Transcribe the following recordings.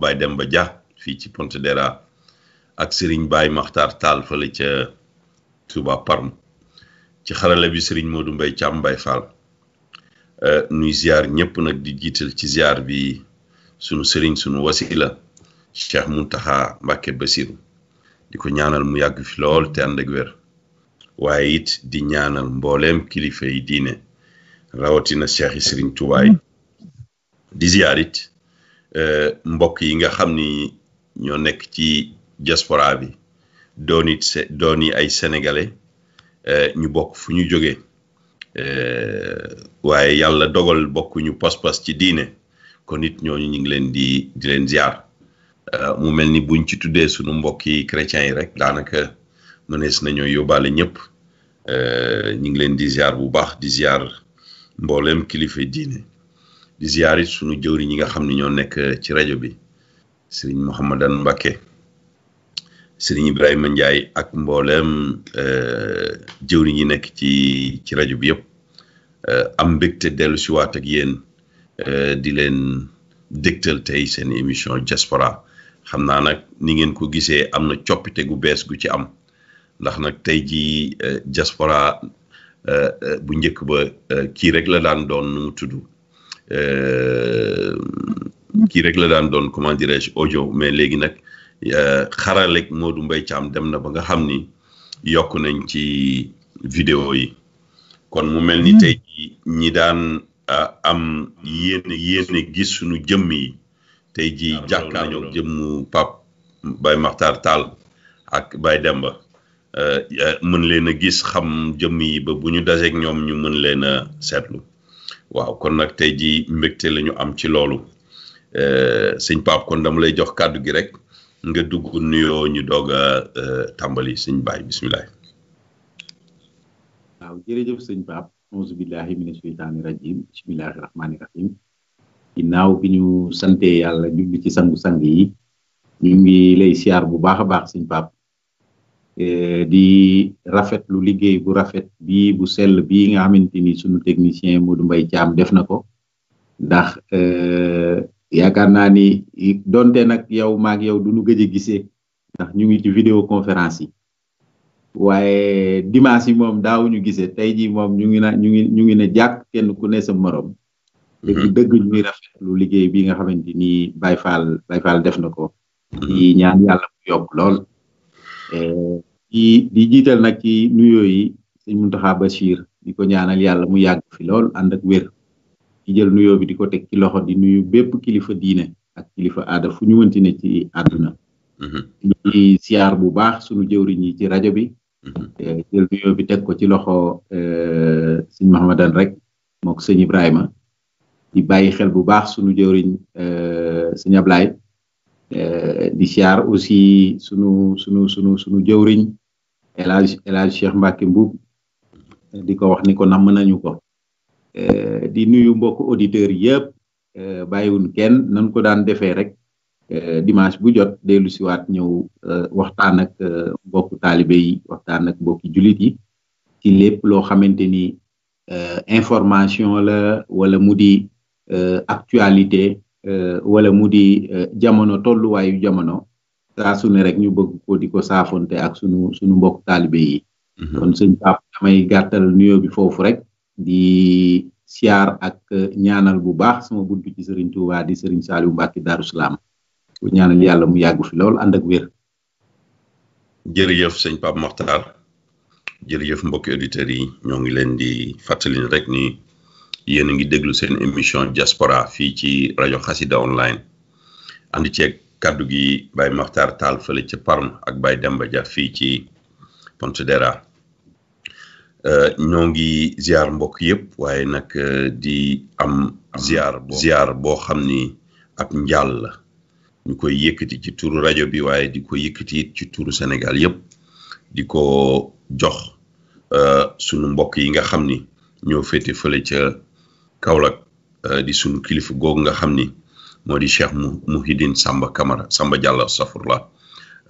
wax dem ba Dia fii ci Pontedera ak Serigne Baye Makhtar Tall fële ca Touba Parme ci xarale bi Serigne Modou Mbaye Thiam Mbaye Fall euh, nuy ziar ñëpp nag di jiital ci ziar bi sunu Serigne sunu wasila Cheikh Mountakha Mbacké Bassirou di ko ñaanal mu yàgg fi lool te ànd ak wér waaye it di ñaanal mbooleem kilifa yi diine rawatina Cheikh yi Serigne Touba di ziar Eh, mbokk yi nga xam ni ñoo nekk ci diaspora bi dooni dooni ay sénégalais eh, ñu bokk fu ñu jógee eh, waaye yàlla dogal bokk ñu pas-pas ci diine kon nit ñooñu ñu ngi leen di di leen ziar mu mel ni buñ ci tuddee sunu mbokki chrétiens yi rek daanaka mënees nañoo yóbbaale ñëpp ñu ngi leen di ziar bu baax di ziar mboolem kilifa diine. di ziarit sunu jëwri ñi nga xam ne ñoo nekk ci rajo bi sëriñ Mouhamadan Mbacké sëriñ Ibrahima Ndiaye ak mboolem euh, jëwri ñi nekk ci ci rajo bi yëpp euh, am mbégte dellu si waat ak euh, di leen dégtal tey seen émission diaspora xam naa nag ni ngeen ko gisee am na coppite gu bees gu ci am ndax nag tey jii diaspora bu njëkk ba kii rek la daan doon nu tudd Euh, kii rek la daan doon comment dirais-je audio mais léegi nag euh, xaralek Modou Mbaye Thiam dem na ba nga xam ni yokk nañ ci vidéo yi kon mu mel ni hmm. tey ñi daan am yéene yéene gis suñu jëmm yi tey ji jàkkaarloo jëmmu Pape Baye Makhtar Tall ak Baye Demba euh, mën leen gis xam jëmm yi ba bu ñu dajeek ñoom ñu mën leen a seetlu waaw kon nag tey jii mbégte la ñu am ci loolu eh, sëñ Pape kon dama lay jox kàddu gi rek nga dugg nuyoo ñu doog a eh, tàmbali sëñ Baye bismillah waaw jërëjëf sëñ Pape auzu billahi mina sheytaani rajim bismillahi rahmaani rahim ginnaaw bi ñu sante yàlla jubbi ci sangu sang yi ñu ngi lay siyaar bu baax a baax sëñ Pape Eh, di rafet lu liggéey bu rafet bi bu sell bi nga xamanteni ni sunu technicien Modou mbay Thiam def nako ko ndax eh, yaakaar naa ni donte nag yow maag yow du nu gëj a gisee ndax ñu ngi ci vidéo conférence yi waaye dimanche yi moom daawuñu gisee tey jii moom ñu ngi na ñu ngi ñu ngi ne jàkk kenn ku ne sa morom. te mm-hmm. ku dëgg rafet lu liggéey bi nga xamante ni Baye Fall Baye Fall def na ko. Mm-hmm. di ñaan yàlla mu yokk lool. Eh, ci di jital nak ci nuyo yi seigne muntaha bashir di ñaanal yalla mu yag fi lol and ak wér di jël nuyo bi di tek ci loxo di nuyu bépp kilifa diine ak kilifa aada fu ñu mënti ne ci hmm di siyaar bu baax suñu jëwriñ ñi ci radio bi mhm. jël nuyo bi tek ko ci loxo euh, seigne mohammedan rek mok seigne Ibrahima di bayyi xel bu baax sunu jëwriñ euh, seigne Ablaye Eh, di siyaar aussi sunu sunu sunu sunu jëwriñ El Hadj El Hadj Cheikh Mbacke Mbuub eh, di ko wax ni ko namm nañu ko eh, di nuyu mbokku auditeurs yëpp bàyyiwun kenn nan ko daan defee rek dimanche bu jot dellu siwaat ñëw waxtaan ak mbokku taalibe yi waxtaan ak mbokki jullit yi ci lépp loo xamante ni information la wala mu di actualité Eh, wala mu di eh, jamono tolluwaayu jamono saa su ne rek ñu bëgg ko di ko saafonte ak sunu sunu mbokk taalibe yi. Mhm. kon sëñ Pape damay gàttal nuyo bi foofu rek di siyaar ak eh, ñaanal bu baax suma bunt ci Serigne Touba di Serigne Saliou Mbacke Darou Salaam bu ñaanal yàlla mu yàggu fi lool ànd ak wér. jërëjëf sëñ Pape Mokhtar jërëjëf mbokki auditeurs yi ñoogi ngi leen rek yéen ngi déglu seen émission diaspora fii ci rajo xasida online andi ci kaddu gi bay maktar Tall fële ci parm ak bay Demba ja fii ci Pontedera ñoo ngi ziar mbokk yépp waaye nag euh, di am ziar ziar boo xam ni ab njàll la ñu koy yëkkati ci turu rajo bi waaye di ko yëkkati ci turu Sénégal yépp di ko jox euh, sunu mbokk yi nga xam ni ñoo féete fële ca kaolak eh, di sunu kilifa gog nga xamni modi di cheikh muhiddin samba kamara samba jàlla safurla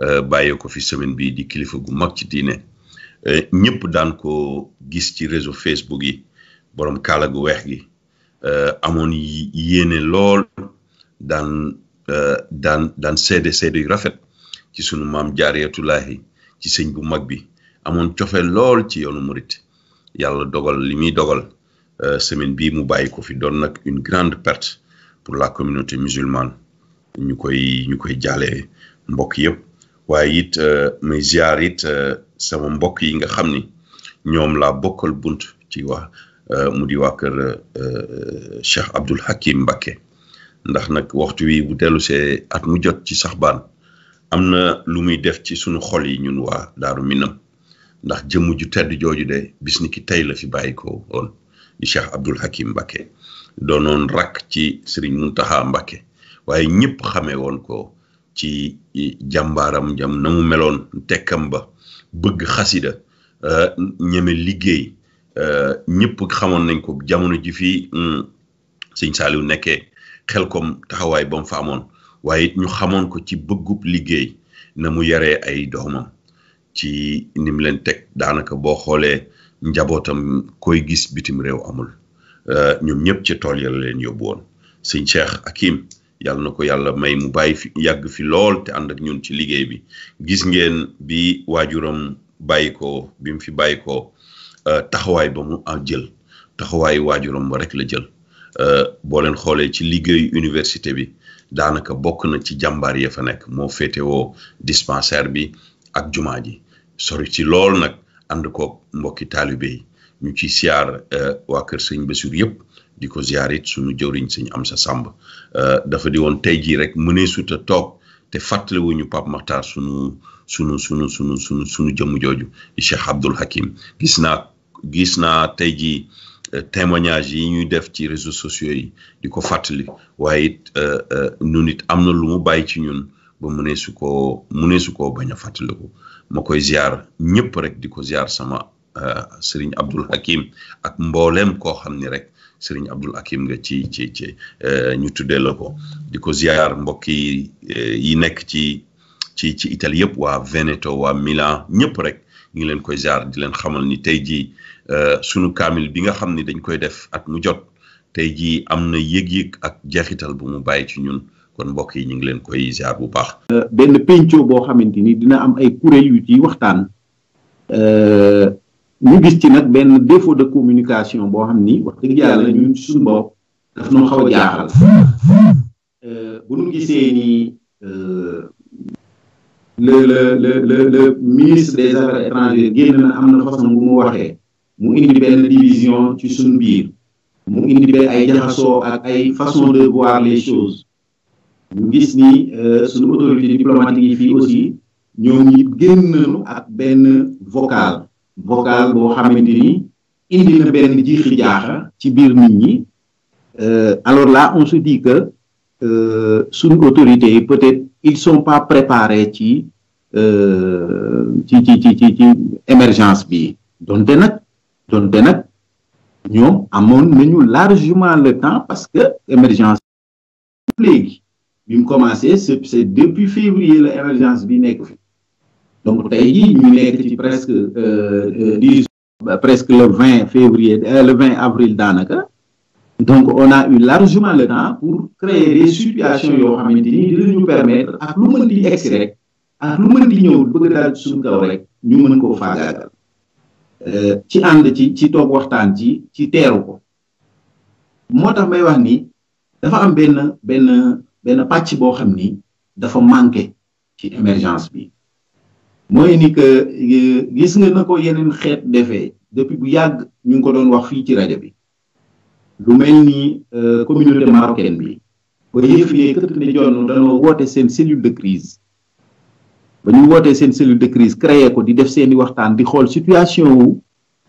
eh, baye ko fi semaine bi di kilifa gu mag ci dine eh, ñepp daan ko gis ci réseau facebook yi borom kala gu wex gi amone yene lol dan dan dan sede seede yu rafet ci sunu mam jariyatullah ci sëñ bu mag bi amone cofe lol ci yoonu murit yalla dogal limi dogal Euh, semaine bii mu bàyyi ko fi doon nag une grande perte pour la communauté musulmane ñu koy ñu koy jaalee mbokk yëpp waaye it euh, may ziar it euh, sama mbokk yi nga xam ni ñoom laa bokkal bunt ci waa mu di waa kër Cheikh Abdul Hakim mbake ndax nag waxtu wi bu dellu see at mu jot ci sax baan am na lu muy def ci sunu xol yi ñun waa Daaru Minam ndax jëmm ju tedd jooju de bis ni tey la fi bàyyi woon di Cheikh Abdul Hakim Mbacké doonoon rakk ci Serigne Mountakha mbake waaye ñëpp xamee woon ko ci jàmbaaram jam na mu meloon tekkam ba bëgg xasida euh, ñeme liggéey euh, ñépp xamoon nañ ko jamono ji fii hmm, sëñ Saaliw nekkee xel kom taxawaay ba mu fa waaye ñu xamoon ko ci bëggub liggéey na mu yaree ay doomam ci ni mu leen teg daanaka boo xoolee njabootam koy gis bitim réew amul euh, ñoom ñëpp ci tool yàlla leen yóbbu woon sëñ Cheikh Hakim yàlla na ko yàlla may mu bàyyi fi yàgg fi lool te ànd ak ñun ci liggéey bi gis ngeen bi waajuram bàyyi ko bi mu fi bàyyi ko euh, taxawaay ba mu jël taxawaayu waajuram ba la jël euh, boo leen xoolee ci liggéey université bi daanaka bokk na ci jàmbaar ya fa nekk moo féetewoo dispensaire bi ak jumaa ji sori ci lool nag ànd koog mbokki taalibe ñu ci siyaar euh, waa kër sëñ Bassirou yëpp di ko ziar it suñu jëwriñ sëñ Amsa Samb euh, dafa di woon tey jii rek mënee suta toog te fàttali wuñu Pape Makhtar sunu sunu sunu sunu sunu sunu jëmm jooju Cheikh Abdoul Hakim gis naa gis naa tey jii euh, témoignage yi ñuy def ci réseaux sociaux yi di ko fàttali waaye it nun it am na lu mu bàyyi ci ñun ba mënee su koo mënee su koo bañ a fàttaliku moo koy ziar ñëpp rek di ko ziar sama euh, sëriñ Abdul Hakim ak mbooleem koo xam ni rek sëriñ Abdul Hakim nga ci ci ci euh, ñu tuddee ko di ko ziar mbokk euh, yi nekk ci ci ci Italie yëpp waa Veneto waa Milan ñëpp rek ñu ngi leen koy ziar di leen xamal ni tey jii sunu kaamil bi nga xam ni dañ koy def at mu jot tey jii am na yëg-yëg ak jeexital bu mu bàyyi ci ñun. kon mbokk yi ñu ngi leen koy ziar bu baax. benn penco boo xamante ni dina am ay kuréel yu ci waxtaan euh, ñu gis ci nag benn défaut de communication boo xam ni wax dëgg yàlla ñun suñu bopp daf ñu xaw a jaaxal euh, bu nu gisee ni euh, le le le le ministre des affaires étrangères génn na am na façon bu mu waxee mu indi benn division ci suñu mu indi benn ay jaxasoo ak ay façon de voir les choses. Nous gis ni euh, suñu autorité diplomatique yi fii aussi ñoom ñi génn nañu ak benn vocal vocal boo xamante ni indi na benn jiixi jaaxa ci biir nit ñi euh, alors là on se dit que euh, suñu autorité yi peut-être ils sont pas préparés ci ci ci ci ci ci émergence bi donte nag donte nag ñoom amoon nañu largement le temps parce que émergence léegi bi commencé c'est depuis février la émergence bi nek fi donc tay jii ñu nek ci presque euh, euh, di bah, presque le 20 février euh, le 20 avril danaka donc on a eu largement le temps pour créer des situations yo xamante ni dinañu permettre ak lu mën di egsi rek ak lu mën di ñëw bëgg dal suñu kaw rek ñu mën koo euh ci and ci ci toog waxtaan ci ci téru ko motax may wax ni dafa am ben ben benn pàcc boo xam ni dafa manqué ci émergence bi mooy ni que euh, gis nga na ko yeneen xeet defee depuis bu yàgg ñu ngi ko doon wax fii ci rajo bi lu mel ni euh, communauté marocaine bi ba yëf yee këtt ne jonn dañoo woote seen cellule de crise ba ñu wootee seen cellule de crise créé ko di def seeni waxtaan di xool situation wu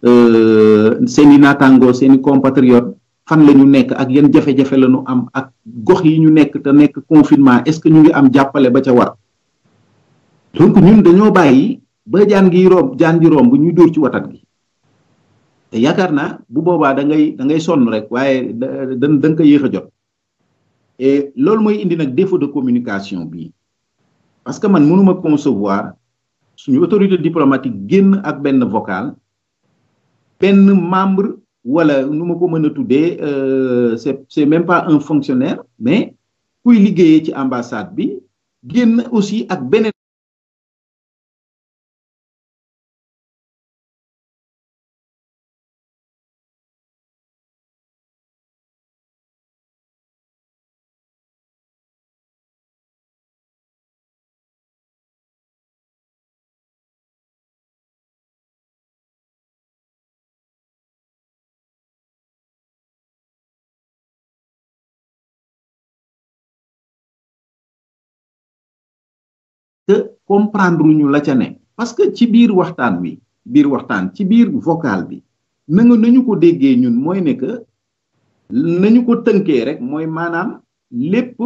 euh, seeni naataangoo seeni compatriote fan lañu nekk ak yan jafe-jafe lañu am ak gox yi ñu nekk te nekk confinement est ce que ñu ngi am jàppale ba ca war donc ñun dañoo bàyyi ba jaan gi rom jaan gi romb ñu dóor ci watat gi te yaakaar naa bu boobaa da ngay da ngay sonn rek waaye da da nga yéex a jot et loolu mooy indi nag défaut de communication bi parce que man mënuma concevoir suñu autorité diplomatique génn ak benn vocal benn membre wala nu ma ko mën a tuddee euh, c'est c'est même pas un fonctionnaire mais kuy liggéeyee ci ambassade bi génn aussi ak beneen comprendre ñu la ca parce que ci biir waxtaan wi biir waxtaan ci biir vocal bi nañu ko déggee ñun nous ne que nañu ko tënkee rek mooy maanaam lépp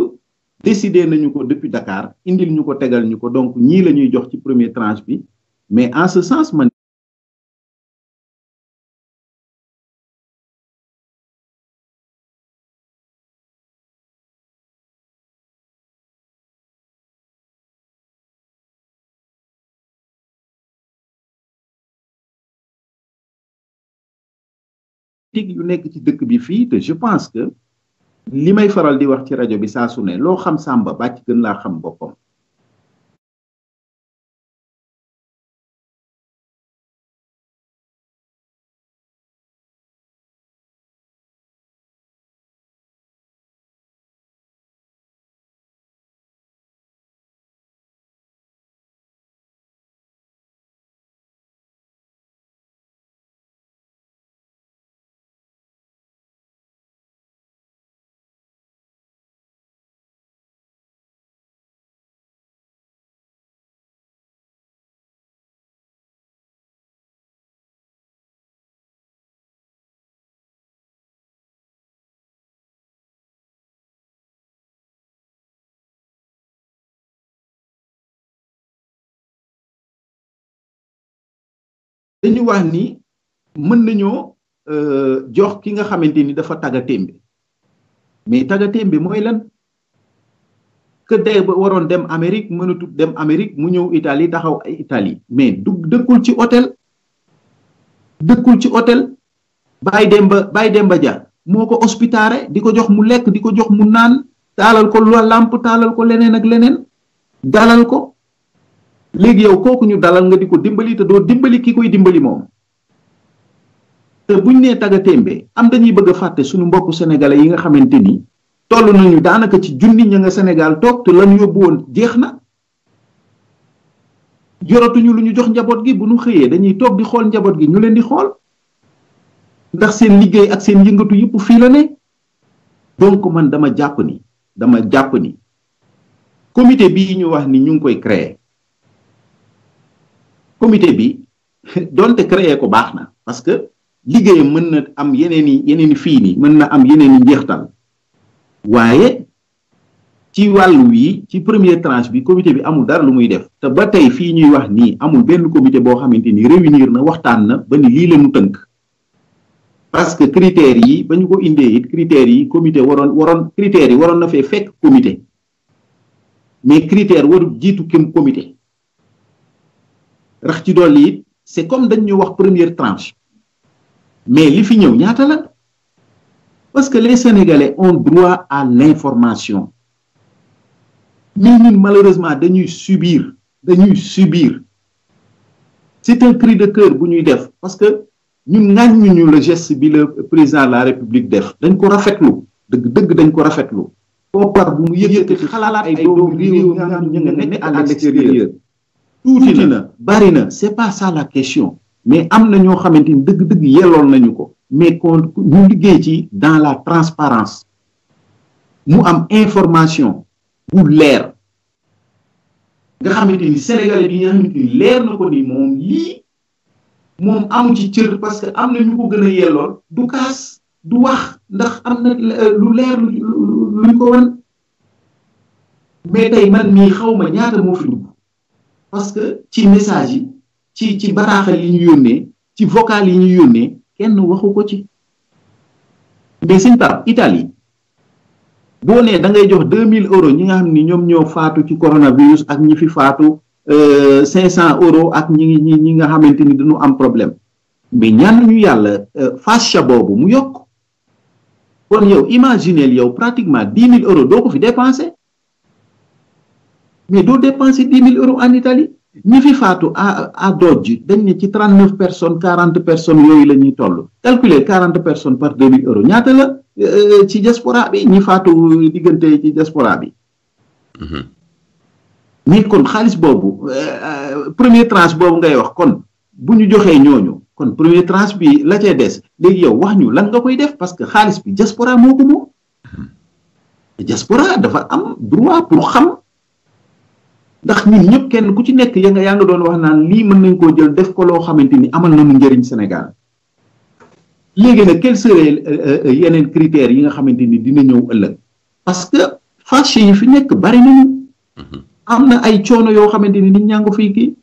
décidé nañu ko depuis Dakar indil ñu ko tegal ñu ko donc ñii la jox ci premier tranche bi mais en ce sens tig yu nekk ci dëkk bi fii te je pense que li may faral di wax ci rajo bi saa su ne loo xam sàmba bàcc gën laa xam boppam dañu wax ni mën nañoo euh, jox ki nga xamante ni dafa tagga témbe mais taggateem bi mooy lan que day ba waroon dem Amérique mënatu dem Amérique mu ñëw Italie daxaw ay Italie mais du dëkkul ci hôtel dëkkul ci hôtel Baye Demba Baye Demba Dia moo ko hospitare di ko jox mu lekk di ko jox mu naan taalal ko làmp taalal ko leneen ak leneen dalal ko léegi yow koku ñu dalal nga diko dimbali te do dimbali ki dimbali mom te buñ né taga baku am dañuy bëgg a suñu mbokk sénégalais yi nga xamanteni tollu toll nañu daanaka ci junni ña nga sénégal tok te lañ yobbu won jeexna na ñu luñu jox njabot gi bu nu xeyé dañuy tok di xol njabot gi ñu leen di xol ndax seen liggéey ak seen yëngatu yëpp fii la ne donc man dama japp ni dama japp ni comité bi ñu wax ni ñu ngi koy créer comité bi donte créer ko baax na parce que liggéeyam mën na am yeneen i yeneen i fii nii mën na am yeneen i njeextal waaye ci wàll yi ci premier tranche bi comité bi amul dara lu muy def te ba tey fii ñuy wax nii amul benn comité boo xamante ni réunir na waxtaan na ba ni lii la tënk parce que critères yi ba ñu ko indee it critères yi comité waroon waroon critères yi waroon na fee fekk comité mais critère warul jiitu kim comité c'est comme de première tranche mais li fi parce que les sénégalais ont droit à l'information mais malheureusement nous subir subir c'est un cri de cœur pour nous, parce que nous n'avons ñu le geste bi président de la république Nous dañ ko rafetlu Nous deug dañ ko Nous avons bu à l'extérieur tout na bari na c' pas ça la question mais amna na ñoo xamante deug dëgg-dëgg yelloon nañu ko mais kon ñu liggé ci dans la transparence mu am information bu leer nga xamante sénégalais bi nga xamante ni na ko ni mom li mom amu ci cër parce que amna na ñu ko gën a du kaas du wax ndax amna lu leer lu luñ ko wan mais tay man mi xawma ma ñaata moo fi dugg parce que ci message yi ci ci bataaxal yi ñu yónnee ci vocal yi ñu yónnee kenn waxu ko ci mais suñ par Italie boo nee da ngay jox deux mille euros ñi nga xam ni ñoom ñoo faatu ci coronavirus ak ñi fi faatu euh, cinq cent euros ak ñi ñi ñi nga xamante ni dañu am problème mais ñaan ñu yàlla euh, fasha boobu mu yokk kon yow imagineel yow pratiquement dix mille euros doo ko fi dépensé mais doo dépenser dix mille euros en Italie ñi fi faatu à à Dodge dañ ne ci trente neuf personnes quarante personnes yooyu la ñuy toll calculer quarante personnes par deux mille euros ñaata la euh, ci diaspora bi ñi faatu diggante ci diaspora bi. Mhm. mais kon xaalis boobu euh, premier tranche boobu ngay wax kon bu ñu joxee ñooñu kon premier tranche bi la cee des léegi yow wax ñu lan nga koy def parce que xaalis bi diaspora moo ko moom mhm. diaspora dafa am droit pour xam. ndax ñun ñëpp kenn ku ci nekk ya nga yaa nga doon wax naan lii mën nañ koo jël def ko loo xamante ni amal nañu njariñ Sénégal léegi nag quels seraient euh, euh, euh, yeneen critères yi nga xamante ni dina ñëw ëllëg parce que fàcce yi fi nekk bari nañu mhm. am na ay coono yoo xamante ni nit ñaa fii kii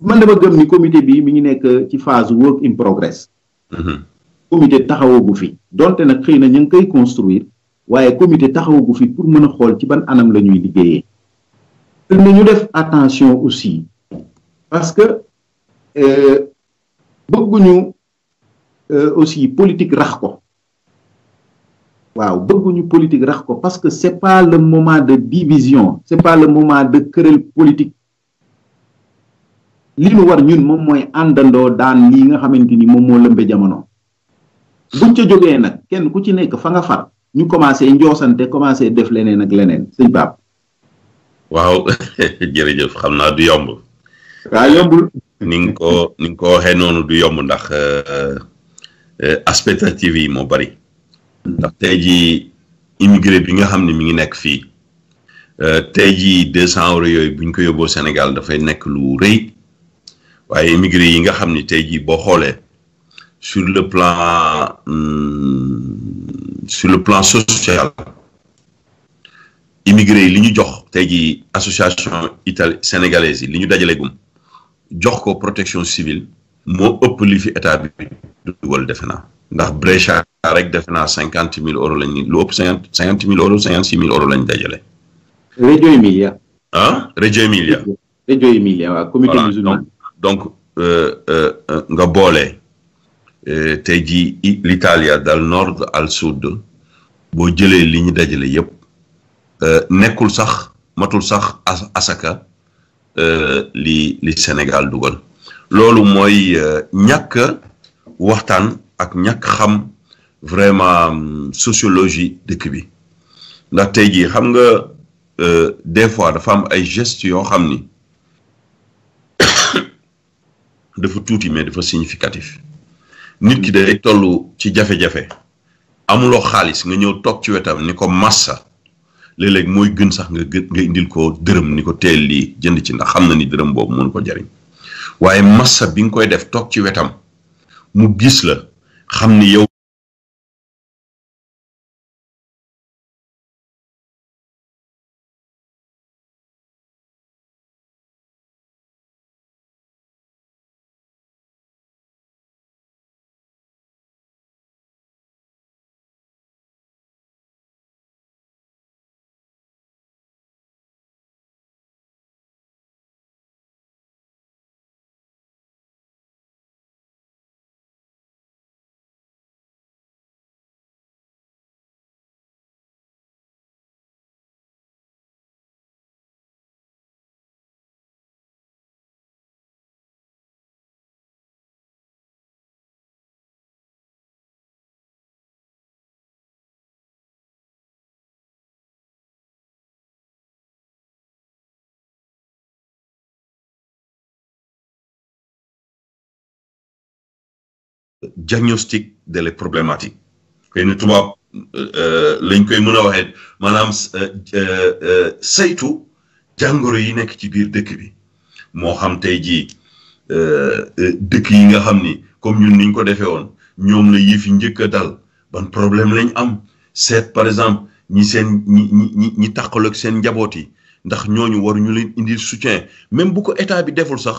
man dama gëm ni comité bi mi ngi nekk ci phase work in progress mhm. comité taxawagu fii donte nag xëy na ñu ngi koy construire waaye comité taxawagu fi pour mën a xool ci ban anam la ñuy liggéeyee nous devons attention aussi parce que euh, beaucoup nous aussi politique rax ko waaw nous politique rax ko parce que c'est pas le moment de division c'est pas le moment de querelle politique li nu war ñun moom mooy àndandoo daan nga xamanteni ni mo moo jamono buñ ca jógee nak kenn ku ci nek fa nga far ñu commencé njoosante commencé def lenen ak lenen waaw jërëjëf xam naa du yomb. waaw yombul. ni nga ko ni nga ko waxee noonu du yomb ndax expectative euh, euh, yi moo bari. ndax tey jii immigré bi nga xam ne mi ngi nekk fii euh, tey jii deux cent euros yooyu bu ñu ko yóbboo Sénégal dafay nekk lu rëy waaye immigré yi nga xam ni tey jii boo xoolee sur le plan hmm, sur le plan social. immigré yi li ñu jox tey association itali sénégalaise yi li ñu gum jox ko protection civile mo upp li fi état bi dugal defe naa ndax Brescia rek defena naa cinquante mille euros lañu lu ëpp 50 000 euros cinquante six euros lañ dajale. Reggio Emilia. ah hein? Reggio Emilia. Reggio Emilia wa comité musulman. donc euh, euh, euh, nga boole tey jii l'Italia dal nord al sud bo jëlé li ñu dajale euh, nekul sax matul sax asaka euh, li li Sénégal dugal lolou moy euh, ñak waxtan ak ñak xam vraiment mm, sociologie de kibi ndax tay ji xam nga des fois dafa am ay gestes yo xamni ni dafa touti mais dafa significatif nit ki day toll ci jafé jafe amuloo xaliss nga ñew tok ci wétam ni ko massa léeg-léeg mooy gën sax nga gën nga indil ko dërëm ni ko teel lii jënd ci ndax xam na ni dërëm boobu mun ko jariñ waaye massa bi nga koy def toog ci wetam mu gis la xam ni yow diagnostic de les problématiques xëy na tubaab euh, lañ koy mën a waxee maanaam euh, euh, saytu jàngoro yi nekk ci biir dëkk bi moo xam tey jii dëkk yi nga xam ni comme ñun niñ ko defee woon ñoom la yii fi njëkk a dal ban problème lañ am seet par exemple ñi seen ñi ñi ñi tàqaloog seen njaboot yi ndax ñooñu waruñu leen indi soutien même bu ko état bi deful sax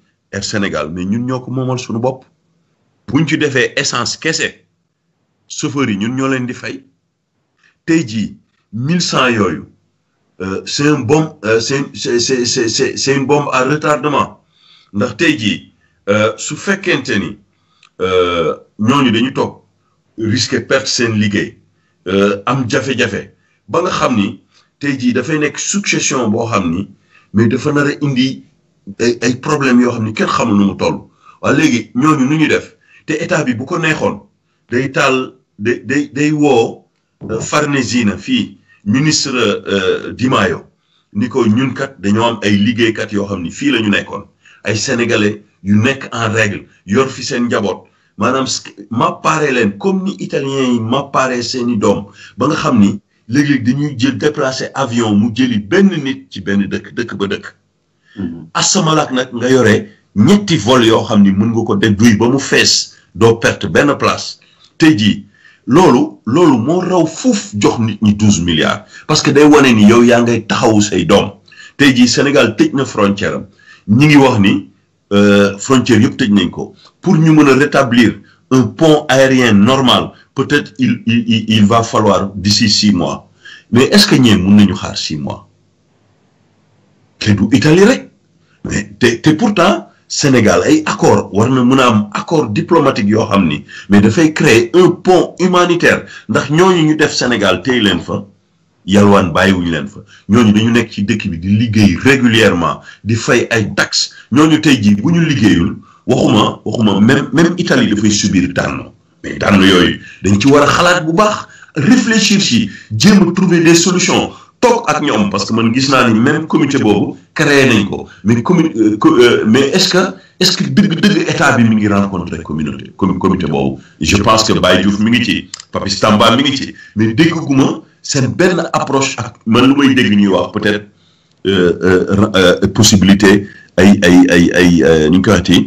Air Sénégal mais ñun ñoo ko moomal sunu bopp ñu ci defee essence kese chauffeur yi ñun ñoo leen di fay tey jii mille cent yooyu euh, c'est un bombe euh, c'est c'est c'est c'est une à retardement ndax tey jii euh, su fekkente ni ñooñu dañu toog risquer perte seen liggéey am jafe-jafe ba nga xam ni tey jii dafay nekk succession boo xam ni mais dafa nar indi. ay ay problèmes yoo xam ni kenn xamul nu mu toll waaye léegi ñooñu nu ñuy def te état bi bu ko neexoon day taal day day day woo euh, na fii ministre euh, Di Maio ni ko ñun dañoo am ay liggéeykat yoo xam ni fii la ñu nekkoon ay sénégalais yu nekk en régle yor fi seen njaboot maanaam mappaare leen comme ni italiens yi mappaare seeni doom ba nga xam ni léegi léeg dañuy jël déplacer avion mu jëli benn nit ci benn dëkk dëkk ba dëkk. Mhm. asamalaak ce nga ñetti vol yo nga ko de ba mu place milliards parce que day wane ni yow ya ngay taxaw say Sénégal frontière frontière pour ñu rétablir un pont aérien normal peut-être il va falloir d'ici six mois mais est-ce que ñeen mën nañu xaar six mois xeetu Italie rek mais te te pourtant Sénégal ay accord war na am accord diplomatique yo xamni Mais da fay créer un pont humanitaire ndax ñoñu ñu def Sénégal tey leen fa yalwan bayiwuñ leen fa ñoñu dañu nekk ci dëkk bi di liggéey régulièrement di fay ay taxes ñoñu tey ji buñu liggéeyul waxuma waxuma même même Italie fay subir tànn mais tànn yoy. dañ ci wara xalaat bu baax réfléchir si jéem trouver des solutions toog ak ñoom parce que man gis naa ni même comité boobu créé nañ ko mais euh, euh, mais est-ce que est-ce que dëgg-dëgg état bi mi ngi rencontré communauté comité boobu je pense que Baye Diouf mi ngi ci Papis Tamba mi ngi ci mais dégguma seen benn approche ak man lu may dégg ñuy wax peut-être euh, possibilité ay ay ay ay ñu ngi koy waxati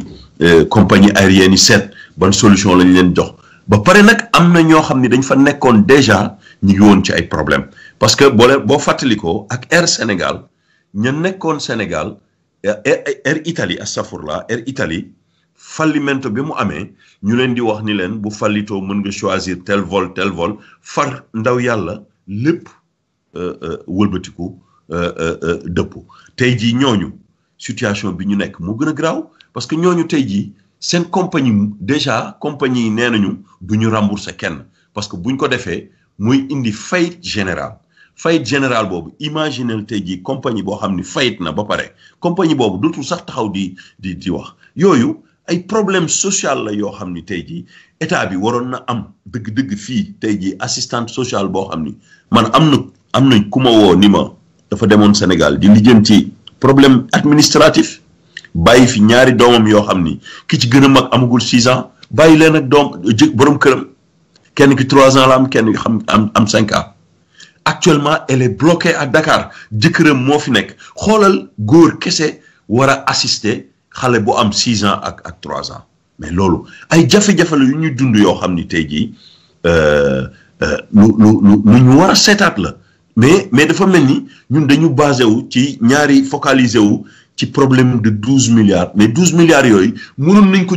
compagnie aérienne i seet ban solution lañ leen jox ba pare nag am na ñoo xam ne dañ fa nekkoon déjà ñu ngi woon ci ay problème parce que boo leen boo fàttalikoo ak Air Sénégal ña nekkoon Sénégal Air Italie astafurla Air Italie fallimento bi mu amee ñu leen di wax ni leen bu fallitoo mën nga choisir tel vol tel vol far ndaw yàlla lépp euh, euh, wëlbatiku euh, dëpp tey jii ñooñu situation bi ñu nekk moo gën a graaw parce que ñooñu tey jii seen compagnie déjà compagnie yi nee nañu du ñu rembourser kenn parce que bu buñ ko defee muy indi fay général fayit général boobu imaginel tey jii compagnie boo xam ni fayit na ba pare compagnie boobu tul sax taxaw di di di wax yooyu ay problème sociale la yoo xam ni tey jii état bi waroon na am dëgg-dëgg fii tey jii assistante sociale boo xam ni man am na am na ku ma woo ni ma dafa demoon Sénégal di ci problème administratif bàyyi fi ñaari doomam yoo xam ni ki ci gën a mag amagul six ans bàyyi leen ak doom jë borom këram kenn ki trois ans la am kenn xam am am cinq actuellement elle est bloquée à Dakar jëkkëram mo fi nek xolal kese wara assister xalé bu am 6 ans ak 3 ans mais lolu ay jafé nous euh, euh, lu yu dund yo xamni ni lu mais mais dafa melni ñun dañu basé wu ci ñaari focalisé wu ci problème de 12 milliards mais 12 milliards nous nañ ko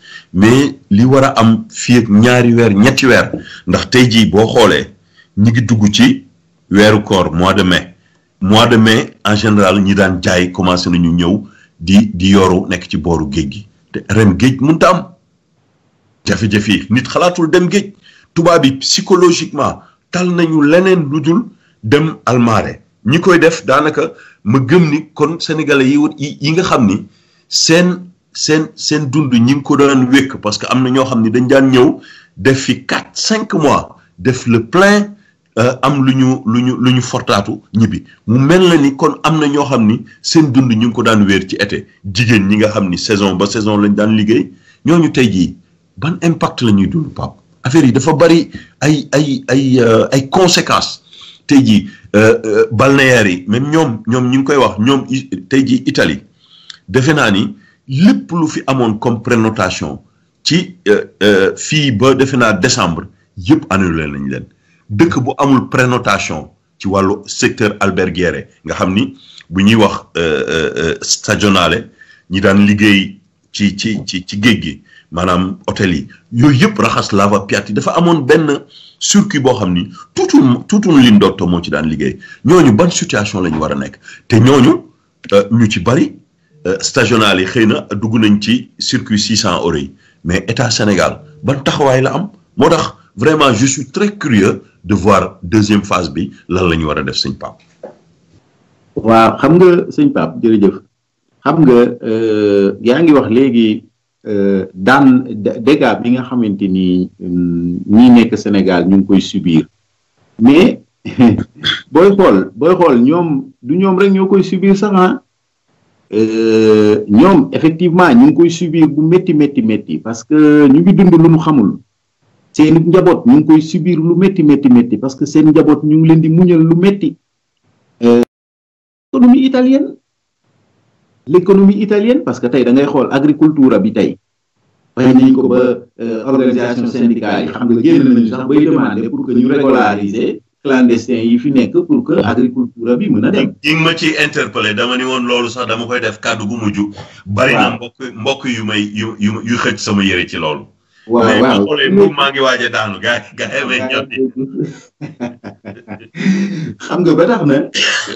mais li war a am fii ak ñaari weer ñetti weer ndax tey jii boo xoolee ñi ngi dugg ci weeru koor mois de mais mois de mais en général ñi daan jaay commencé nañu ñëw di di yoru nekk ci booru géej gi te ren géej mun taam jafe-jafe yi nit xalaatul dem géej tubaab yi psychologiquement tal nañu leneen lu dul dem almaare ñi koy def daanaka ma gëm ni kon sénégalais yi yi nga xam ni seen sen sen dund ñi ko doon wékk parce que am na ñoo xam ne dañ daan ñëw def fi 4 5 mois def le plein euh, am luñu luñu luñu fortatu lu ñu mu mel na ni kon am na ñoo xam ni seen dund ñu ko daan wéer ci été jigéen ñi nga xam ni saison ba saison lañ daan liggéey ñooñu tey jii ban impact lañuy dund pap affaire yi dafa bari ay ay ay euh, ay conséquences tey jii euh, balnéaires yi même ñoom ñoom ñu koy wax ñoom tey jii Italie defe naa ni. lépp lu fi amoon comme prénotation ci euh, euh, fii ba defe naa décembre yëpp annulé nañ leen dëkk bu amul prénotation ci wàllu secteur alberghière nga xam ni bu ñuy wax euh, stagionale ñi daan liggéey ci ci ci ci géej gi maanaam hôtel yi yooyu yëpp raxas la lava piatti dafa amoon benn circuit boo xam ni tutun tutun lindotto moo ci daan liggéey ñooñu ban situation la ñu war a nekk te ñooñu ñu ci bari Euh, stagional yi xëy dugg nañ ci circuit 600 oreilles. mais état Sénégal ban taxawaay la am motax vraiment je suis très curieux de voir deuxième phase bi lan lañ wara a def seigne Pape. wa xam nga seigne Pape jërëjëf xam nga euh, yaa ngi wax euh dan déga bi nga xamanteni ni euh, ñi Sénégal ñu koy subir mais boy xol boy xol ñom du ñom rek ñokoy subir sax hein Euh, ñoom effectivement ñu ngi koy subir bu métti métti métti parce que ñu ngi dund lu mu xamul seen njaboot ñu ngi koy subir lu métti métti métti parce que seen njaboot ñu ngi leen di muñal lu métti euh, économie italienne l'économie italienne parce que tey da ngay xool agriculture bi tey bay nañ ko ba euh, organisation syndicale yi xam nga génn nañu sax bay demander pour que ñu régulariser clandestin yi fi nekk pour que agriculture bi mën a dem. di ma ci interpellé dama ni woon loolu sax dama koy def kàddu gu mujj. bari mbokk yu may yu yu sama yëre ci loolu. waaw waaw maa ngi waaje a daanu gars yi may ñor xam nga ba tax na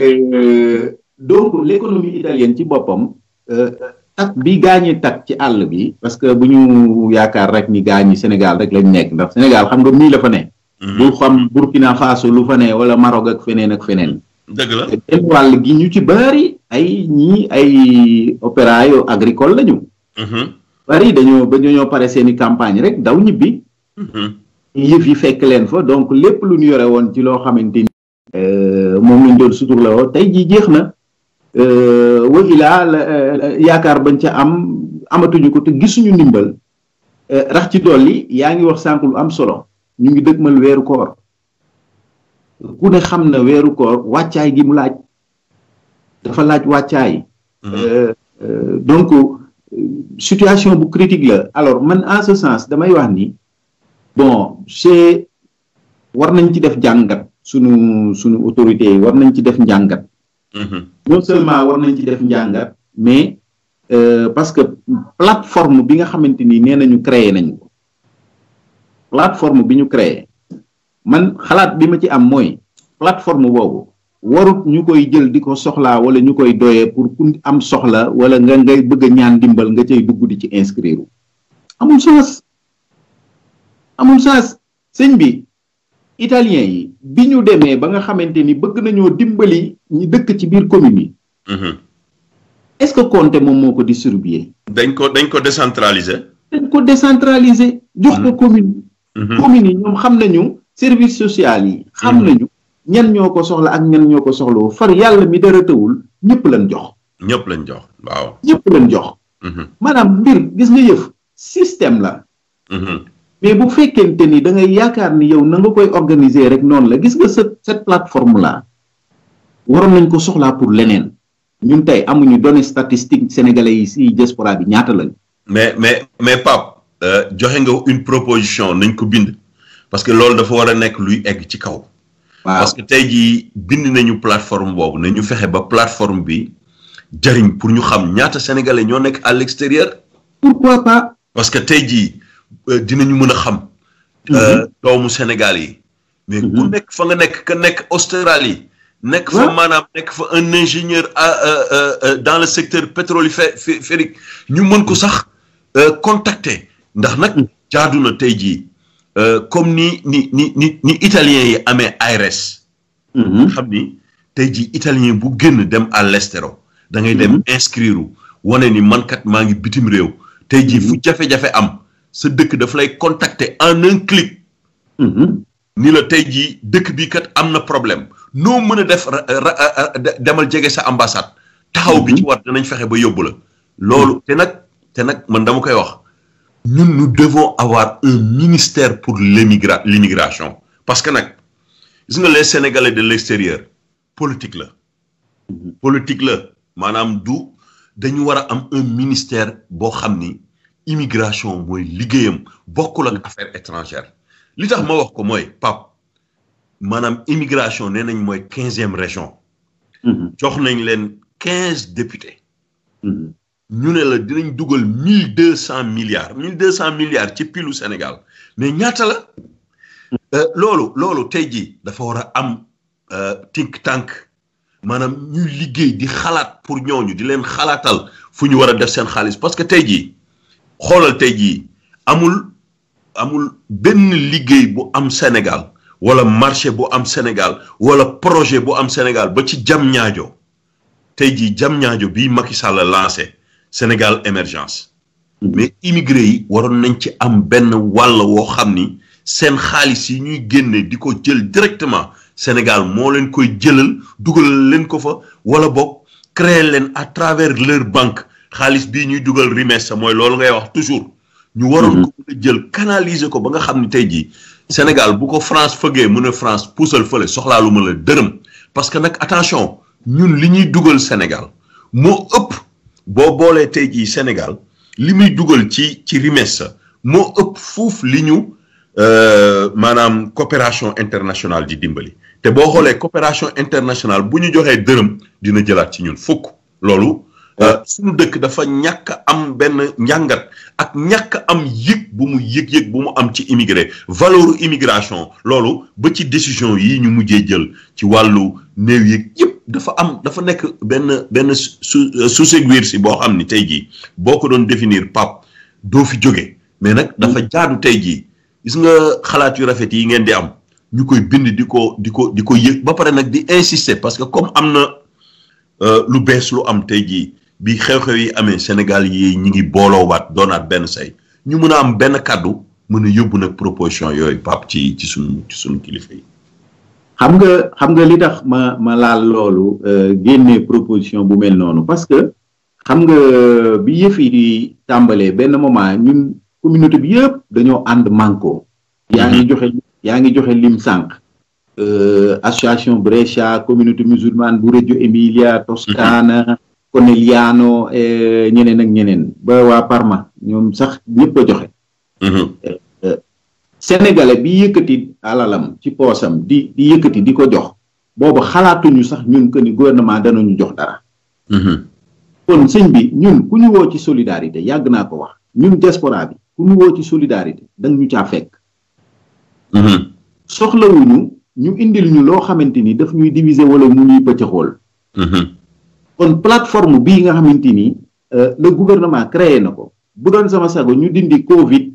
euh, donc l' économie ci boppam. Euh, tak bi gaañi tak ci àll bi. parce que bu ñu yaakaar rek ni gaañi Sénégal rek lañ nekk ndax Sénégal xam nga mii la fa ne. bul mm-hmm. xam Burkina Faso lu fa ne wala Maroc ak feneen ak feneen. dëgg la te wàll gi ñu ci bari ay ñii ay opéra yo agricole lañu. Mm-hmm. bari dañoo ba ñoo pare seen i campagne rek daw ñibbi. Mm-hmm. yëf yi fekk leen fa donc lépp lu ñu yore woon ci loo xamante ni. Euh, moom lañ doon sutur la woo tey jii jeex na. Euh, wa ilaa yaakaar bañ ca am amatuñu ko te gisuñu ndimbal. Euh, rax ci dolli yaa ngi wax sànq lu am solo. ñu ngi dëgmal weeru koor ku ne xam na weeru koor wàccaay gi mu laaj dafa laaj wàccaay. Mhm. Euh, euh, donc euh, situation bu critique la alors man en ce sens damay wax ni bon c'est war nañ ci def njàngat suñu suñu autorité yi war nañ ci def njàngat. Mhm. non seulement war nañ ci def njàngat mais parce que plateforme bi nga xamante ni nee nañu créé nañ ko. plateforme bi ñu créé man xalaat bi ma ci am mooy plateforme boobu warut ñu koy jël di ko soxlaa wala ñu koy doyee pour ku am soxla wala nga ngay bëgg ñaan dimbal nga cay dugg di ci inscrire amul chance amul chance sëñ bi italien yi bi ñu demee ba nga xamante ni bëgg nañoo dimbali ñu dëkk ci biir commune yi. Mm-hmm. est-ce que Conte moom moo ko distribuer. dañ ko dañ ko dañ ko décentraliser jox ko mm-hmm. commune Mhm. communes yi ñoom xam nañu service social yi xam mhm. nañu ñan ñoo ko soxla ak ñan ñoo ko soxlawoo far yàlla mi dara tëwul ñëpp lañ jox ñëpp lañ jox waaw ñëpp lañ jox mhm. maanaam mbir gis nga yëf système la mais bu fekkente ni da ngay yaakaar ni yow na nga koy organiser rek noonu la gis nga cette cette plateforme la waroon nañ ko soxla pour leneen ñun tey amuñu données statistiques sénégalais yi si diaspora bi ñaata lañ mais mais mais Euh, joxe nga une proposition nañ ko bind parce que l'homme de war a nekk luy egg ci kaw. parce que tey jii bind nañu plateforme boobu nañu fexe ba plateforme bi jëriñ pour ñu xam ñaata sénégalais ñoo est à l'extérieur. pourquoi pas. parce que tey jii euh, dinañu nous a xam. Mhm. Euh, doomu Sénégal yi. mais ku mhm. nek fa nga nek, ka nek Australie. nek fa manam, nek un ingénieur dans le secteur pétrolifère férique ñu mën ko sax contacter. ndax nag jaadu na tey jii euh, comme ni ni ni ni ni italiens yi amee ay ARS. Mhm. xam ni tey jii italien bu génn dem à l'estero da ngay dem mhm. inscrire wane ni man maa ngi bitim réew. tey jii fu mhm. jafe-jafe am sa dëkk daf lay contacter en un clic. ni la tey jii dëkk bi kat am na problème noo mën a def demal jege sa ambassade. taxaw bi ci war danañ fexe ba yóbbu la. loolu te nag te nag man dama koy wax. nous devons avoir un ministère pour l'immigration parce que les sénégalais de l'extérieur politique là politique là Madame Dou, dañu un ministère pour l'immigration, pour immigration mooy liggéeyam l'immigration, affaire étrangère li tax ma Pape immigration quinzième région mm-hmm. jox nañ 15 15 députés mm-hmm. ñu ne la dinañ dugal mille deux cent milliards mille deux cent milliards ci pilu Sénégal mais ñaata la. Euh, loolu loolu tey jii dafa war a am euh, think tank maanaam ñu liggéey di xalaat pour ñooñu di leen xalaatal fu ñu war a def seen xaalis parce que tey jii xoolal tey jii amul amul benn liggéey bu am Sénégal wala marché bu am Sénégal wala projet bu am Sénégal ba ci jam ñaajo tey jii jam ñaajo bii Macky Sall lancé. Sénégal émergence mm-hmm. mais immigré waron nañ ci am ben wàll wo xamni sen seen yi ñuy génné diko jël directement Sénégal mo leen koy jëlal duggal leen ko fa wala bok créer leen à travers leur banque xaalis bi ñuy duggal rimessa moy loolu ngay wax toujours ñu waron mm-hmm. ko jël canaliser ko ba nga xamni tay ji Sénégal bu ko France fëggee mëna France puusal fële soxla luma la dërëm parce que nak attention ñun li ñuy duggal Sénégal mo ëpp boo boolee tey jii Sénégal li muy dugal ci ci rimessa moo ëpp fuuf li ñu euh, maanaam coopération internationale di dimbali te boo xoolee coopération internationale bu ñu joxee dërëm dina jëlaat ci ñun fukk loolu. Euh, suñu dëkk dafa ñàkk am benn njàngat ak ñàkk am yëg bu mu yëg-yëg bu mu am ci immigré valeur immigration loolu ba ci décision yi ñu mujjee jël ci wàllu néew yeeg yëpp dafa am dafa nekk benn benn su euh, sous-aiguille si boo xam ni tey jii boo ko doon definir pap doo fi jóge mais nag dafa mm. jaadu tey jii gis nga xalaat yu rafet yi ngeen di am ñu koy bind di ko di ko di ko yëg ba pare nag di insister parce que comme am na euh, lu bees lu am tey jii bi xew-xew yi amee Sénégal yi ñi ngi booloowaat doonaat benn say ñu mun a am benn kàddu mën a yóbbu nag proposition yooyu pap ci ci suñu ci suñu kilifa yi. xam nga xam nga li tax ma ma laal loolu euh, génne proposition bu mel noonu parce que xam nga bi yëf di tàmbalee benn moment ñun communauté bi yëpp dañoo ànd manko yaa ngi mhm. joxe yaa ngi joxe lim sànq euh, association Brescia communauté musulmane bu Reggio Emilia mhm. Toscana Conegliano eh, ñeneen ak ñeneen ba waa Parma ñoom sax ñëpp a joxe mhm. euh, sénégalais bi yëkkati alalam ci poosam di di yëkkati di ko jox boobu xalaatuñu sax ñun que ni gouvernement danañu jox dara. Mm-hmm. kon sëñ bi ñun ku ñu woo ci solidarité yàgg naa ko wax ñun diaspora bi ku ñu woo ci solidarité dang ñu caa fekk. Mm-hmm. soxlawuñu ñu indil ñu loo xamante ni daf ñuy diviser wala mu ñuy pëccaxool. Mm-hmm. kon plateforme bii nga xamante ni euh, le gouvernement créé na ko bu doon sama sago ñu dindi Covid.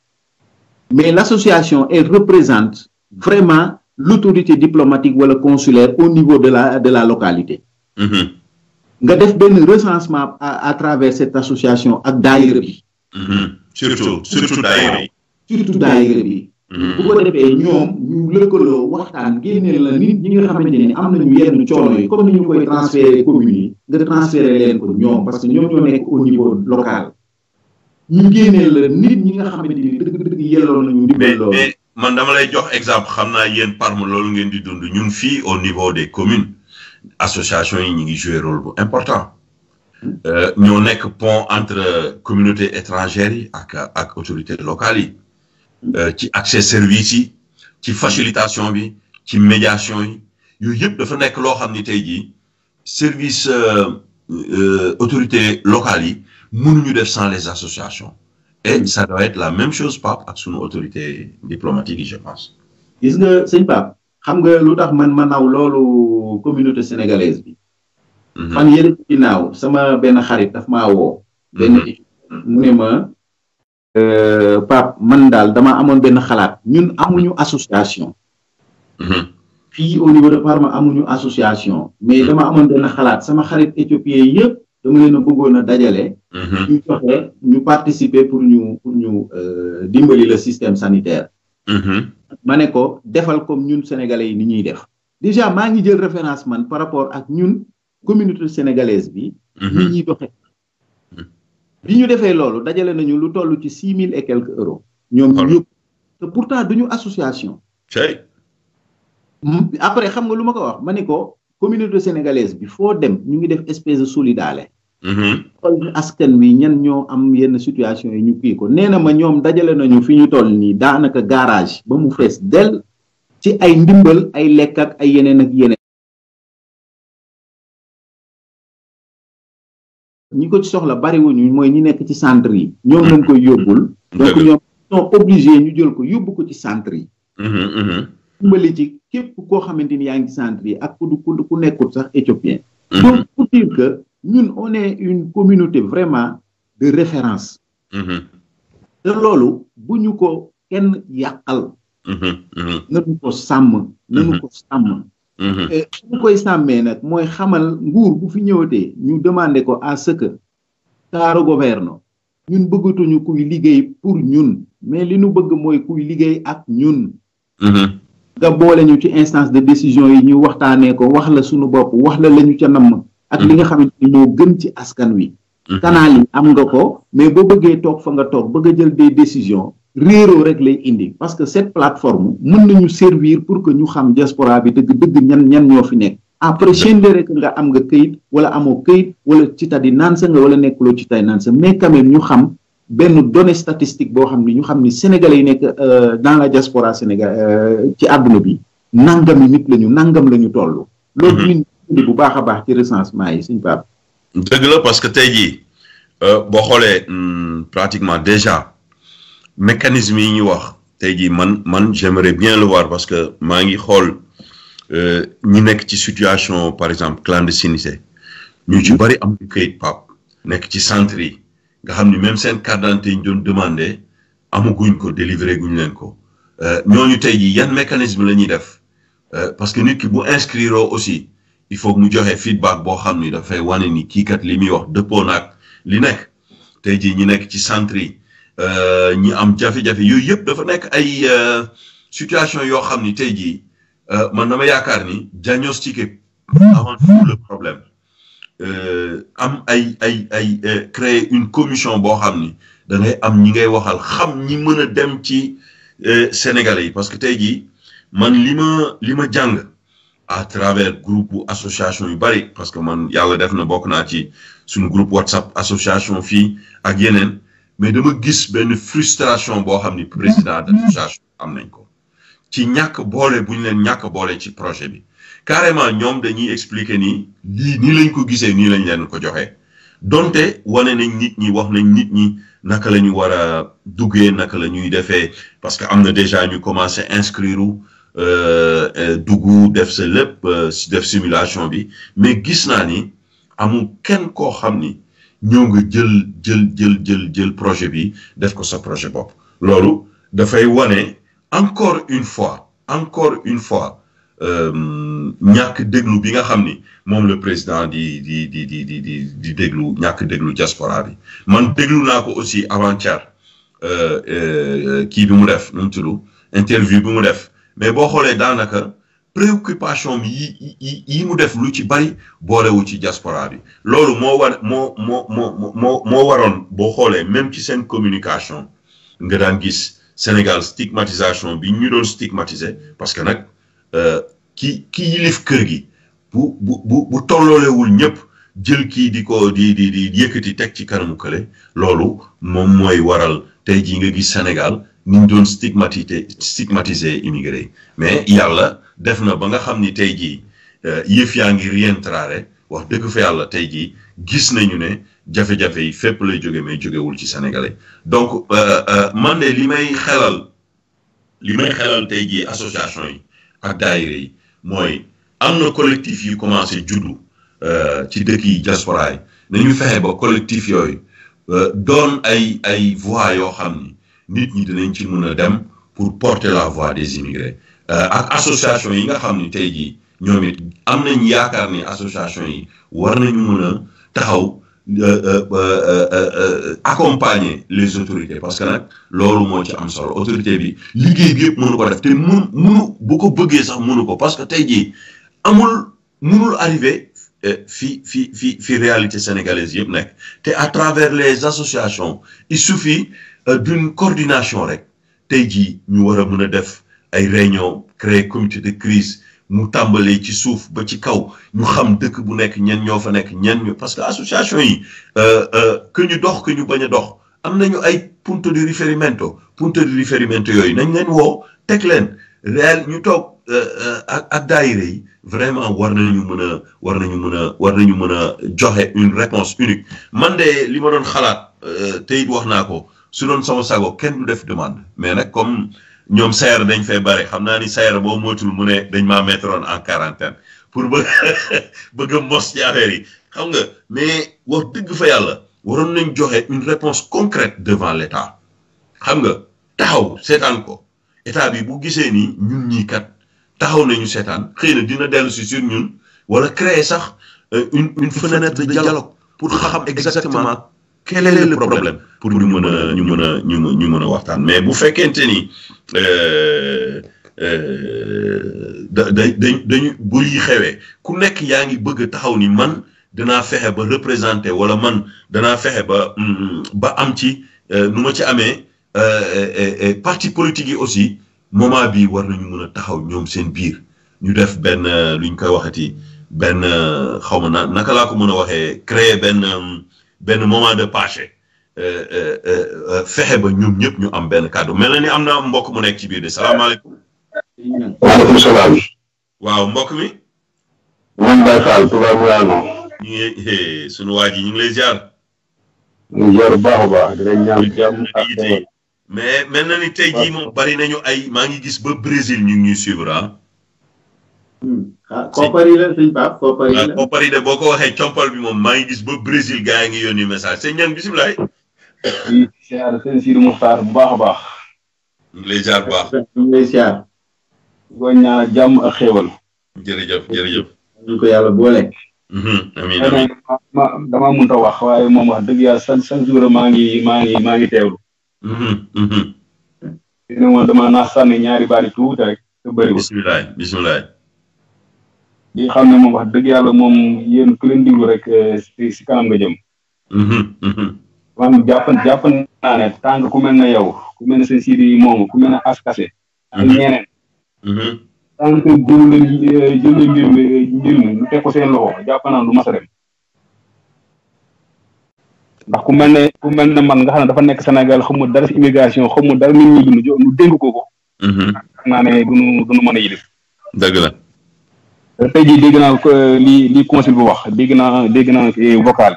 mais l'association, elle représente vraiment l'autorité diplomatique ou le consulaire au niveau de la, de la localité. Mm-hmm. nga def recensement à travers cette association ak Daïrebi. Mm-hmm. surtout surtout surtout Daïrebi. bi. Mm-hmm. bu ko defee ñoom ñu lëkkaloo waxtaan la nit ñi nga xamante ne am nañu yenn coono yi comme ni ñu koy transférer communes yi nga transférer leen ko parce que ñoom ñoo nekk au niveau local ñu génneel la nit ñi nga xamante ni dëgg dëgg yelloo nañu ndimbal loolu mais man dama lay jox exemple xam naa yéen parme loolu ngeen di dund ñun fii au niveau des communes association yi ñu ngi joué rôle bu important euh, ñoo nekk pont entre communauté étrangère yi ak ak autorité locale yi euh, ci accès service yi ci facilitation bi ci médiation yi yooyu yëpp dafa nekk loo xam ni tey jii service euh, autorité locale yi mënuñu def sans les associations et hmm. ça doit être la même chose par ak suñu autorité diplomatique yi je pense gis nga sëñ Pape xam nga lu man ma naw communauté sénégalaise bi hmm. fan yële ci ginnaaw sama benn xarit daf maa woo hmm. benn mu ne ma euh, Pape man daal dama amoon benn xalaat ñun amuñu association fii au niveau de Parma amuñu association mais dama amoon benn xalaat sama xarit éthiopien yëpp dama leen a bëggoon a dajale. ñu mhm. joxe ñu participer pour ñu pour ñu euh, dimbali le système sanitaire. Mhm. ma ne ko defal comme ñun sénégalais yi ni ñuy def. déjà maa ngi jël référence man par rapport ak ñun communauté sénégalaise bi. Mhm. ni ñuy doxe bi ñu defee loolu dajale nañu lu toll ci six mille et quelques euros. ñoom ñu te pourtant duñu association. Hmm? après xam nga lu ma ko wax ma ne ko. communauté sénégalaise bi foo dem ñu ngi def espèce de solidarité. Mm-hmm. xool askan wi ñan ñoo am yenn situation yi ñu kii ko nee na ma ñoom dajale nañu fi ñu toll nii daanaka garage ba mu fees dell ci ay ndimbal ay lekk ak ay yeneen ak yeneen. ñi ko ci soxla bariwuñu mooy ñi nekk ci centre yi. ñoom lañ koy yóbbul. Mm-hmm. donc ñoom sont ñu jël ko yóbbu ko ci centre yi. Mm-hmm, képp koo xamante ni yaa ngi centre yi ak ku du ku nekkul sax éthiopien. Mhm. donc pour ñun on est une communauté vraiment de mhm. te loolu bu ñu ko kenn yàqal. Mhm. nañu ko sàmm. nañu ko sàmm. ñu koy sàmmee nag mooy xamal nguur bu fi ñëwatee ñu demandé ko à ce que caro governo ñun bëggatuñu kuy liggéey pour ñun mais li nu bëgg mooy kuy liggéey ak ñun. nga boole ñu ci instance de décision yi ñu waxtaanee ko wax la suñu bopp wax la la ñu ca namm. ak li nga mm-hmm. xamante ni moo gën ci askan wi. Mm-hmm. canal yi am nga ko mais boo bëggee toog fa nga toog bëgg a jël des décisions réeroo rek lay indi parce que cette plateforme mën nañu servir pour que ñu xam diaspora bi dëgg dëgg ñan ñan ñoo fi nekk. après chaine rek nga am nga këyit wala amoo këyit wala ci tadi naan sa nga wala nekkuloo ci tay naan sa mais kam ñu xam. benn donnée statistique boo xam ni ñu xam ni sénégalais yi nekk euh, dans la diaspora sénégal euh, ci àdduna bi nangam nangami nit lañu nangam lañu toll. loolu mhm. ñun bu baax a baax ci recensement yi suñu Pape. dëgg la parce que tey jii euh, boo xoolee hmm, pratiquement déjà mécanisme yi ñu wax tey jii man man j'aimerais bien le parce que maa ngi xool ñu nekk ci situation par exemple clandestinité ñu ci mhm. bari am kayit Pape nekk ci centre yi. nga xam ni même seen carte d'identité doon demandé amaguñ ko délivré guñ leen ko euh, ñooñu tay jii yane mécanisme lañuy ñuy def euh, parce que nit ki bu inscrire aussi il faut mu joxe feedback bo xamni da fay wane ni ki kat limi wax dëppoo nak li nek tay ji ñi nek ci centre euh ñi am jafé jafé yooyu yëpp dafa nek ay euh, situation yo xamni tay ji euh man dama yakar ni diagnostiquer avant tout le problème. Euh, am ay ay ay euh, créer une commission boo xam ni da ngay am ñi ngay waxal xam ñi a dem ci euh, Sénégalais parce que tey jii man lima lima jang à travers groupe association yu bari parce que man yalla def na bokk naa ci suñu groupe WhatsApp association fi ak yenen mais dama gis ben frustration bo xamni président d' association am nañ ko ci ñak boole bu ñu leen boole ci projet bi carrément ñom dañuy expliquer nous lii lañ ko ni lañ leen ko joxé donté nous nañ nit ñi wax nañ nit ñi naka wara naka lañuy défé parce que amna déjà ñu commencé inscrire euh, euh, dugg def ce euh, def simulation bi mais gis na ni amul kenn nous xamni jël jël jël jël projet bi def ko sa projet encore une fois encore une fois que euh, déglu bi nga xamni mom le président di di di di di di diaspora bi man déglu Nako aussi avant-hier euh, euh, bi mu def interview mais préoccupation yi yi mu def lu ci bari ci diaspora bi communication nga gis Sénégal stigmatisation bi ñu parce que euh, ki qui yilif kër gi bu bu bu bu tolloolewul ñëpp jël ki di ko di di di yëkkati tek ci kanamu kële loolu mom moy waral tey jii nga gis Sénégal ni ñu doon stigmatisé stigmatiser immigré mais yalla def na ba nga xamni ni tey jii euh, yëf yaa ngi rientrare wax deug fa yalla tey jii gis nañu ne jafé jafé yi fépp lay jóge mais wul ci sénégalais donc euh euh li may xelal li may xelal tey jii association yi. ak daayira yi mooy am na collectif yu commencé juddu euh, ci dëkk yi diaspora yi nañu fexe ba collectif yooyu euh, doon ay ay voix yoo xam ni nit ñi dinañ ci mën a dem pour porter la voix des immigrés euh, ak association yi nga xam ni tey jii ñoom it am nañ yaakaar ni association yi war nañu mën a taxaw Euh, euh, euh, accompagner les autorités parce que nak lolu mo ci am solo autorité bi liguey bi yëpp mënu ko def té mënu bu ko sax mënu ko parce que tey jii amul mënul arrivé fi fi fi fi réalité sénégalaise yëpp à travers les associations il suffit d'une coordination rek tey jii ñu wara mëna a def ay réunion créer comité de crise mu tàmbalee ci suuf ba ci kaw ñu xam dëkk bu nekk ñen ñoo fa nekk ñeen ñu parce que association yi euh, euh, que ñu dox que ñu bañ a dox am nañu ay punto di riferimento punto di riferimento yooyu nañ leen woo teg leen réel ñu toog euh, ak ak daayira yi vraiment war nañu mën a war nañu mën a war nañu mën a joxe une réponse unique man de li ma doon xalaat tey it wax naa ko si doon sama sago kenn du def demande mais nag comme ñoom sayar dañ fay bare xam naa ni sayar boo mootul mu ne dañ maa mettroon en quarantaine pour bëgg bëgg a mos ci yi xam nga mais wax dëgg fa yàlla waroon nañ joxe une réponse concrète devant l' état xam nga taxaw setaan ko état bi bu gisee ni ñun ñii kat taxaw nañu seetaan xëy na dina dellu si sur ñun wala créer sax euh, une une fenêtre de dialogue pour xam exactement quel est le pour ñu mën a ñu mën a ñu ñu mën a waxtaan mais bu fekkente ni euh, euh, da da dañu bu yi xewee ku nekk yaa ngi bëgg taxaw ni man danaa fexe ba représenter wala man danaa fexe ba mm, ba am ci euh, nu ma ci amee parti politique yi aussi moment bii war nañu mën a taxaw ñoom seen biir ñu def benn lu ñu koy waxati benn xaw ma na naka laa ko mën a waxee créer benn. benn moment de pâché euh, euh, euh, fexe ba ñoom ñëpp ñu am benn kàddu mel na ni am na mbokk mu nekk ci biir de salaamaaleykum. waaleykum salaam. waaw mbokk mi. man Baye Fall Touba Mourano. ñu ngi sunu waa ji ñu ngi lay ziar. ñu ngi ziar bu baax a baax di leen ñaan jàmm mais na ni tey jii bari nañu ay maa ngi gis ba Brésil ñu ngi ñuy suivre ah. Hmm. ah koppar yi la ah, boo ko waxee compal bi moom maa ngi gis ba Brésil gaa yi ngi yónni message sëñ ñang bisimilah. di ziar sëñ Sirou bu baax a baax. ñu ngi lay ziar bu jàmm ak xéewal. jërëjëf jërëjëf. ñu ko yàlla boole. Mhm, amiin amiin dama dama wax waaye moom wax dëgg yàlla chaque chaque jour maa ngi maa ngi maa ngi teewlu. dina mhm, mhm. moom dama naa sànni ñaari baari tuuti rek. te bëriwul bisimilah di xam ne moom wax dëgg yàlla moom yéen ku leen diglu rek eh, si si kanam nga jëm. Mm-hmm, mm-hmm. maanaam jàpp ku mel na yow ku mel ne seen siidi moomu ku mel ne askase. ak mm-hmm. ñeneen. tànk jël na eh, jël eh, seen loxo jàpp naa du mas ndax ku mel ne ku mel ne man nga xam dafa nekk senegal xamu dara si immigration xamu dara nit ñi dund jo ñu dénk ko ko. xam naa ne du mën a yilif dëgg la. tey jii dégg naa euh, li li conseil bu wax dégg naa dégg naa vocal.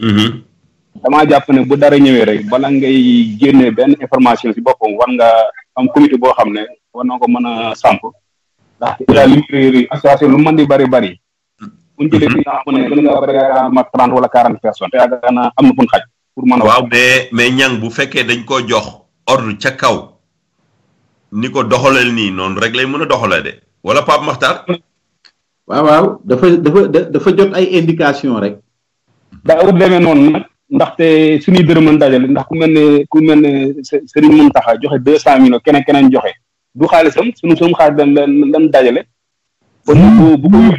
Mm-hmm. damaa jàpp ne bu dara ñëwee rek bala ngay génne benn information si boppam war nga am comité boo xam ne war na ko mën a samp ndax ila li lu mën di bëri bëri mm-hmm. buñ jëlee wala quarante personne te yaakaar naa am na fu ñu xaj pour mën a waaw mais mais ñang bu fekkee dañ koo jox ordre ca kaw ni ko doxalal ni noonu rek lay mën a doxalee wala Pape Makhtar waaw waaw dafa dafa dafa jot ay indication rek. daawul demee noon nag ndaxte suñuy dërëman dajale ndax ku mel ne ku mel ne Serigne Mountakha joxe deux cent millions keneen keneen joxe du xaalisam suñu suñu xaalis lan lan dajale. kon bu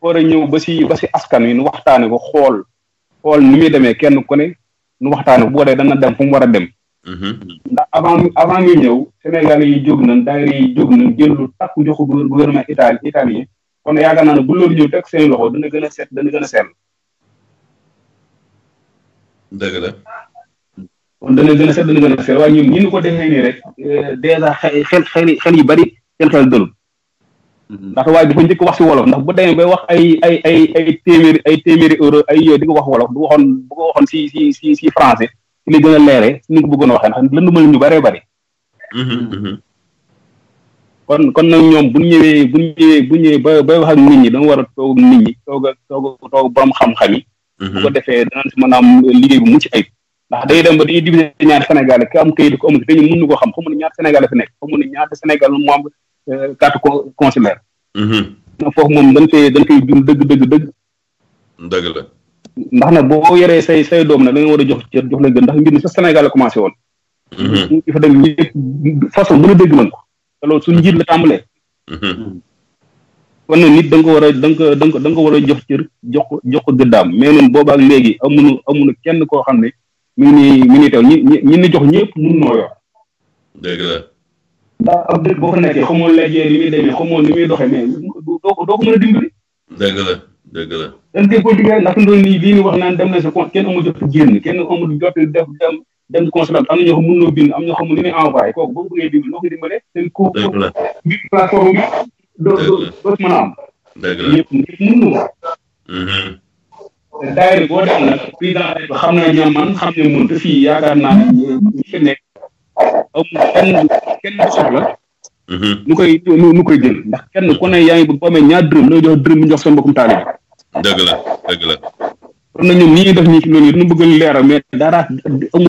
war a ñëw ba si ba si askan wi nu waxtaane ko xool xool ni muy demee kenn ku ne nu waxtaane ko bu ko defee dem fu mu war a dem. Mhm. ndax avant avant muy ñëw Sénégal yi jóg na daayira yi jóg nañ jël lu takku jox ko gouvernement italien italien. kon yaakaar naa ne bu loolu ñëw teg seen loxo dana gën a set dana gën a sell. dëgg la. kon dana gën a set dana gën a sell waaye ko defee nii rek euh, dèjà xel xel xel yu bari seen xel dalul. Mhm. ndax waaye dafa njëkk wax si wolof ndax bu demee bay wax ay ay ay ay ay téeméeri euro ay yooyu di wax wolof bu ko si si si français si li gën a leeree ni nga ko bëggoon a waxee ndax lënd mën ñu bëree bëri. Mhm, mhm. kon kon nag ñoom bu ñëwee bu ñëwee bu ñëwee ba ba wax ak nit ñi dama war a toog nit ñi toog ak toog toog borom xam-xam yi. Mhm. bu defee danañ mën a am liggéey bu mucc ayib. ndax day dem ba dañuy diviser ñaari Sénégal ku am kayit ku amul dañu mën xam xamu ne ñaata Sénégal la nekk xamu ne ñaata Sénégal moo am euh, consulaire. Mhm. foofu moom dañ fee dañ fee jum dëgg dëgg dëgg. dëgg la. ndax nag boo yoree say say doom na da war a jox jox la gën ndax mbir mi sa Sénégal la commencé woon. Mhm. ñu fa dem ñëpp façon mën a dégg nañ ko. te loolu suñu njiit la tàmbalee. Mhm. Mm. kon nag nit da nga ko war a da nga ko da nga ko war a jox cër jox ko jox ko mais noonu boobaak léegi amuñu amuñu kenn koo xam ne mi ngi nii mi ngi teew ñi ñi ñi ni jox ñëpp mun noo yor. dëgg la. ndax ab dëkk boo ko nekkee xamoo léegi ni muy demee xamoo ni muy doxee mais doo ko doo ko mën a dimbali. dëgg la dëgg la. ndax fi mu toll nii bii nii wax naan dem na sa compte kenn amul jot génn kenn amul jot def dem. dem consommer am na ñoo xam mën noo bind am na ñoo xam ne ni am. dëgg la ñëpp ñëpp mm-hmm. xam man xam ne mun yaakaar naa ñu fi nekk amul kenn kenn du soxla. Mm-hmm. nu koy nu jël ndax kenn ku ne yaa ngi bëgg boo amee ñaar dërëm la jox dërëm ñu jox seen mbokkum taalibe. dëgg la dëgg la. kon nag nii ci loolu nu bëgg leeral mais dara amul.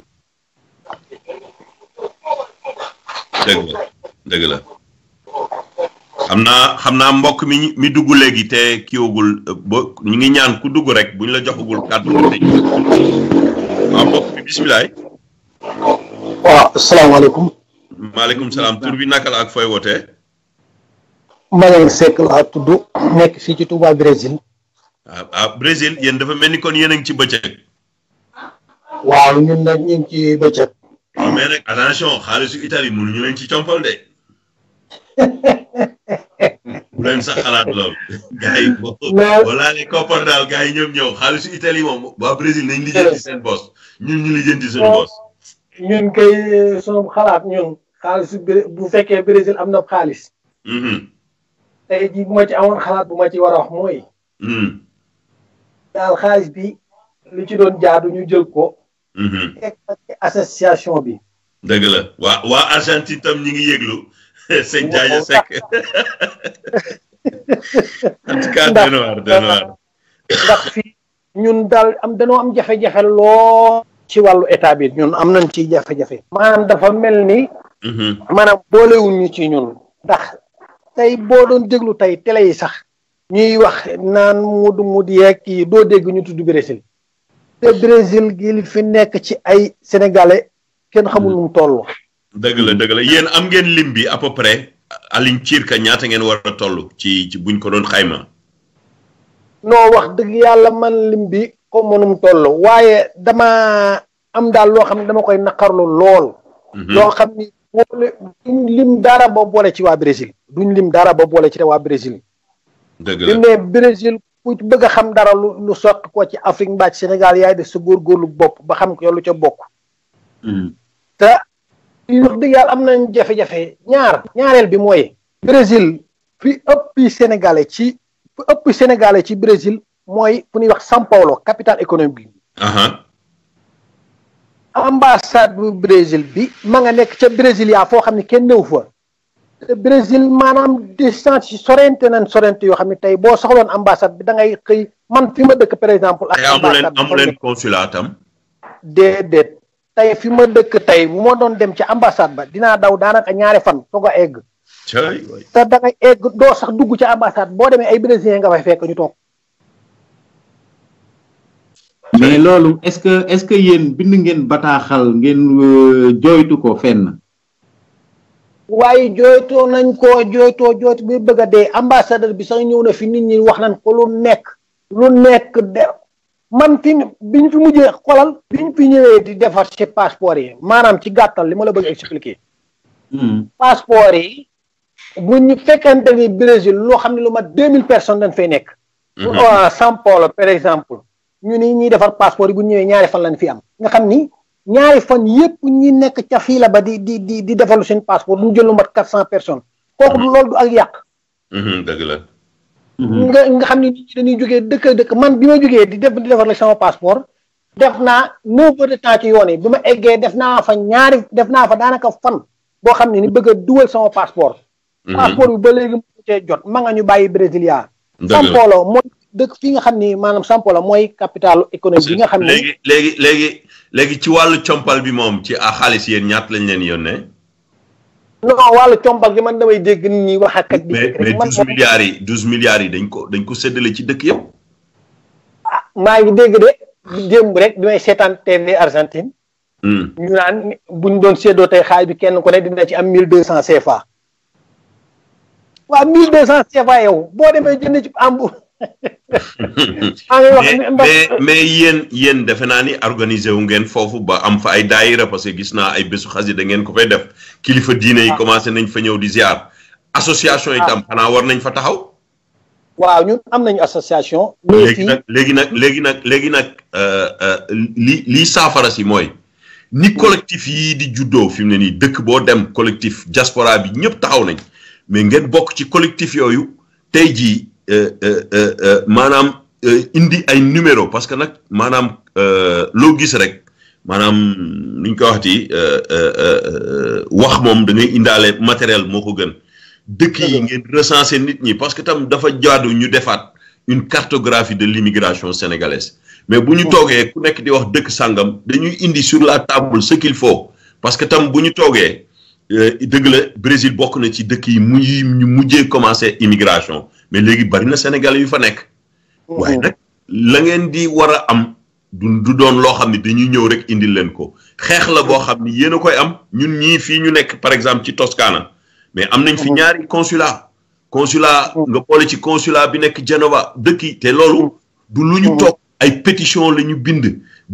dëgg la dëgg xam naa xam naa mbokk mi mi dugg léegi te kiiwagul ba ñu ngi ñaan ku dugg rek bu la joxagul kàddu nga tëj mbokk mi bisimilah. waaw asalaamaaleykum. maaleykum salaam tur bi naka la ak fooy wootee. Mayel Seck laa tudd nekk fii ci tubaa Brésil. Ah, ah Brésil yéen dafa mel ni kon yéen a ngi ci bëccëg. waaw ñun nag ñu ngi ci bëccëg. mais nag attention xaalisu Italie mënuñu leen ci compal de bu leen sax xalaat lool. gars yi boo boo laalee koppar daal gars yi ñoom xaalisu Italie moom waa Brésil nañ lijjanti seen bos ñun ñu lijjanti suñu bos. ñun kay eh, sunu xalaat ñun xaalis bu fekkee Brésil am na xaalis. Mm-hmm. tey jii bu ma ci xalaat bu ma ci war a wax mm-hmm. daal xaalis bi lu ci doon jaadu ñu jël ko. Mhm. association bi. dëgg la waa waa Argentine tam ñi ngi yëglu sëñ Diagne Seck en tout cas ndax fii ñun daal am danoo am jafe-jafe loo ci wàllu état bi ñun am nañ ci jafe-jafe maanaam dafa mel ni mhm. maanaam boolewuñu ci ñun ndax tey boo doon déglu tey tele yi sax ñuy wax naan mud mud yeeg yi doo dégg ñu tudd Brésil te Brésil gi li fi nekk ci ay sénégalais kenn xamul nu mu toll. dëgg la dëgg la yéen am ngeen lim bi à peu près Aline Cirka ñaata ngeen war tollu ci ci buñ ko doon xayma. noo wax dëgg yàlla man lim bi comme nu mu toll waaye dama am daal loo xam ne dama koy naqarlu lool. Mhm. loo xam ni boole duñ lim dara ba boole ci waa Brésil duñ lim dara ba boole ci waa Brésil. dëgg la ne Brésil ku bëgg xam dara lu lu sokk ko ci Afrique mbaa ci Sénégal yaay def sa góorgóorlu bopp ba xam ko lu ca bokk. Hmm. te wax dëgg yàlla am nañ jafe-jafe ñaar ñaareel bi mooy. Brésil fi ëpp Sénégalais ci fi ëpp Sénégalais ci Brésil mooy fu ñuy wax São Paulo capital économique bi. ambassade bu Brésil bi ma nga nekk ca Brésil yaa foo xam ne kenn néew fa. Brésil maanaam distance yi sorente nañ sorente yoo xam ne tey boo soxloon ambassade bi da ngay xëy man fi ma dëkk par exemple. ak ambassade amu leen consulat am. tey fi ma dëkk tey bu ma doon dem ci ambassade ba dinaa daw daanaka ñaari fan soog a egg. te da egg doo sax dugg ci ambassade boo demee ay brésilien nga fay fekk ñu toog. mais loolu est-ce que est-ce que yéen bind ngeen bataaxal ngeen euh, jooytu ko fenn. waaye jooytoo nañ ko jooytoo jooytu bi bëgg a dee ambassadeur bi sax ñëw na fi nit ñi wax nañ ko lu nekk lu nekk de man fi bi ñu fi mujjee xolal bi ñu fi ñëwee di defar ci passeport yi maanaam ci gàttal li ma la bëgg expliquer hmm. passeport yi bu ñu fekkante ni Brésil loo xam ne lu mat deux mille personnes dañ fay nekk hmm. euh, São Paulo par exemple ñu ni ñuy defar passeport yi bu ñëwee ñaari fan lañ fi am nga xam ni ñaari fan yépp ñi nekk ca fii la ba di di di di defalu seen passeport duñu jël mat quatre cent personnes kooku du mm-hmm. loolu du ak yàq mm-hmm, dëgg mm-hmm. nga nga xam ne dañuy jógee dëkk dëkk man bi ma jógee di def di defar la sama passeport def naa neuf heures de temps ci yoon yi bi ma eggee def naa fa ñaari def naa fa daanaka fan boo xam ne ni bëgg a dugal sama passeport passeport bi ba léegi mu jot ma nga ñu bàyyi Brasilia São Paulo dëkk fi nga xam ni maanaam la mooy capital économique bi nga xam ne léegi léegi léegi léegi ci wàllu compal bi moom ci xaalis yéen ñaat lañ leen yónnee. non wàllu compal gi man damay dégg nit ñi wax ak kat bi mais mais douze milliards yi douze milliards yi dañ ko dañ ko séddale ci dëkk yëpp. ah maa ngi dégg de démb rek bi may seetaan TV Argentine. Hmm. ñu naan buñ doon séddoo tey xaalis bi kenn ku ne dina ci am mille deux cent CFA. waaw mille deux cent CFA yow boo demee jënd ci am Ah, mais euh, mais yéen yéen defe naa ni organiser wu ngeen foofu ba am fa ay daayira parce gis naa ay bésu xasida ngeen ko fay def kilifa diine yi ah. commencé nañ fa ñëw di ziar. association itam ah. xanaa war nañ fa taxaw. waaw ñun am nañu association. léegi nag léegi nag léegi nag léegi nag euh, euh, li lii saafara si mooy. ni hmm. collectif yii di juddoo fi mu ne nii dëkk boo dem collectif diaspora bi ñëpp taxaw nañ mais ngeen bokk ci collectif yooyu tey jii. Euh, euh, euh, maanaam indi ay numéro parce que nag maanaam loo gis rek maanaam nuñ koy wax ti wax moom da ngay indaale matériel moo ko gën dëkk yi ngeen recenser nit ñi parce que tam dafa jaadu ñu defaat une cartographie de l'immigration sénégalaise mais bu ñu toogee ku nekk di wax dëkk sàngam dañuy indi sur la table ce qu'il faut parce que tam bu ñu toogee dëgg la Brésil bokk na ci dëkk yi mu ñu mujjee commencé immigration mais léegi bari na sénégalais yu fa nekk. Mm-hmm. waaye nag la ngeen di war a am du du doon loo xam ne dañuy ñëw rek indil leen ko xeex la boo xam ni yéen a koy am ñun ñii fii ñu nekk par exemple ci toskaana mais am nañ fi mm-hmm. ñaari consulat consulat mm-hmm. nga boole ci consulat bi nekk Genova dëkk yi te loolu. du lu ñu toog ay pétition la ñu bind.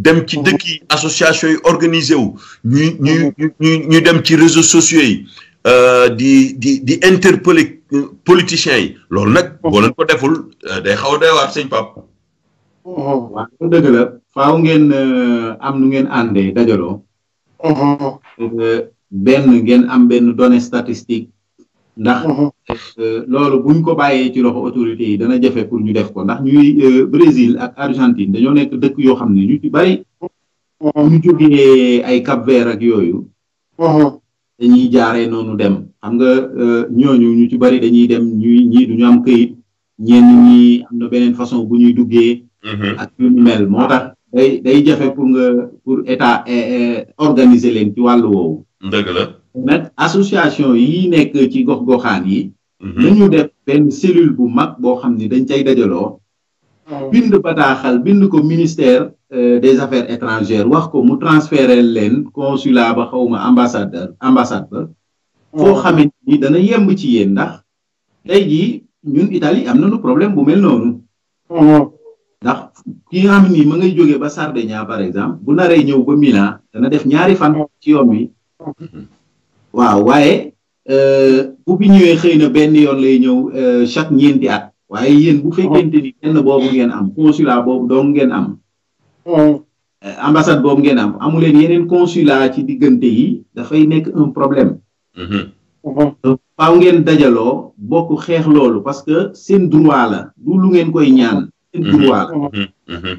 dem ci dëkk yi association yi organisé wu. ñuy ñuy ñuy dem ci réseaux sociaux yi. Euh, di di di interpeller politiciens yi loolu nag. Oh. boo ko deful euh, day xaw a doy waar sëñ Pape. Oh, waaw dëgg la faaw ngeen euh, am nu ngeen àndee dajaloo. Oh. benn ngeen am benn donnée statistique. ndax lool buñ ko bàyyee ci loxo autorités yi dana jafe pour ñu def ko ndax ñuy Brésil ak Argentine dañoo nekk dëkk yoo xam ne ñu ci bari. ñu ay Cap-Vert ak yooyu. dañuy jaaree noonu dem xam nga euh, ñooñu ñu ci bari dañuy dem ñuy ñii du ñu am këyit ñenn ñi am na beneen façon bu ñuy duggee. Mm-hmm. ak yu mel moo tax day day jafe pour nga pour état eh, eh, organiser leen ci wàllu woowu. dëgg la association yi nekk ci gox-goxaan yi. Mm-hmm. dañu def benn cellule bu mag boo xam ne dañ cay dajaloo. Oh. bind bataaxal bind ko ministère. Euh, des affaires étrangères wax ko mu transférer leen consulat ba xawma ambassadeur ambassade ba oh. foo xamante ni dana yemb ci yéen ndax tey jii ñun Italie am na nañu problème bu mel noonu oh. ndax ki nga xam ni ma ngay jóge ba Sardaigne par exemple bu naree ñëw ba Milan dana def ñaari fan oh. ci yoon wi waaw waaye euh, bu bi ñëwee xëy na benn yoon lay ñëw euh, chaque ñeenti at waaye yéen bu fekkente ni kenn boobu ngeen am consulat boobu dong ngeen am Euh, ambassade boobu ngeen am amu consulat ci diggante yi fay nekk un problème. Mhm. faaw ngeen dajalo bokk xeex lolu parce que c'est droit la du lu ngeen koy ñaan. seen mhm. droit la. Mhm.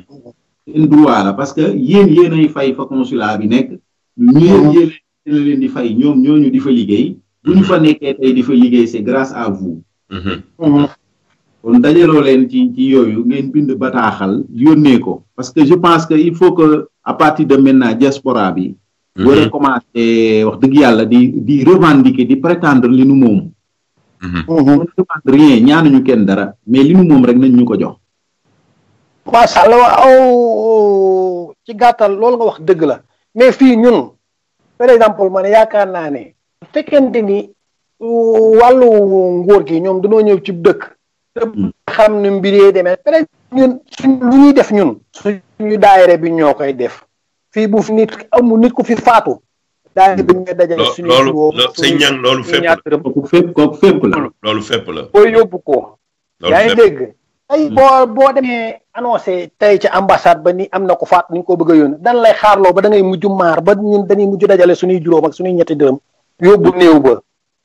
seen droit la parce que yeen yéenay fay fa consulat bi nekk. ñeen yéen la leen di fay ñom ñooñu di fa liggéey. bu fa nekkee tay di fa liggéey c'est grâce à vous. kon dajalo len ci ci yoyu ngeen bind bataxal yone ko parce que je pense que il faut que à partir de maintenant diaspora bi mhm. wara commencé wax deug yalla di di revendiquer di prétendre li nu mom hmm mhm. hmm demande rien ñaanu ñu kenn dara mais li nu mom rek nañ ñu ko jox ma sha Allah aw ci gatal lool nga wax deug la mais fi ñun par exemple man yaakaar naa ne fekkente ni walu nguur gi ñoom dañoo ñëw ci dëkk xam ne mbir yee demee peut ñun lu ñuy def ñun suñu daayere bi ñoo koy def fii bu fi nit amul nit ku fi faatu. daayere bi ñu dajale suñu. loolu loolu sëñ ñang loolu fépp la kooku la loolu yóbbu ko. yaa ngi dégg. Hmm. boo boo demee annoncé tey ci ambassade ba ni am na ko faat ni ko bëgg yoon dan lay xaarloo ba da ngay mujj maar ba ñun dañuy mujj dajale suñuy juróom ak suñuy ñetti dërëm yóbbu néew ba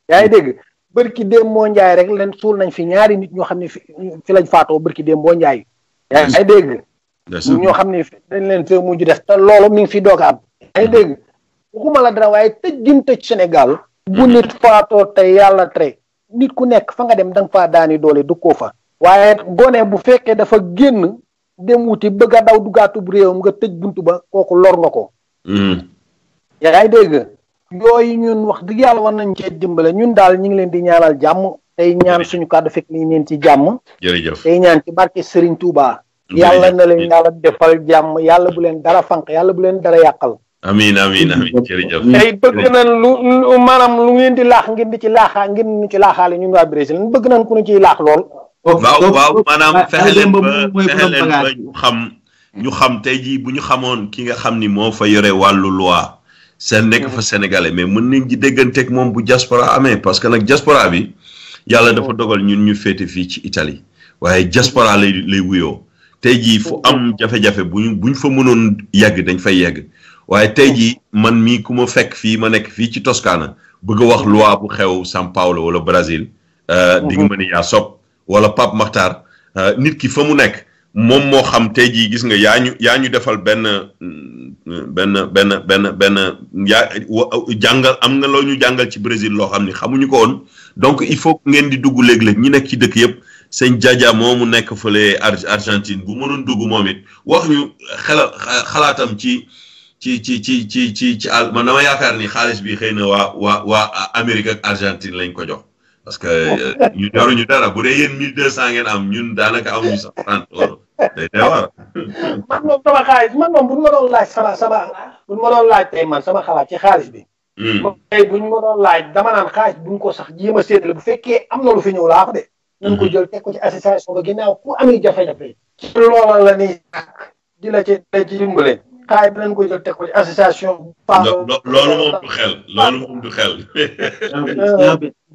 yaa ngi bërki déem moo njaay rek leen suul nañ fi ñaari nit ñoo xam ne fi fi lañ faatoo bërki démboo moo njaay yaa ngi dégg ñoo xam ne dañ leen fee mujj def te loolu mi ngi fi doog am yaa ngi dégg waxuma la dara waaye tëj gim tëj Sénégal bu mhm. nit faatoo te yàlla tere nit ku nekk fa nga dem da nga faa daani doole dugg ko fa waaye gone bu fekkee dafa génn dem wuti bëgg a daw dugaatub réewam nga tëj bunt ba kooku lor nga ko mhm. yaa dégg yooyu ñun wax dëgg yàlla war nañ cee dimbale ñun daal ñu ngi leen di ñaanal jàmm. tey ñaan suñu kàddu fekk nañ leen ci jàmm. jërëjëf tey ñaan ci barke Serigne Touba. yàlla na leen yàlla defal jàmm yàlla bu leen dara fànq yàlla bu leen dara yàqal. amiin tey bëgg nañ lu maanaam lu ngeen di laax ngeen di ci laaxaa ngeen di ci laaxaale ñun waa Brésil bëgg nañ ku ñu ciy laax lool. waaw waaw maanaam fexe leen ba fexe leen ba ñu xam. ñu xam tey jii bu ñu xamoon ki nga xam ni moo fa yore wàllu loi seen nekk fa sénégalais mais mën nañ di dégganteeg moom bu diaspora amee parce que nag diaspora bi yàlla dafa dogal ñun ñu féete fii ci itali waaye diaspora lay lay wuyoo tey jii fu am jafe-jafe bu ñu fa mënoon yegg dañ fay yegg waaye tey jii man mii ku ma fekk fii ma nekk fii ci Toscana bëgg wax loi bu xew São Paulo wala Brésil euh, di nga mën mhm. a yaa sob wala Pape Makhtar euh, nit ki fa mu nekk moom moo xam tey jii gis nga yaa ñu yaa ñu defal benn benn benn benn benn yaa jàngal am nga loo ñu jàngal ci Brésil loo xam ni xamuñu ko woon donc il faut ngeen di dugg léeg-léeg ñi nekk ci dëkk yëpp sëñ Jaja moomu nekk fële Argentine bu mënoon dugg moom it wax ñu xelal ci ci ci ci ci ci ci man dama yaakaar ni xaalis bi xëy na waa waa waa Amérique ak Argentine lañ ko jox. parce que euh, ñu ñoruñu dara bu dee yéen mille deux cent am ñun daanaka amuñu ñu ma doon sama sama bu laaj tey man sama xalaat ci xaalis bi. Hmm. tey bu ñu ma dama naan xaalis bu ko sax jéem a séddale bu fekkee am na lu fi ñëw laa ko hmm. ko jël teg ci association ginnaaw ku amee jafe-jafe. loolal la la ko jël loolu moom du xel loolu moom du xel.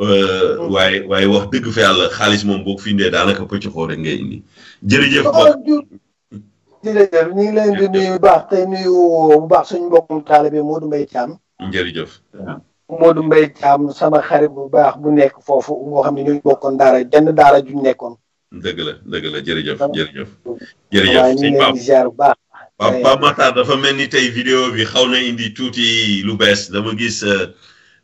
Euh, waaye waaye wax dëgg fa yàlla xaalis moom boo ko fi indee daanaka pëcc xool rek ngay indi jërëjëf. jërëjëf ñu ngi leen di nuyu bu baax te nuyu bu baax suñu mbokkum taalibe Modou Mbaye Thiam. jërëjëf. Modou Mbaye Thiam sama xarit bu baax bu nekk foofu moo xam ne ñooñu bokkoon daara jenn daara ju nekkoon. dëgg la la jërëjëf jërëjëf. jërëjëf sëñ Pape di ziar bu baax. Pape Matar dafa mel tey vidéo bi xaw na indi tuuti lu bees dama gis. Euh,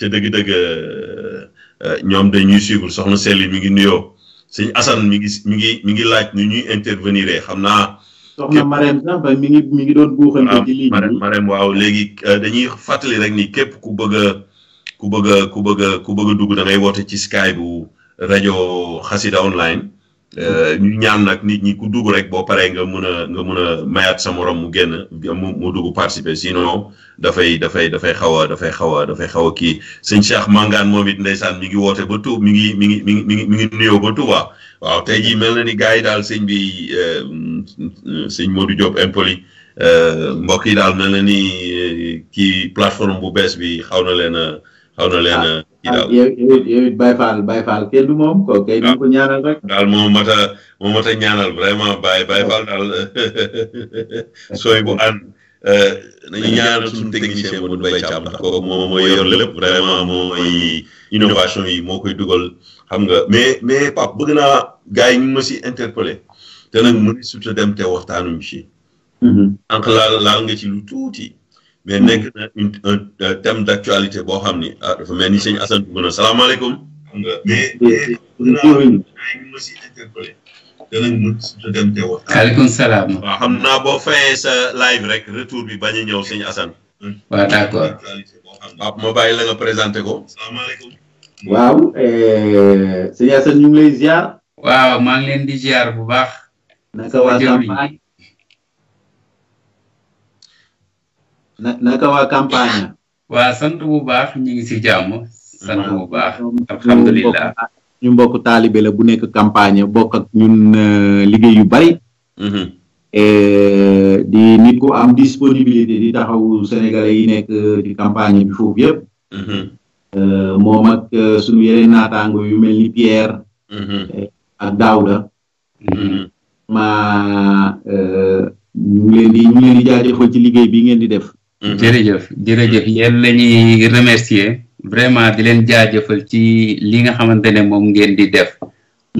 ca dëgg-dëgg euh, euh, ñoom dañuy suivre soxna Sely mi ngi nuyoo sëñ Assane mi ngi mi ngi mi ngi laaj nu ñuy intervenir xam naa. soxna Marème mi ngi mi ngi doon buuxante waaw léegi euh, dañuy fàttali rek ni képp ku bëgg ku bëgg ku bëgg a ku bëgg a dugg da ngay woote ci Skype bu rajo Xassida online. Euh, ñu ñaan nag nit ñi ku dugg rek boo paree nga mun a nga mun a mayaat sa moroom mu génn mu mu dugg participer sinon dafay dafay dafay xaw a dafay xaw a dafay xaw kii sëñ Cheikh mangaan moom it ndeysaan mi ngi woote ba tu mi ngi mi ngi mi ngi mu ngi nuyoo ba Touba waaw tey jii mel na ni gars yi daal sëñ bi euh, sëñ Modou Diop impoli euh, mbokk yi daal mel na ni kii plateforme bu bees bi xaw na leen xaw na leen ci ah, daal yow it Baye Fall Baye Fall kenn du moom ko kay ah. du ko ñaanal rek. daal moom mat a moom mat a ñaanal vraiment Baye Baye ah. Fall daal sooy bu ànd euh, nañu ñaanal suñu technicien bu Baye Thiam ndax kooku moom mooy yor lépp vraiment mooy innovation yi moo koy dugal xam nga mais mais Pape bëgg naa gars yi ñu ma si interpellé te nag mënu suta dem te waxtaanu ci. Mm-hmm. ànq laal laal lu tuuti. mais nekk na un thème boo xam ni ah dafa mel ni sëñ Assane dugg na salaamaaleykum. xam nga salaam. waaw xam naa boo fayee sa live rek retour bi ba a ñëw sëñ Assane. waaw d' accord. la présenté ko. salaamaaleykum. waaw eh, sëñ Assane ñu ngi lay ziar. waaw maa ngi bu baax. naka naka wa campagne wa sant bu baax ñi ngi ci jamm sant bu baax alhamdullilah ñu mbokk talibé la bu nek campagne bok ak ñun euh, liggéey yu bari mhm. euh, di nit ko am disponibilité di taxaw sénégalais yi nek euh, di campagne bi fofu yépp mom mhm. ak sunu yeneen natang yu melni pierre mhm. ak daouda ma ñu leen di ñu leen di jaajeufal ci liggéey bi ngeen di def Mhm. jërëjëf jërëjëf mhm. yéen la ñuy remercier vraiment di leen jaajëfal ci li nga xamante moom ngeen di def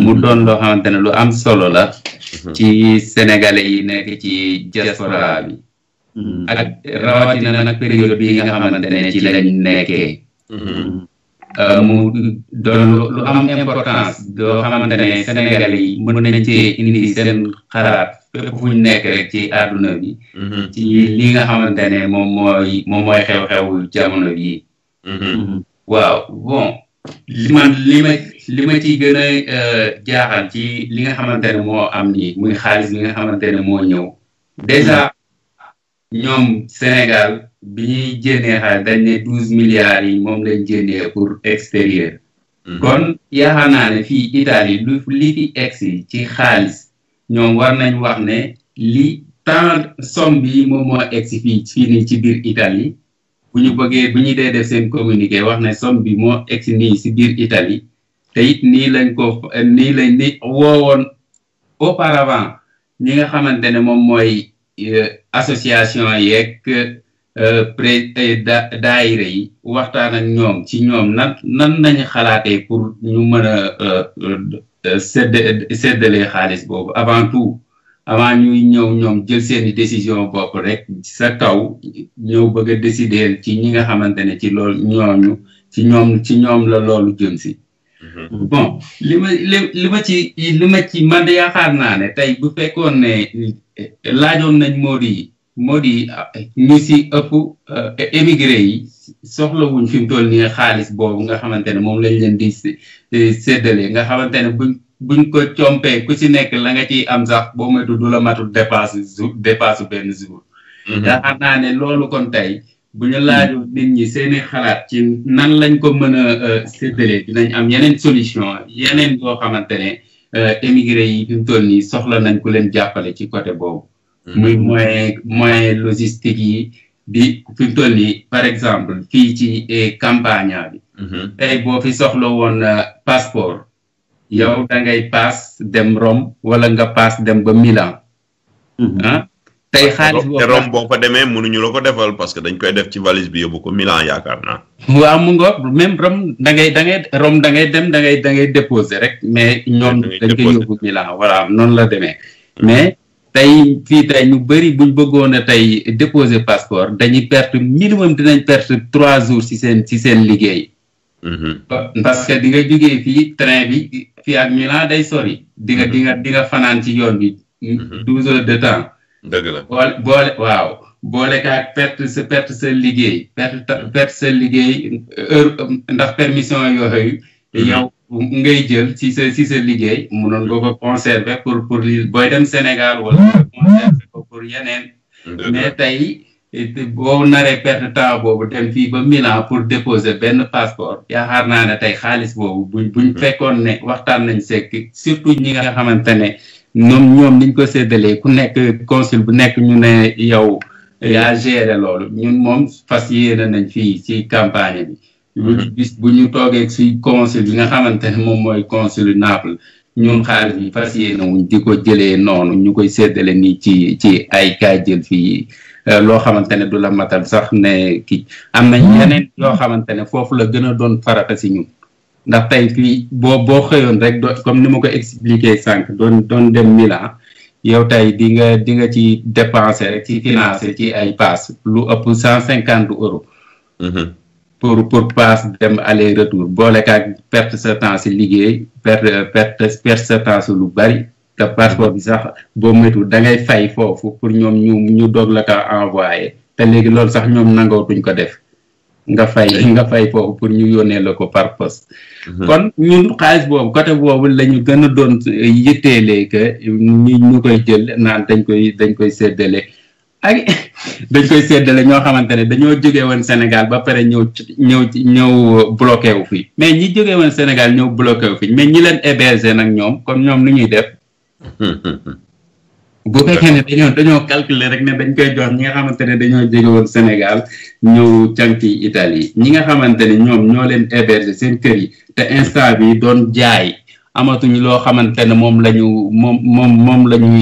mu mhm. doon loo xamante lu am solo la ci sénégalais yi nekk ci diaspora bi ak rawatina nag période bi nga xamante ne ci lañ nekkee euh, mu doon lu am importance doo xamante ne sénégalais yi mën nañ ci indi seen xalaat fépp fu ñu nekk rek ci àdduna bi. Mm-hmm. li nga xamante ne moom moom mooy xew-xew jamono yi mm-hmm. mm-hmm. waaw bon li man li ma li ma ciy gën a euh, jaaxal ci li nga xamante ne moo am ni muy xaalis bi nga xamante ne moo ñëw déjà ñoom Sénégal bi ñuy jénnee dañ ne douze milliards yi moom lañ jénnee pour extérieur kon yaakaar ne fii Italie lu li fi egsi ci xaalis ñoom war nañ wax ne li tant somme bi moom moo egsi fii fii nii ci biir Italie bu ñu bëggee bu ñu dee def seen communiqué wax ne somme bi moo egsi nii si biir Italie te it nii lañ ko nii lañ ni woowoon auparavant ñi nga xamante ne moom mooy euh, association yeeg euh, pré euh, daayira yi waxtaan ak ñoom ci ñoom nan nan nañ xalaatee pour ñu mën a Euh, sedd xaalis boobu avant tout avant ñuy ñëw ñoom jël seeni décision bopp rek sa kaw ñëw bëgg a décider ci ñi nga xamante ne ci lool ñooñu ci ñoom ci ñoom la loolu jëm si mm-hmm. bon li ma ci li ma ci man yaakaar naa ne tey bu fekkoon ne laajoon nañ Mody moo di eh, ñu si ëpp eh, eh, émigré yi soxlawuñ fi mu toll nii xaalis boobu nga xamante ne moom lañ leen di séddale nga xamante ne buñ buñ ko compee ku si nekk la nga ci am sax boo moytu du la matul dépasse jour dépasse benn jour mm-hmm. yaakaar naa ne loolu kon tey bu ñu laajoo nit ñi seeni xalaat ci nan lañ ko mën a séddale dinañ am yeneen solution yeneen yoo xamante ne émigré yi fi mu toll nii soxla nañ ku leen jàppale ci côté boobu moy moy moy logistique yi bi fi tolli par exemple fi ci eh, campagne bi. Mhm. tay bo fi soxlo won eh, passeport. yow da ngay pass dem Rome wala nga pass dem ba Milan. Mhm. ah tey xaalis boo te Rome boo fa demé mënuñu ñu lako defal parce que dañ koy def ci valise bi yobu ko Milan yaakaar naa. waaw mu ngoog même Rome da ngay da ngay Rome da ngay dem da ngay da ngay déposer rek mais ñom da ngay yobu Milan voilà non la demee mhm. mais. tey fii tey ñu bëri buñ bëggoon a tey déposer passeport dañuy perte minimum nañ perte trois jours ci seen ci seen liggéey. Mm-hmm. parce que di nga jógee fii train bi fii ak day sori. di nga di di nga fanaan ci yoon bi. Mm-hmm. douze heures de temps. dëgg la boole waaw boole kaak perte sa perte sa liggéey perte perte sa liggéey heure ndax permission yooyu. Mm-hmm. yow ngay jël ci sa ci liggéey munoon nga ko conserver pour pour li booy dem Sénégal wala pour yeneen mais tey boo naree perte temps boobu dem fii ba Milan pour déposer benn passeport yaakaar naa ne tey xaalis boobu buñ mm-hmm. fekkoon ne waxtaan nañ sekk surtout ñi nga xamante ne ñoom ñoom niñ ko séddalee ku nekk consul bu nekk ñu ne yow yaa géré loolu ñun moom fas yéene nañ fii ci campagne bi bis bu ñu toogee si conseil bi nga xamante moom mooy conseil Naples ñun xaalis bi fas yéene wuñ di ko jëlee noonu ñu koy séddale nii ci ci ay kaay jël fii euh, loo xamante ne du la matal sax ne kii am nañ yeneen yoo xamante ne foofu la gën a doon farata si ñun ndax tey fii boo boo xëyoon rek comme ni ma ko expliqué sànq doon doon dem Milan yow tey di nga di nga ci dépensé rek ci financé ci ay paas lu ëpp cent cinquante euros mm-hmm. pour pour passe dem aller retour boole kaag perte sa temps liggéey perte perte perte sa lu bari te passeport bi mm-hmm. sax boo moytuwul da ngay fay foofu pour ñoom ñu ñu doog la ko envoyé te léegi loolu sax ñoom nangoo nangootuñ ko def nga fay mm-hmm. nga fay foofu pour ñu yónnee la ko par poste mm-hmm. kon ñun xaalis boobu côté boobu lañu gën a doon yitteelee que ñu ñu koy jël naan dañ koy dañ koy séddale ak dañ koy séddale ñoo xamante ne dañoo jógewoon woon Sénégal ba pare ñëw ñëw ñëw bloqué wu fii mais ñi jóge woon Sénégal ñëw bloqué wu fii mais ñi leen hébergé nag ñoom kon ñoom nu ñuy def bu fekkee ne dañoo dañoo calculer rek ne dañ koy jox ñi nga xamante ne dañoo jóge woon Sénégal ñëw canki Italie ñi nga xamante ne ñoom ñoo leen hébergé seen kër yi te instant bi doon jaay amatuñ loo xamante ne moom lañu ñu moom moom moom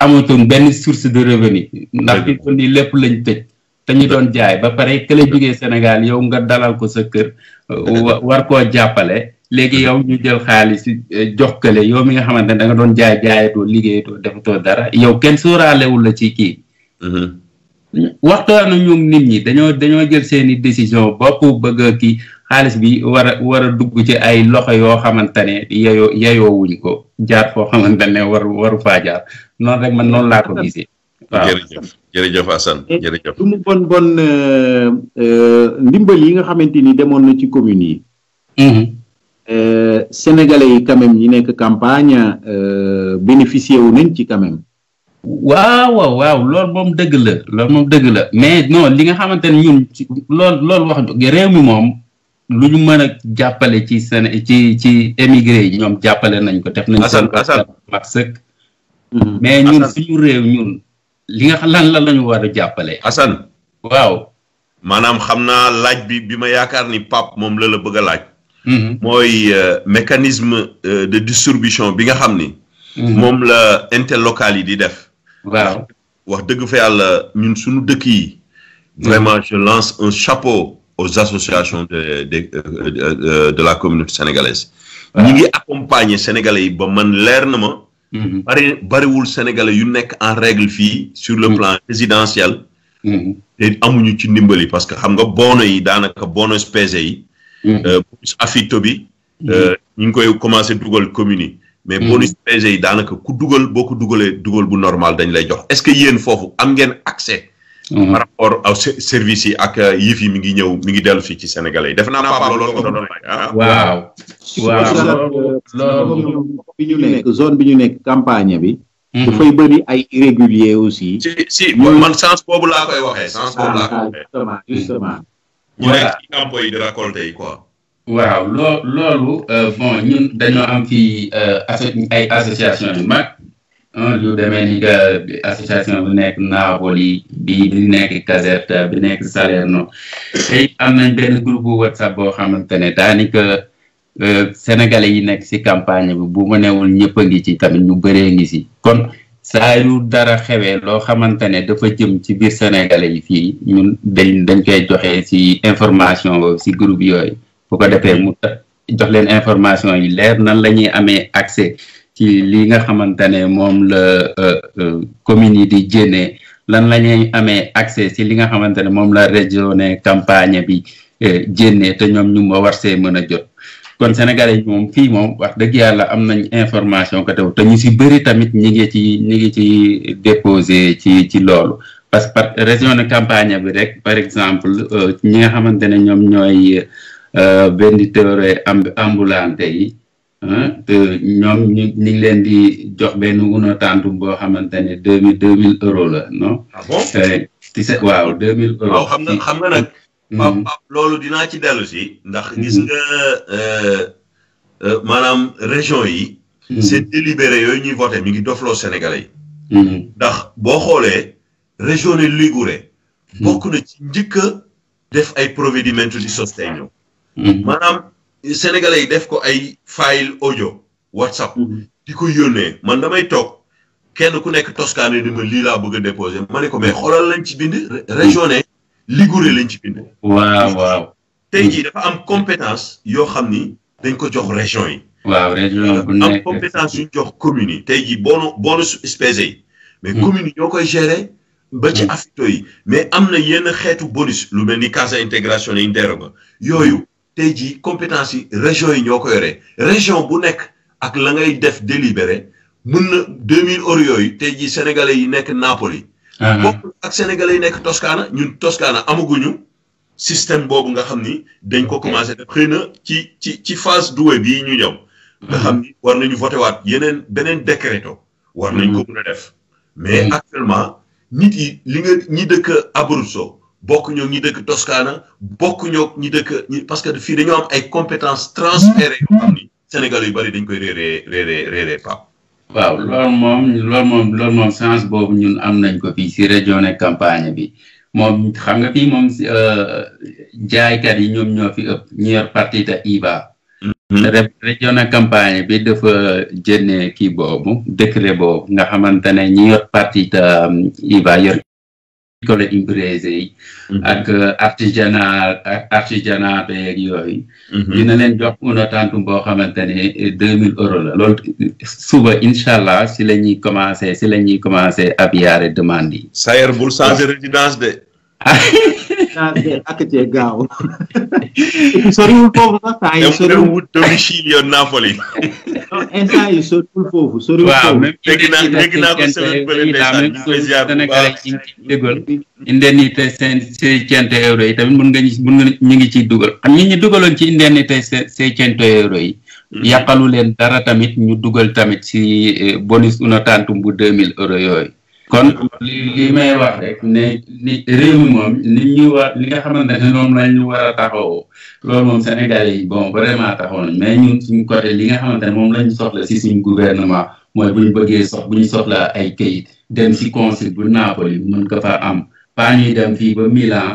amatuñ benn source de revenu ndax fi kon di lépp lañ tëj dañu doon jaay ba pare kële jógee Sénégal yow nga dalal ko sa kër war koo jàppale léegi yow ñu jël xaalis eh, jox kële yow mi nga xamante ne da nga doon jaay jaayatoo liggéeyatoo defatoo dara yow kenn sóoraalewul la ci kii mm-hmm. waxtaanu ñu nit ñi dañoo dañoo jël seeni décision bopp bëgg ki xaalis bi war a war a dugg ci ay loxo yoo xamante ne yeyoo wuñ ko jaar foo xamante ne war waru faa jaar noonu rek man noonu laa ko gisee. waaw jërëjëf jërëjëf Assane jërëjëf. lu mu bon bon euh, euh, ndimbal yi nga xamante ni demoon na ci commune yi. Mm-hmm. Euh, sénégalais yi quand même ñi nekk campagne euh, bénéficié wu nañ ci quand même. waaw waaw waaw loolu moom dëgg la loolu moom dëgg la mais non li nga xamante ne ñun lool loolu wax réew mi moom. lu ñu mën a jàppale ci seen ci ci émigré yi ñoom jàppale nañ ko def nañ seen mag sëkk mm-hmm. mais ñun suñu réew ñun li nga xam lan la lañu war a jàppale Assane waaw maanaam xam naa laaj bi bi ma yaakaar ni pap moom la la bëgg a laaj mm-hmm. mooy euh, mécanisme euh, de distribution bi nga xam ni mm-hmm. moom la interlocal yi di def waaw wax dëgg fa ñun suñu dëkk yi vraiment je lance un chapeau aux associations de de euh, euh, la communauté sénégalaise. On accompagnons les sénégalais pour man Les mhm. sénégalais sont en règle sur le mhm. plan résidentiel. Mhm. Et amuñu ci parce que euh, bonus PG mais bonus normal est-ce que a une accès. Mhm. par rapport aw service yi ak euh, yëf yi mi ngi ñëw mi ngi dellu fii ci sénégalais yi def naa Pape loolu nga ñu nekk zone bi ñu nekk campagne bi. Mhm. dafay ay irrégulier aussi. si si man sens boobu laa koy campo yi di récolter yi quoi. waaw euh, am fii euh, ay association yu mag. lu demee ni que association bi nekk Napoli bi bi nekk Caserta bi nekk Salerno tey am nañ benn groupe WhatsApp boo xamante ne daanaka euh, sénégalais yi nekk si campagne bi bu ma newul ñëpp a ngi ci tamit ñu bëree ngi si kon saa dara xewee loo xamante ne dafa jëm ci biir sénégalais yi fii ñun dañ dañ koy joxe si information boobu si groupe yooyu bu ko defee mu jox leen information yi leer nan la ñuy amee accès ci li nga xamante ne moom la euh, euh, communes yi di jénnee lan la ñuy amee accès ci li nga xamante ne moom la région ne campagne bi jénnee euh, te ñoom ñu ma war mën a jot kon sénégalais moom fii moom wax dëgg yàlla am nañ information que tew te ñu si bëri tamit ñi ngi ci ñi ngi ci déposé ci ci loolu parce que par région ne campagne bi rek par exemple ñi nga xamante ne ñoom ñooy venditeurs ambulante yi ñoom ñu ngi leen di jox benn uno tantum boo xamante ne deux mille deux mille euros la non. ah bon eh, waaw deux mille xam nga xam nga nag. Mm-hmm. Pape loolu dinaa ci dellu si. ndax gis mm-hmm. nga euh, euh, maanaam région yi. Mm-hmm. seen délibéré yooyu ñuy voté mi ngi dofloo Sénégalais yi. ndax boo xoolee région de Ligure. bokk na ci njëkk a def ay provvedimento di sostegno. maanaam. Sénégalais yi def ko ay file audio WhatsApp. Mhm. di ko yónnee man damay toog kenn ku nekk yi di ma lii la bëgg a déposé ma ne ko mais xoolal lañ ci bind. régionné Liguoré lañ ci bind. waaw waaw. Mhm. jii dafa am compétence yoo xam ni dañ ko jox région yi. waaw région bu am compétence yu jox commune yi tey jii boonu boonu spécialisé yi. mais mhm. commune yi ñoo koy gérer. ba ci afito yi mais am na yenn xeetu bonus. lu mel ni case intégration interurbaine yooyu. tey jii compétence yi région yi ñoo ko yore région bu nekk ak la ngay def délibéré mën na 2000 euros yooyu tey jii sénégalais yi nekk Napoli. Ah, ah. bokk ak sénégalais yi nekk Toscana ñun Toscana amaguñu système boobu nga xam ni dañ ko commencé def xëy na ci ci ci phase doué bii ñu ñëw. nga xam ni war nañu voté waat yeneen beneen décréto war nañ ko mm-hmm. mën a def. mais mm-hmm. actuellement nit yi li nga ñi dëkk Abruzzo bokk ñoo ñi dëkk Toscana bokk ñoo ñi dëkk parce que fii dañoo am ay compétences transférées yoo yu bari dañ koy réeree réeree réeree waaw loolu moom loolu moom loolu boobu ñun am nañ ko fii si région ne campagne bi moom xam nga fii moom euh, jaaykat yi ñoom ñoo fi ëpp ñu yor partita IVA. Mm-hmm. région ne campagne bi dafa jënne euh, kii boobu décret boobu nga xamante ne ñi yor partita euh, IVA yor école imprese yi mm-hmm. ak uh, artisanat ak artisanat beeg yooyu mm-hmm. dina leen jox unotantum boo xamante ne eh, deux mille euros la lool suba incha allah si la ñuy commencé si la ñuy commencé ab demande yi sayer bul changer résidence de ah ak cee gaaw soriwul foofu sax temps yi. soriwul wut domicile yoon Napoli. Eh, non instant yi soriwul foofu. soriwul foofu waaw même léegi yi ñu euro yi tamit mën nga mën ñu ngi ciy dugal xam ñi ñu dugaloon ci indemnité seicento euro yi. yàqalu leen dara tamit ñu dugal tamit ci eh, bonus una tantum bu deux mille euro yooyu. Eh. kon li li may wax rek ne ni réew moom li ñu war li nga xamante ne moom lañ ñu war a taxawoo moom Sénégalais yi bon vraiment taxaw nañ mais ñun suñu côté li nga xamante ne moom lañ soxla si suñu gouvernement mooy bu ñu bëggee sox bu ñu soxla ay kayit dem si consul bu Napoli mën ko fa am pas ñuy dem fii ba Milan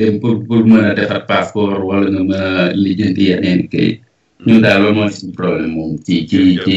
dem pour pour mën a defar passeport wala nga mën a lijjanti yeneen kayit ñun daal lool mooy suñu problème moom ci ci ci.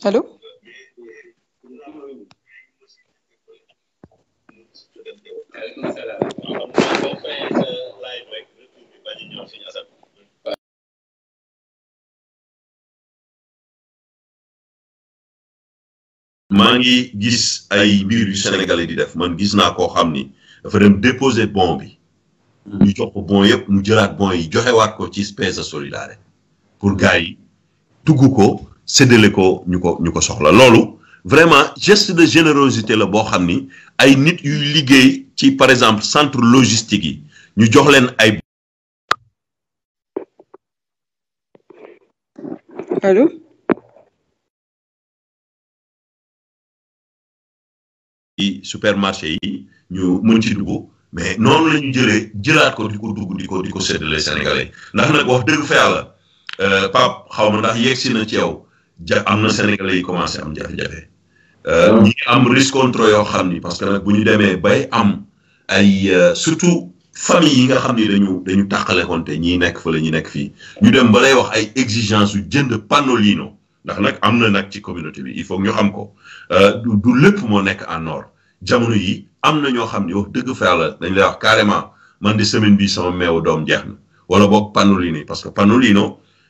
Salou. Mwen yi gis a yi bi rusele gale di def. Mwen gis nan akok hamni. Fede m depoze bon bi. Mwen jok pou bon yop. Mwen jelat bon yi. Jok e wak ko chis pez a sorilare. Pou gari. Tougoukou. séddale ko ñu ko ñu ko soxla vraiment geste de générosité le boo xam ni ay nit yu liggéey ci par exemple centre logistique yi ñu jox leen ay. supermarché yi ñu mën mais non le ñu jëlee jëlaat ko du coup, du coup, ko di ko sénégalais ndax nag wax dëgg fa yàlla euh, Pape xaw ma ndax yegg si na ci yow. amna sénégalais yi commencé am jafé euh ñi am risque contre yo xamni parce que nak buñu démé bay am ay euh, surtout famille yi nga xamni dañu dañu takalé tàqalekonte ñi nek fa la ñi nek fi ñu dem balay wax ay exigence yu jënd panolino ndax nak am nak ci communauté bi il faut ñu xam ko euh, du lepp mo nek en or jamono yi am ño xamni wax deug fa la dañ lay wax carrément man di semaine bi sama meew doom jeex na wala bok panolino parce que panolino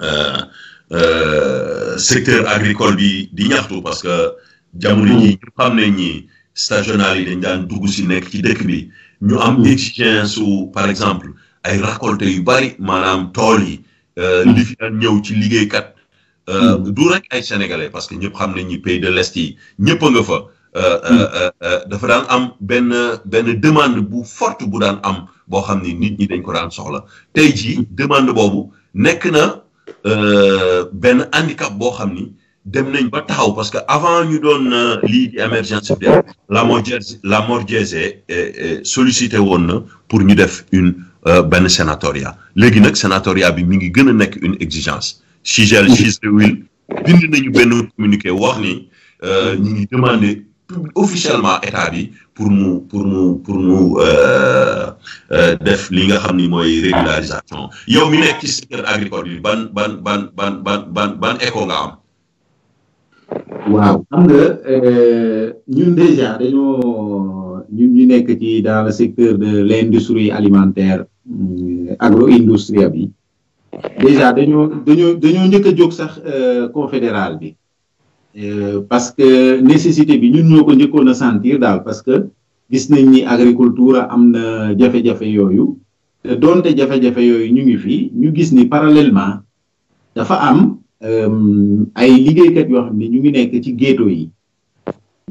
Eh, eh, secteur agricole bi di ñaxtu parce que jamono ñi ñu xam nañ ni stagionnaire yi dañ daan dugg si nekk ci dëkk bi ñu am mm. exigence par exemple ay récolte yu bari maanaam tool yi euh, mm. li fi daan ñëw ci liggéeykat euh, mm. du rek ay sénégalais parce que ñëpp xam nañ ni pays de l'est yi ñëpp nga fa euh, dafa daan am benn benn demande bu forte bu daan am boo xam ni nit ñi dañ ko daan soxla tey jii demande boobu nekk na Euh, benn handicap boo xam ni dem nañ ba taxaw parce que avant ñu doon euh, lii di émergence la Lamorgese Lamorgese sollicité woon na pour ñu def une euh, benn sénatoria léegi nag sénatoria bi mi ngi gën a nekk une exigence Chigel Chizéwil dindi nañu benn communiqué wax ni ñu ngi demander. officiellement état bi pour mu pour mu pour mu euh, euh, def li nga xam ni mooy régularisation yow mi nekk ci secteur agricole bi ban ban ban ban ban ban nga am. waaw xam nga euh, ñun déjà dañoo ñun ñu nekk ci dans le secteur de l'industrie alimentaire agro-industrie bi déjà dañoo dañoo dañoo njëkk a jóg sax confédéral bi. Euh, parce que nécessité bi ñun ñoo ko njëkkoon a sentir daal parce que gis nañ ni agriculture am na jafe-jafe yooyu te doonte jafe-jafe yooyu ñu ngi fii ñu gis ni parallèlement dafa am euh, ay liggéeykat yoo xam ne ñu ngi nekk ci géeto yi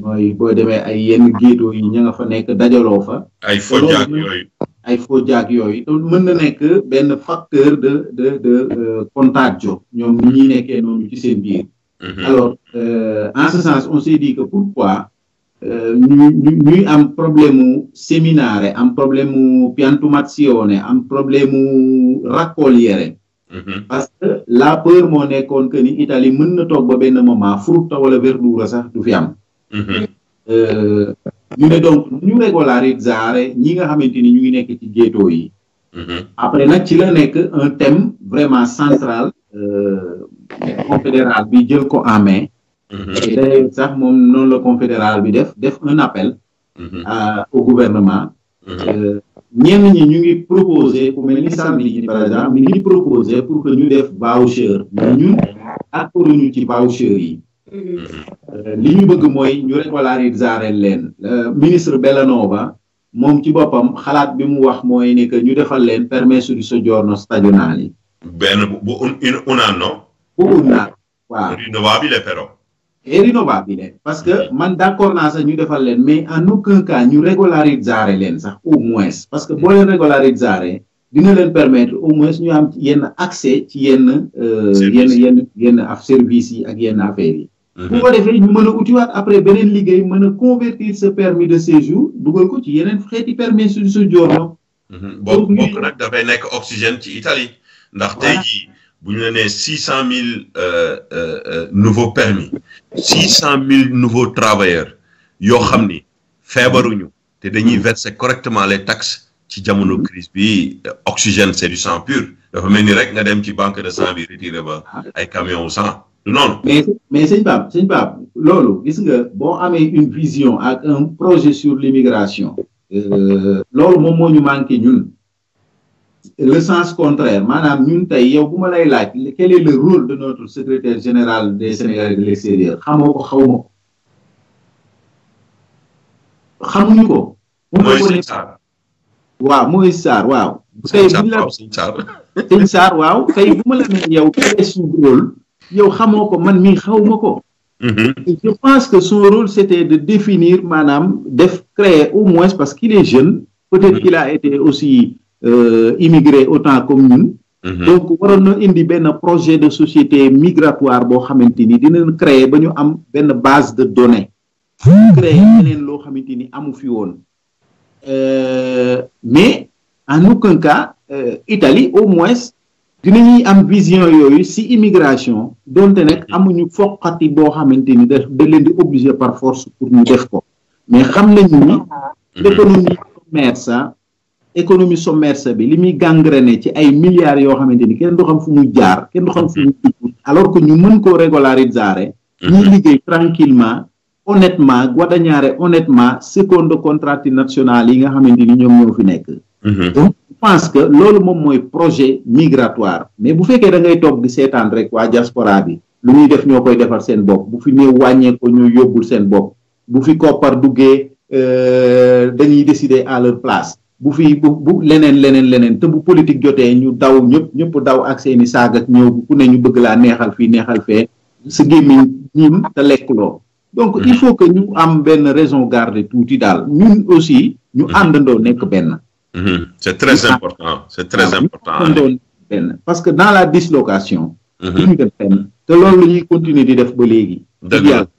mooy boo demee ay yenn géeto yi ña nga fa nekk dajaloo fa. ay jaag yooyu. ay fojaak yooyu mën na nekk benn facteur de de de euh, contagion ñoom ñi ñuy nekkee noonu ci seen biir. Mmh. Alors, euh, en ce sens, on s'est dit que pourquoi ñuy euh, un problème mu séminaire am problème piantumazione am problème mu raccogliere. Mmh. parce que la peur moo nekkoon que ni Italie mën na toog ba benn moment frutta wala verdura sax du fi am. Mhm. Euh, ñu ne donc ñu régulariser ñi nga xamante ni ñu ngi nekk ci ghetto mhm. après nag ci un thème vraiment central. Euh, confédéral bi jël ko en main. Mhm. sax moom noonu la confédéral bi def def un appel. Mhm. à au gouvernement. Mhm. Euh, ñenn ñi ñu ngi proposé ku mel ni samedi ji par exemple mi ngi pour que ñu def voucher mais ñun accord ñu ci voucher yi. Euh, li ñu bëgg mooy ñu régulariser leen. Euh, ministre Bellanova moom ci boppam xalaat bi mu wax mooy ni que ñu defal leen permesso di soggiorno stagionale yi. benn bu un un an bëggoon waaw renouvelable però et renouvelable parce que mm-hmm. man d'accord naa sax ñu defal leen mais en aucun cas ñu régulariser leen sax au moins parce que boo leen régulariser dina leen permettre au moins ñu am yenn accès ci yenn euh, yenn yenn yenn af services yi ak yenn affaires yi mm-hmm. bu ko defee ñu mën a utiwaat après beneen liggéey mën a convertir ce permis de séjour dugal ko ci yeneen xeeti permis de séjour mm-hmm. bokk nag dafay nekk oxygène ci Italie ndax vous a 600 000 nouveaux permis, 600 000 nouveaux travailleurs, yo xamni febaru té dañuy verser correctement les taxes ci jamono crise bi oxygène c'est du sang pur dafa melni rek nga dem banque de sang bi retirer un ay camion au sang non mais mais seigne bab seigne bab lolu gis nga bon, amé une vision un projet sur l'immigration euh lolu mom nous nul le sens contraire Madame ñun yow quel est le rôle de notre secrétaire général des Sénégalais de l'extérieur ne sais pas. Je ko sais pas. Moïse Sarr waaw Moïse Sarr waaw. c'est bu ñu la quel est son rôle yow xamoo ko man mii xaw ma mm-hmm. je pense que son rôle c'était de définir Madame, def créer au moins parce qu'il est jeune. peut-être mm-hmm. qu'il a été aussi. Euh, immigré autant comme ñun mhm. donc waroon na indi benn projet de société migratoire boo xamante ni dinañ créer ba ñu am benn base de données loo xamante ni amu fi woon euh, mais à aucun cas euh, Italie au moins dinañuy am vision yooyu si immigration donte nag amuñu foqati boo xamante ni da leen di obligé par force pour ñu def ko mais xam nañu ni l'économie mhm. commerce économie sommersa bi li muy gangrené ci ay milliards yoo xamante ni kenn du xam fu muy jaar kenn du xam fu muy dugg alors que ñu mën koo régulariser mhm. ñuy liggéey tranquillement honnêtement guadagnare honnêtement secondo contratti nazionali yi nga xamante ni ñoom ñoo fi nekk mhm. donc je pense que loolu moom mooy projet migratoire mais bu fekkee da ngay toog di seetaan rek waa diaspora bi lu ñuy def ñoo koy defar seen bopp bu fi néew wàññee ko ñoo yóbbul seen bopp bu fi koppar duggee euh, dañuy décider à leur place donc il faut que nous am raison garder tout ñun aussi mhm. nous mhm. c'est très important c'est très important parce que dans la dislocation mhm. ñu continuer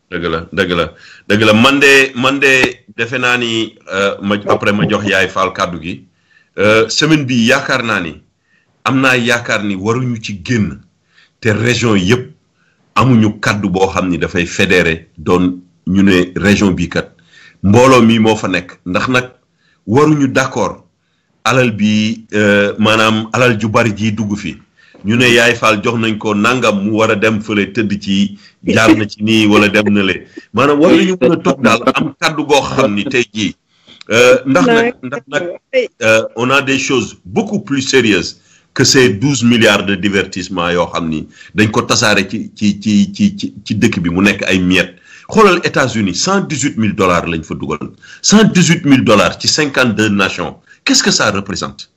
dëgg la dëgg la dëgg la man de man de defe naa ni euh, ma après ma jox yaay faal kàddu gi euh, semaine bi yaakaar naa ni am naa yaakaar ni waruñu ci génn te région yëpp amuñu kaddu boo xam ni dafay fédéré doon ñu ne région bi kat mbooloo mi moo fa nekk ndax nag waruñu d'accord alal bi euh, maanaam alal ju bari ji dugg fi On a des jox nañ ko nangam mu wara dem milliards de ci na ci ni wala dem na manam war nañu mëna dal am go xamni tay ji euh ndax nak ndax nak euh on a des choses beaucoup plus sérieuses que ces 12 milliards de divertissements yo xamni dañ ko tassaré ci ci ci ci bi mu ay miette états-unis 118 000 dollars lañ fa 118 000 dollars ci 52 nations qu'est-ce que ça représente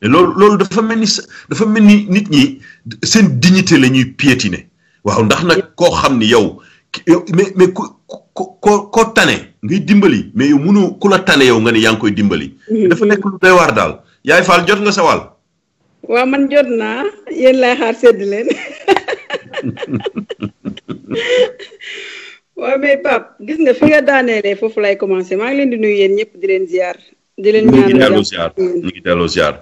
loolu loolu dafa mel ni dafa mel ni nit ñi seen dignité la ñuy piétiner waaw ndax na koo xam ni yow mais mais ku ko koo tane ngay dimbali mais yow mënu ku la tane yow nga ne yaa ngi koy dimbali. Mm-hmm. dafa nekk lu doy waar daal. yaay Fall jot nga sa waaw man jot naa yéen lay xaar sedd leen waaw mais Pape gis nga fi nga daaneelee foofu lay commencé maa ngi leen di nuy yéen ñëpp di leen ziar. di leen ñaanal delloo ziar ñu ngi delloo ziar.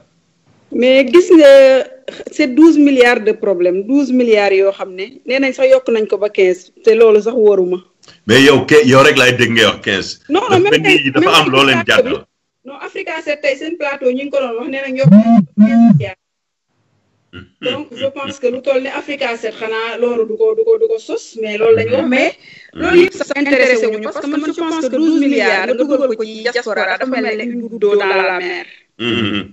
mais gis nga c' est douze milliards de problème douze milliards yoo xam ne nee nañ sax yokk nañ ko ba quinze te loolu sax waruma mais yow ke yow rek laay dégg ngay wax quinze. non non même tey dafa am loolu leen jàddal. non Africa 7 tey seen plateau ñu ngi ko doon wax nee nañ yokk nañ ko quinze milliards. donc je pense que lu toll ne Africa 7 xanaa loolu du ko du ko du ko sos mais loolu la ñu wax mais. Mm-hmm. loolu yëpp sax intéressé wuñu parce que man je pense que 12 milliards nga dugal ko ci diaspora dafa mel ne une goutte d'eau la mer. Mm-hmm.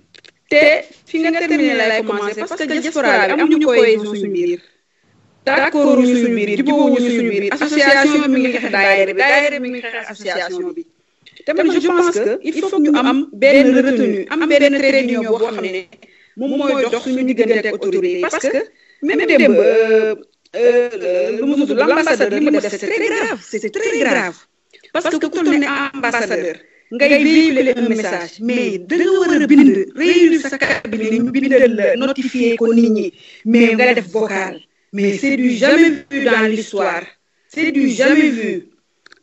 te fi nga terminé lay commencé parce que diaspora bi amuñu koy ñu suñu suñu biir association bi mi ngi xeex daayira bi daayira mi ngi xeex association bi. te man je pense que il faut ñu am benn retenue am benn trait d'union boo xam ne. moom mooy dox suñu diggante autorité parce que même euh, euh, lu mu tudd l'ambassadeur li mu def c'est très grave c'est très grave parce que ku on ne ambassadeur ngay véhiculer un message mais da nga war a bind réunir sa cabinet ñu bindal la notifier ko nit ñi mais nga def vocal mais c'est du jamais vu dans l'histoire c'est du jamais vu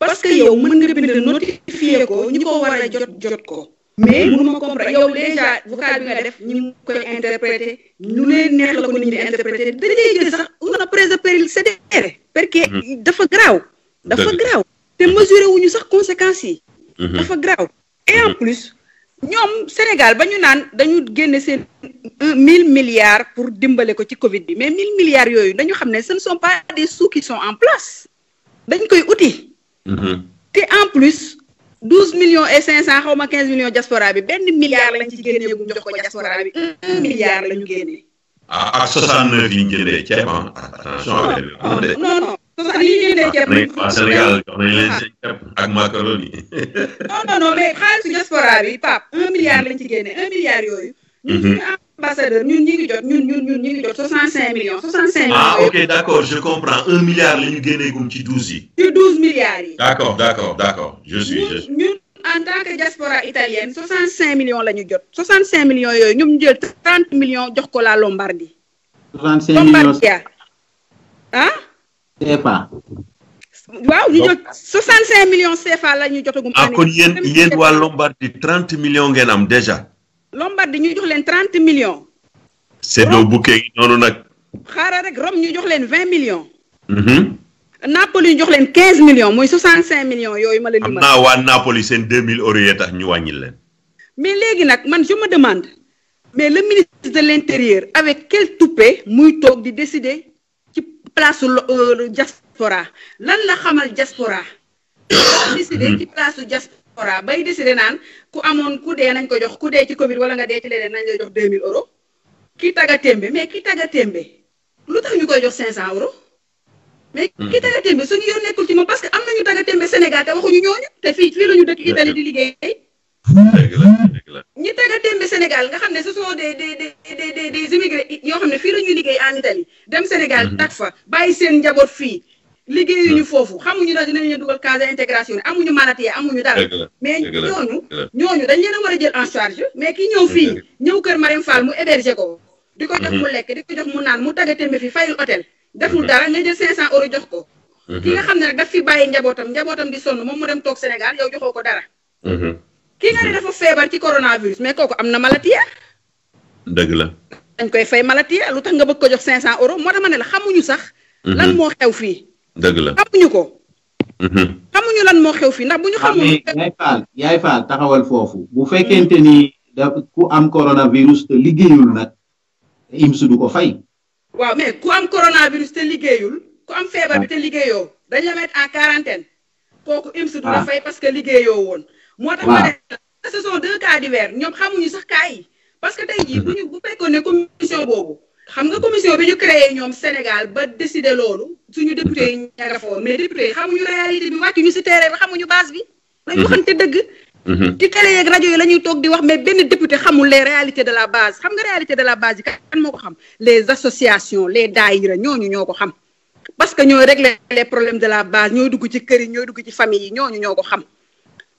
parce que yow mën nga bind notifier ko ñi ko war a jot jot ko mais nous ne comprenons pas. Nous ne pouvons pas interpréter. Nous ne pouvons pas interpréter. Nous avons pris le péril. C'est grave. C'est grave. C'est mesurer où nous avons des conséquences. C'est mhm. grave. Et en mhm. plus, nous sommes au Sénégal. Nous avons gagné 1 000 milliards pour débarrasser le côté COVID. Mais 1 000 milliards, ce ne sont pas des sous qui sont en place. Nous avons des outils. Mhm. Et en plus... douze millions et cinq cent xaw ma quinze millions diaspora bi benn milliard lañ ci génnee jox ko diaspora bi un milliard la ah, ñu génnee. ah ak soixante neuf yi ñu jëndee ceeb ah. attention non non soixante yi ñu jëndee ceeb. Sénégal jox ak macaroni. non non non xaalisu diaspora bi Pape un milliard lañ ci génnee milliard yooyu. Mhm. 65 millions. ah ok d'accord je comprends 1 milliard ñu 12 12 milliards d'accord d'accord d'accord je suis en tant que diaspora italienne 65 millions la 65 millions nous 30 millions de Lombardie. 65 millions Lombardia c'est CFA. 65 millions CFA la 30 ah, millions déjà lombard nous ñu jox leen 30 millions c'est do bouquet nous avons nak xara rek ñu jox 20 millions hmm napoli ñu jox leen 15 millions moy 65 millions yoy ma la limal napoli c'est 2000 euros ñu mais légui man je me demande mais le ministre de l'intérieur avec quel toupé muy tok di décider ci place le euh, diaspora lan la xamal diaspora décider ci place diaspora diaspora bay décidé naan ku amoon ku dee nañ ko jox ku dee ci Covid wala nga dee ci leneen nañ la jox 2000 euros kii tagga témbe mais ki tagga témbe lu tax ñu koy jox 500 euros. mais hmm. kii tagga témbe suñu yoon nekkul ci moom parce que am nañu tagga témbe Sénégal te waxuñu ñooñu te fii fii la ñu dëkk Italie di liggéey. ñi tagga témbe Sénégal nga xam ne dee sont des des des des des immigrés yoo xam ne fii la ñuy liggéey en Italie dem Sénégal hmm. tag fa bàyyi seen njaboot fii. liggéey ñu foofu xamuñu ndax dinañu leen dugal case intégration amuñu maladie amuñu dara mais ñooñu ñooñu dañ leen a war a jël en charge mais ki ñëw fii ñëw kër Marème Fall mu hébergé ko di ko jox mu mhm. lekk di ko jox mu naan mu taggatémbe fi fii fayul hôtel deful mhm. dara nga jël 500 euros jox ko mhm. ki nga xam ne nag daf fi bàyyi njabootam njabootam di sonn moom mu dem toog Sénégal yow joxoo ko dara ki nga ne dafa feebar ci coronavirus mais kooku am na maladie dëgg dañ koy fay maladie lu tax nga bëgg ko jox 500 euros moo tax ma ne la xamuñu sax lan moo xew fii dëgg la xamuñu ko. Mhm. xamuñu lan moo xew fii ndax bu ñu xamul. yaay faal yaay faal taxawal foofu bu fekkente ni ku am coronavirus liggéeyul nag IMSS ko fay. waaw mais ku am coronavirus te liggéeyul. ku am feebar bi te liggéeyoo dañ la mettre en quarantaine kooku IMSS du la ah. fay parce que liggéeyoo woon. moo tax ma ah. ne ce sont deux cas divers ñoom xamuñu sax cas yi parce que tey jii mhm. bu ñu bu fekkoon ne commission boobu. xam nga commission bi ñu créé ñoom Sénégal ba décider loolu suñu député yi ña nga mais député yi xamuñu réalité bi wàccuñu si terrain bi xamuñu base bi. dañu mhm. waxante dëgg. Mhm. ci télé yeeg rajo yi la toog di wax mais benn député xamul les réalités de la base xam nga réalité de la base yi kan moo ko xam les associations les daayira ñooñu ñoo ko xam. parce que ñooy régler les problèmes de la base ñooy dugg ci kër yi ñooy dugg ci famille yi ñooñu ñoo ko xam.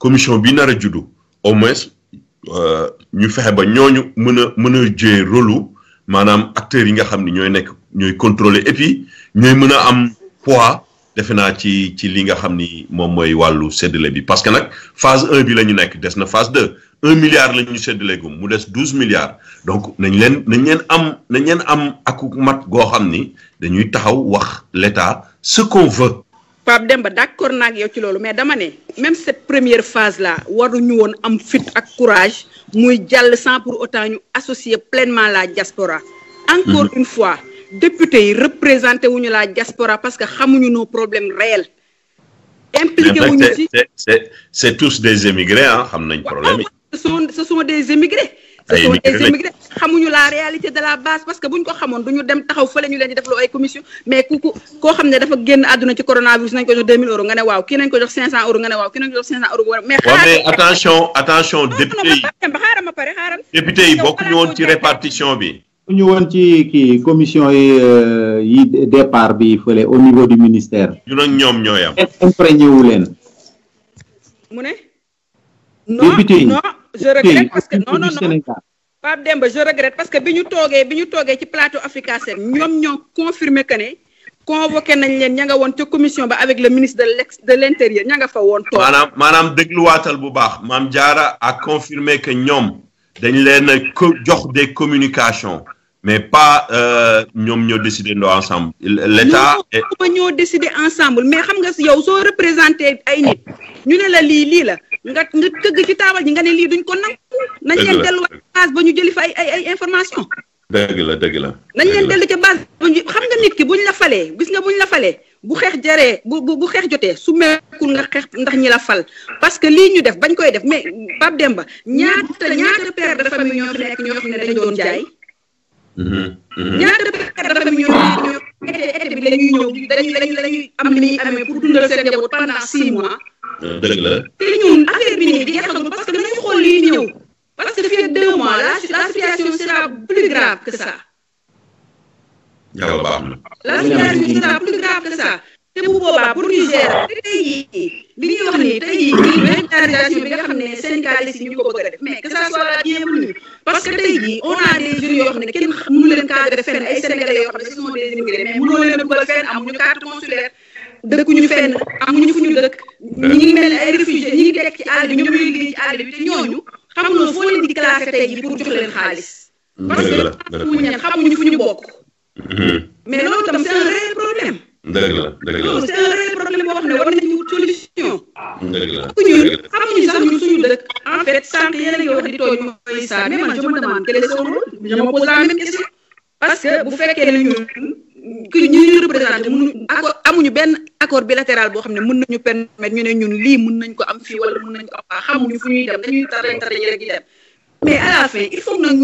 commission bi nar a juddu au moins euh, ñu fexe ba ñooñu mën a mën a jouer rôle maanaam acteurs yi nga xam ni ñooy nekk ñooy contrôler et puis ñooy mën a am poids defe naa ci ci li nga xam ni moom mooy wàllu séddale bi parce que nag phase un bi la ñu nekk des na phase deux un milliard la ñu séddale gum mu des douze milliards donc nañ leen nañ leen am nañ leen am ak mat goo xam ni dañuy taxaw wax l'État ce qu'on Pape d'accord avec toi, mais dama même cette première phase là nous devons am fit ak courage muy jàll sans pour autant associer pleinement la diaspora. encore mhm. une fois député yi représenté wuñu la diaspora parce que xamuñu nos problèmes réels. c'est tous des émigrés ah xam problème ce sont ce sont des émigrés. ay immigré xamuñu la réalité de la base parce que buñ ko xamoon duñu dem taxaw fële ñu leen di def loo ay commission mais ku ku xam ne dafa génn àdduna ci coronavirus nañ ko jox 2000 euros nga ne waaw kii nañ ko jox 500 euros nga ne waaw kii nañ ko jox 500 euros mais mais attention attention député yi xaaral ma pare woon ci répartition bi ñu woon ci kii commission yi euh, départ bi fële au niveau du ministère ñu nag ñoom ñooy am imprégné wu leen ne je regrette parce que non non non Pape Demba je regrette parce que biñu togué biñu togué ci plateau africain, nous avons ñoo confirmé que né convoqué nañ leen commission ba avec le ministre de l'intérieur ñanga nga fa woon. manam manam watal bu baax a confirmé que nous dañ leen jox des communications. mais pas euh, ñoom ñoo décider ndoo ensemble. l'état ñoo décider ensemble mais xam nga si yow soo représenté ay nit ñu ne la lii lii la nga nga këgg ci taabal ji nga ne lii duñ ko nangu. nañ leen dellu base ba ñu jëli fa ay ay information dëgg la dëgg la. nañ leen dellu ca base xam nga nit ki buñ la falee gis nga buñ la falee bu xeex jaree bu bu bu xeex jotee su meekul nga xeex ndax ñi la fal parce que lii ñu def bañ koy def mais Pape Demba ñaata ñaata père de famille ñoo fi nekk ñoo xam ne dañ doon ñaata dafa ñëw ñëw été été bi la ñuy ñëw dañuy am ni ñuy amee pour dundal seen njaboot pendant six mois. dëgg la. te ñun affaire bi nii jeexagul parce que nañu xool lii ñëw parce que fii deux mois la la situation sera plus grave que ça. yàlla baax na. la situation sera plus grave que te bu boobaa pour ñu gérer tey jii li ñuy wax ni tey jii ci régularisation bi nga xam ne syndicalistes yi ñu ko bëgg a def mais que ça soit la bienvenue parce que tey jii on a des jeunes yoo xam ne kenn mënu leen cadre fenn ay sénégalais yoo xam ne ce sont des immigrés mais mënoo leen dugal fenn amuñu carte consulaire dëkkuñu fenn amuñu fu ñu dëkk ñi ngi mel ay réfugiés ñi ngi dekk ci àll bi ñoom ñuy liggéey ci àll bi te ñooñu xamuloo foo leen di classé tey jii pour jox leen xaalis parce que xamuñu xamuñu fu ñu bokk mais loolu tam c'est un réel problème dëgg la dëgg la c'est un problème boo xam ne war wut solution la ñun di tooñ mooy mais man je me pose la même question parce que bu fekkee ne ñun ñu représenté mënu accord amuñu benn accord bilatéral boo xam ne mën nañu permettre ñu ne ñun lii mën nañ ko am fii wala mën nañ ko am xamuñu fu ñuy dem dañuy rek dem mais à la fin il faut nag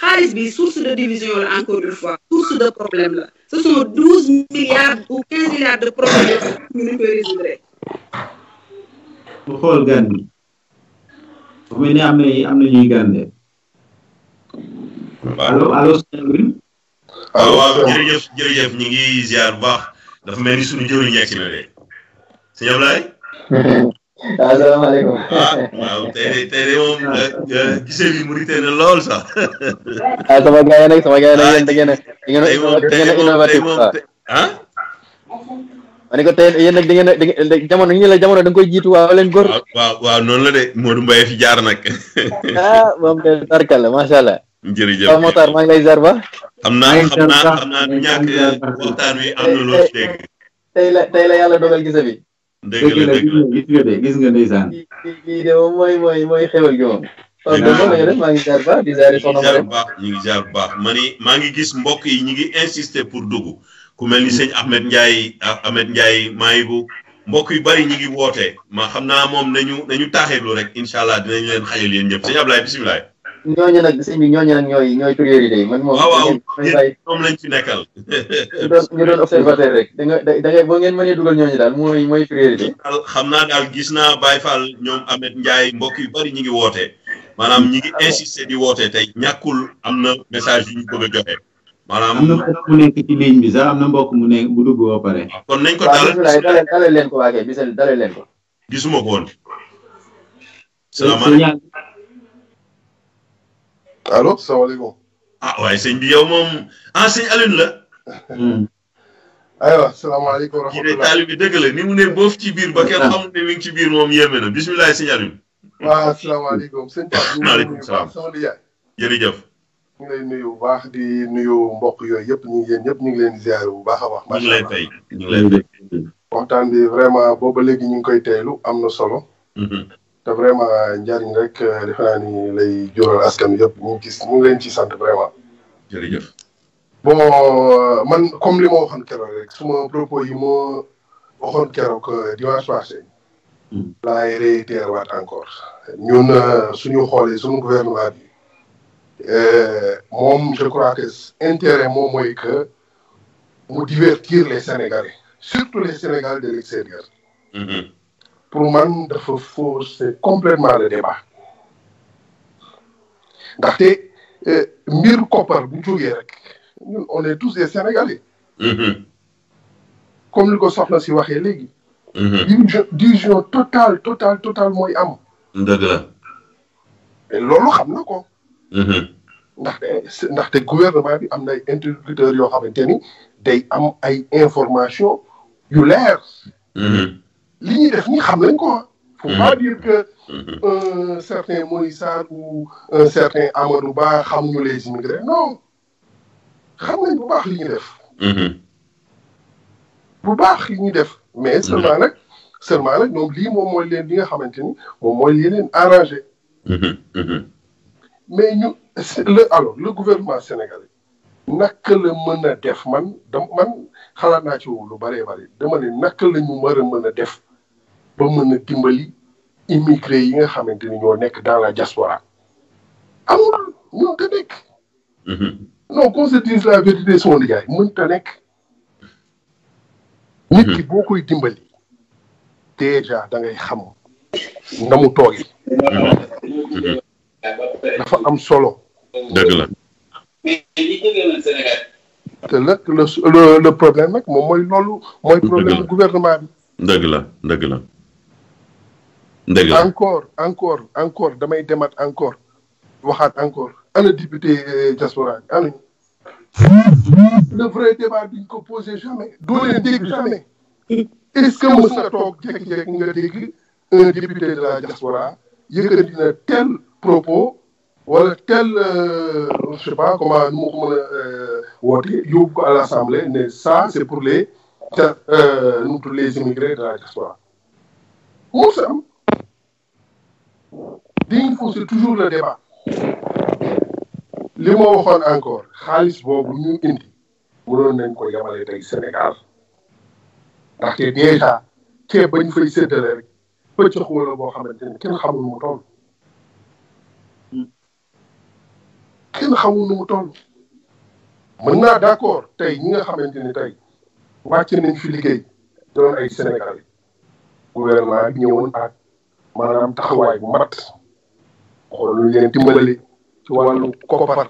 xaalis bi source de division la encore une de problème la ce sont douze milliards ou quinze milliards de problèmes ñu ñu koy résoudre bu xool gan ñi bu ni am na am na ñuy gan de allo allo saint ñu ngi ziar bu baax dafa mel ni suñu jëriñ na de sëñ Ablaye asalaamaaleykum. waaw waaw tey moom eh, eh, gisee bi mu rite lool sax. ah sama gars yi nag sama gars yi nag a. tey ah. ma ne yéen nag da ngeen a jamono ñu la jamono koy jiitu waaw leen góor. waaw jaar nag. ah moom de tarkal macha maa ngi lay ba. xam naa xam naa eh, na loo ci dégg. tey la tey la yàlla dogal gise bi. dëgg la gis nga de gis nga ndeysaan. lii de moom mooy mooy mooy xewal gi moom. Ah. maa ngi jaar baax di jaaree soxna ma dem ñu ngi jaar baax ma ni maa ngi gis mbokk yi ñu ngi insisté pour dugg ku mel ni sëñ Ahmed Ndiaye ah, Ahmed Ndiaye Mayibu mbokk yu bari ñu ngi woote maa xam naa moom nañu nañu taaxeelu rek incha allah dinañ leen xajal yéen ñëpp sëñ Ablaye bisimilah. ñooñu nag sëñ bi ñooñu nag ñooy ñooy priorité yi man moom. waaw waaw moom lañ fi nekkal. ñu doon ñu doon rek da nga boo ngeen mënee dugal ñooñu daal mooy mooy priorité. daal xam naa daal gis naa Baye fal ñoom Ameth Ndiaye mbokk yu bari ñu ngi woote maanaam ñi ngi insisté di woote te ñàkkul am na message yu ñu bëgg a joxe. maanaam am na mbokk mu nekk ci ligne bi sax am na mbokk mu nekk bu dugg ba ah, kon nañ ko dalal waaw dalal leen ko waa kay seen dalal leen ko. gisuma ko woon. salaamaaleykum allo salaamaaleykum. ah waaye sëñ bi yow moom ah sëñ Alioune la. Hmm. aywa salaamaaleykum wa rahmatulah. yéen bi dëgg ni mu ne boof ci biir ba ah. ci biir moom yéeme na bisimilah sëñ Alioune. waaw salaamaaleykum sëñ Pape. maaleykum salaam sama nijaay. jërëjëf. ñu ngi nuyu bu baax di nuyu mbok yooyu yëpp ñu ngi yéen ñëpp ñu ngi leen di ziare bu baax a baax. ñu ngi lay tey ñu ngi lay waxtaan vraiment boobu léegi ñu ngi koy teelu am na solo. Mm-hmm. te vraiment njariñ rek euh, defe naa ni lay jural askan yëpp ñu ngi ci ñu leen ci sant vraiment. jërëjëf. bon euh, man comme li ma waxoon rek suma propos yi moo waxoon keroog euh, dimanche passé. Hmm. laay réitéré waat encore. ñun suñu xoolee suñu gouvernement bi moom je crois que intérêt moom mooy que mu divertir les sénégalais surtout les sénégalais de l'extérieur. Hmm, hmm. pour il faut complètement le débat Parce euh, mbir on est tous des sénégalais. Mm-hmm. comme nous ko mm-hmm. division totale totale totale am. dëgg la. nous nous mm-hmm. gouvernement interlocuteurs li ñuy def ñi faut pas mhm. dire que mhm. euh, certain ou un euh, certain Amadou Ba les immigrés non xam bu baax li ñuy mhm. bu mais seulement nak seulement nak Donc li leen li arrangé. mais le alors le gouvernement sénégalais. n'a la le def man dam man xala na ci lu dama la ba mën a dimbali immigré yi nga xamante ni ñoo nekk dans la diaspora amul mënta nekk mhm. non qu'on se dise la vérité son liggéey mënta nekk nit mhm. boo koy dimbali déjà da xam na mu toogee mhm. dafa am solo dëgg la te nag le le problème nag moom mooy loolu mooy problème gouvernement bi dëgg la dëgg la encore encore encore damay demat encore waxat encore ana député euh, diaspora ana le vrai débat duñ ko posé jamais. dégg jamais. est-ce que mës tok toog nga dégg un député de la diaspora yëkkati dina tel propos wala tel euh, je sais pas comment nous ma ko mën euh, ko à l'assemblée mais ça c'est pour les euh, nous tous les immigrés de la diaspora. Moussa, D'info c'est toujours la débat li ma waxoon encore xaalis boobu ñu indi waroon nañ ko yemale tey Sénégal ndaxte déjà ceeb bañ fay séddale rek pëcc wala boo xamante ne kenn xamul mu toll kenn xamul nu mu toll mën naa d'accord tey ñi nga xamante ni tey wàcc nañ fi liggéey doon ay Sénégalais gouvernement ak ñëwoon ak maanaam taxawaay bu mat xool lu leen dimbali ci wàllu koppar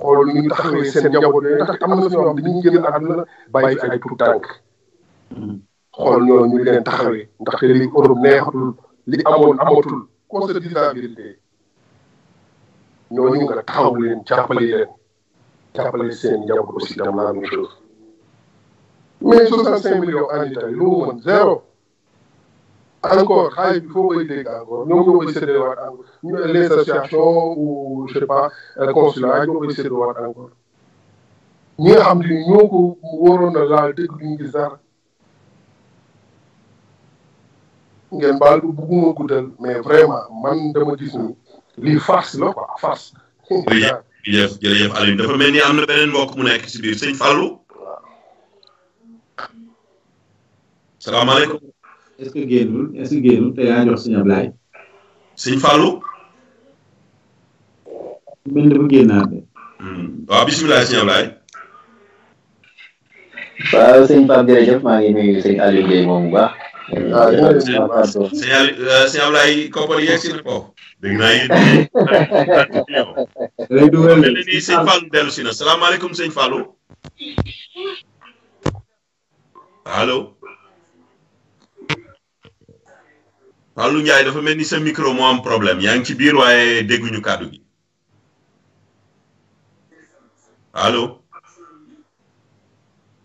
xool nu ñu taxawee seen njaboot yooyu ndax am na ñoo xam dañuy génn àdduna bàyyi fi ay tuut tànk xool ñooñu ñu leen taxawee li Europe neexatul li amoon amatul constat disabilité ñooñu nga taxaw leen jàppale leen jàppale seen njaboot aussi tam la même chose mais soixante cinq millions en Italie lu mu zéro encore xaalis bi foo koy dégg encore ñoom ñoo koy séddewaat encore ñu les associations ou je sais pas euh, consulat ñoo koy séddewaat encore ñi nga xam ne ñoo ko waroon a laal dëgg duñu gis dara ngeen baal bu bugguma guddal mais vraiment man dama gis ni lii farce la quoi farce. jërëjëf jërëjëf Alioune dafa mel ni am na beneen mbokk mu nekk si biir sëñ Fallou. est-ce que génnul est-ce que génnul te yaa jox sëñ Ablaye. sëñ Fallou. mel dafa génnaat de. Hmm. waaw bisimilah sëñ Ablaye. waaw sëñ Pape jërëjëf maa ngi nuyu sëñ Aliou Guèye moom bu baax. waaw jërëjëf sëñ Aliou sëñ Ablaye koppar yegg si na ko. dégg naa yéen dégg naa mel ni sëñ Fallou dellu si na salaamaaleykum sëñ Fallou. allo. Fallou Ndiaye dafa mel ni sa micro moo problème yaa ngi ci biir waaye dégguñu kàddu gi allo.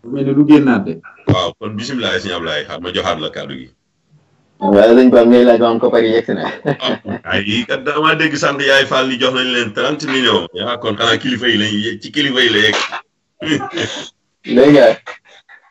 bu mel ni du génnaat de. waaw kon bisimilah sëñ Ablaye xaar ma joxaat la kàddu gi. waaw lañ ba ngay laaj ba am koppar yi yegg na. ay dama dégg sant yaay Fall ni jox nañ leen trente millions. yaa kon xanaa kilifa yi ci kilifa yi la yegg.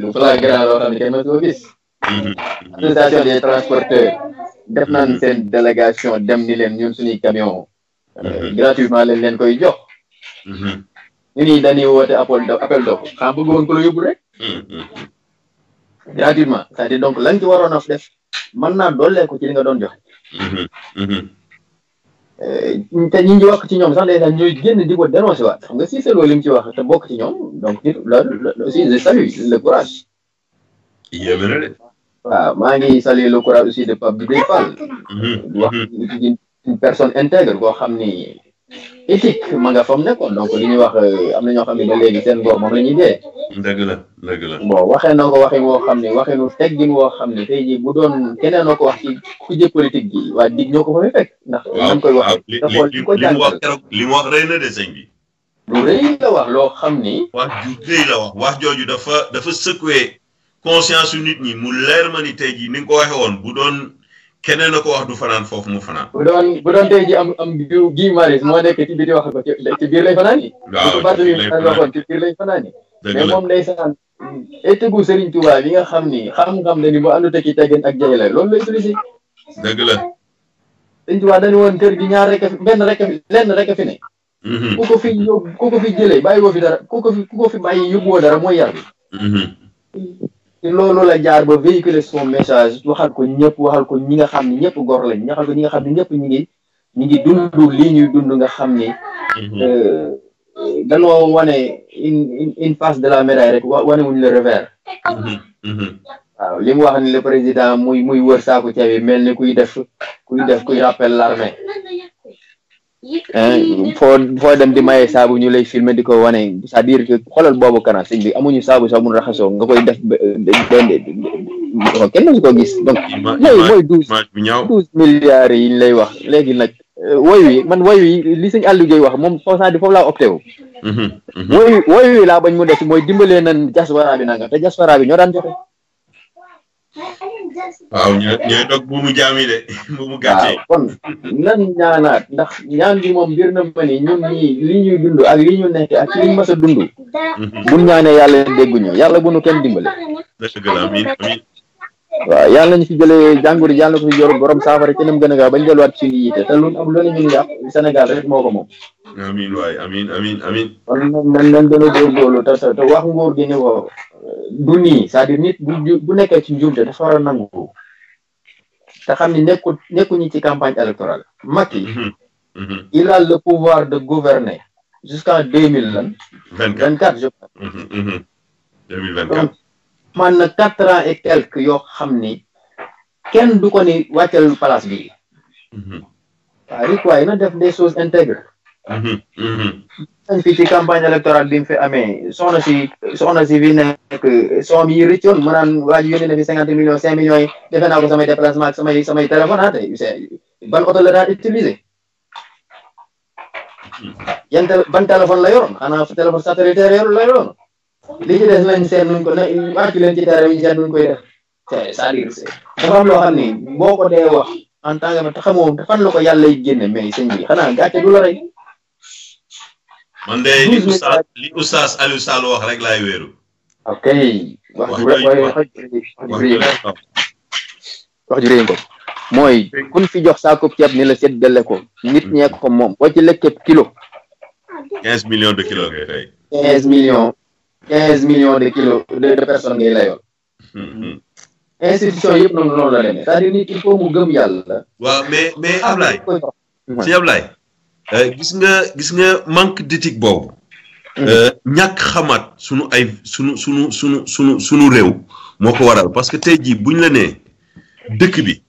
lu flagrant loo xam ne kenn koo gis. association des transporteurs def naan seen délégation dem ni leen ñun suñuy camion gratuitement leen leen koy jox. ñu ni dañuy woote appel do appel d'offre xam bëggoon ko la yóbbu rek. gratuitement cest donc lan ci waroon def mën naa dolleeku ci li nga doon joxe. te ñi ñu wax ci ñoom sax day naan ñooy génn di ko dénoncé waat xam ga si c'est loolu li mu ci wax te bokk ci ñoom donc it loolu aussi je salue le courage. yéeme na de. waaw maa ngi saluer le courage aussi de Pape Djibril Fall. wax une personne intègre koo xam ni. éthique ma nga fam nekkoon donc li ñuy wax euh, am na ñoo xam ne ba léegi seen góor moom la dee. dëgg la dëgg la. bon waxee na ko waxin woo xam ne waxinu teggin woo xam ne tey jii bu doon keneen noo ko wax ko fa fekk. ndax koy wax li li mu wax keroog li mu wax lu rëy la wax loo xam ni. wax ju rëy la wax wax jooju dafa dafa secoué conscience su nit ñi mu leer ma ni tey jii ko waxee woon bu doon. keneen na ko wax du fanaan foofu mu fanaan. bu doon bu am am biir Guy moo nekk ci biti wax ko ci biir lay fanaan yi. waaw ci biir lay fanaan ci biir lay fanaan yi. mais moom ndeysaan mm, tegu Serigne Touba bi xam ni xam-xam la ni mu àndut ak i teggin ak jay la loolu la utilisé. dëgg la. Serigne Touba dañu woon kër gi ñaar rek benn rek lenn rek fi ne. Mm-hmm. ku ko fi yóbbu ku ko fi jëlee bàyyi woo fi dara ku ko fi ku ko yóbbuwoo dara mooy yar ci loolu la jaar ba véhiculer son message waxal ko ñëpp waxal ko ñi nga xam ne ñëpp gor lañ waxal ko ñi nga xam ne ñëpp ñi ngi ñi ngi dund lii ñuy dund nga xam ni mhm. euh, danoo wane une une face de la médaille rek wane wuñ le revers mhm, mhm. waaw li mu wax ni le président muy muy wër saako ceeb mel ni kuy def kuy def kuy rappel l'armée Eh, foo foo dem di maye saabu ñu lay filmer di ko wane c'est-à-dire que xoolal boobu kana sëñ bi amuñu saabu saabu raxasoo nga koy def kenn mosu ko gis donc léegi mooy douze douze milliards yi lay wax léegi nag euh, woy wi man woy wi li sëñ Aliou Gueye wax moom foofu di foofu laa opté wu mhm, mhm. woy woy wi laa bañ mu des mooy dimbalee nan jaswara bi nanga te jaswara bi ñoo daan joxe waaw ñooy ñooy dog bu mu de bu mu gàttee. waaw kon nan ñaanaat ndax ñaan bi moom mbir na ma ni ñun ñii li ñuy dund ak li ñu nekk ak li ñu dund. bu ñaanee yàlla dégguñu yàlla bu nu kenn dimbale. dëgg la waaw yàlla nañu fi jëlee jàngur yàlla ko fi yor borom saafara ci nam gën a gaaw bañ delluwaat ci suñu yite te am loolu ñuy yàq Sénégal rek moo ko moom. amiin waay amiin amiin amiin. kon nañ nañ gën a góorgóorlu te te wax ngóor gi ne ko du nii cest dire nit bu nekkee ci njuumte dafa war a nangu ko te xam ne nekkul nekkuñu ci campagne électorale Macky. Mhm, mhm. il le pouvoir de gouverner jusqu'en deux mille lan. vingt quatre vingt quatre. man 4 ans et quelques yo xamni ken du ko ni wàccal place bi hmm waaw Rick na def des choses intègres dañ mm-hmm. mm-hmm. fi ci campagne électorale bi mu fi amee soxna ci soxna ci vi nek soom yi rëccoon mo nan waji ji na fi cinquante millions 5 millions yi defe naa ko sama déplacement ak samay samay téléphone ah ban auto la da utiliser mm-hmm. yan ban téléphone la yoroon xanaa téléphone satellitaire yorul la yoroon li ci des nañ seet ko na wàccu leen ci dara yi seet nuñ koy def c'est-à-dire dafa am loo xam ne boo ko dee wax en tant te xamoo te ko yàlla yi génne mais sëñ bi xanaa gàcce du la rey. man de li fi jox saako ceeb ni la seddale ko. nit ñee ko moom boo ci kilo. 15 millions de kilos ngay millions. quinze millions de kilos de de personnes ngay layoon. Hmm, hmm. institution yëpp noonu noonu la demee c'est-à-dire nit il faut mu gëm yàlla. waaw mais mais Ablaye. si Ablaye. Euh, gis nga gis nga manque d'éthique boobu. Hmm. Euh, ñàkk xamaat sunu ay sunu sunu sunu sunu sunu réew moo ko waral parce que tey jii buñ la nee dëkk bi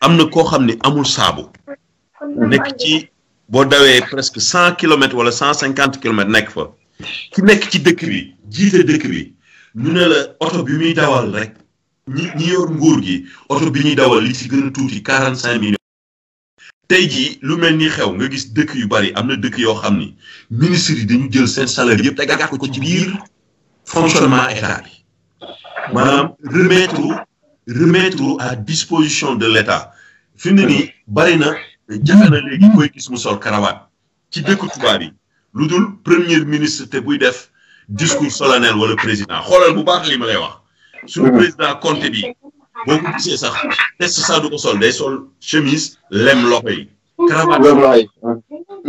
am na koo xam ne amul saabu. nekk ci boo dawee presque cent kilomètres wala cent cinquante kilomètres nekk fa. ki nekk ci dëkk bi. jiite dëkk bi ñu ne la oto bi muy dawal rek ñi ñi yor nguur gi oto bi ñuy dawal li ci gën a tuuti quarante cinq millions. tey jii lu mel ni xew nga gis dëkk yu bari am na dëkk yoo xam ni ministre yi dañu jël seen salaire yëpp te gàtt ko ci biir fonctionnement état bi maanaam remettre remettre à disposition de l'état fi mu ne na jafe na léegi koy gis mu sol karawaat ci dëkk tubaab yi lu dul premier ministre te buy def. discours solennel wala président xoolal bu baax li ma lay wax. suñu mhm. président Conté bi boo ko gisee sax test sax du ko sol day sol chemise lem loxo yi. cravate ah. mhm.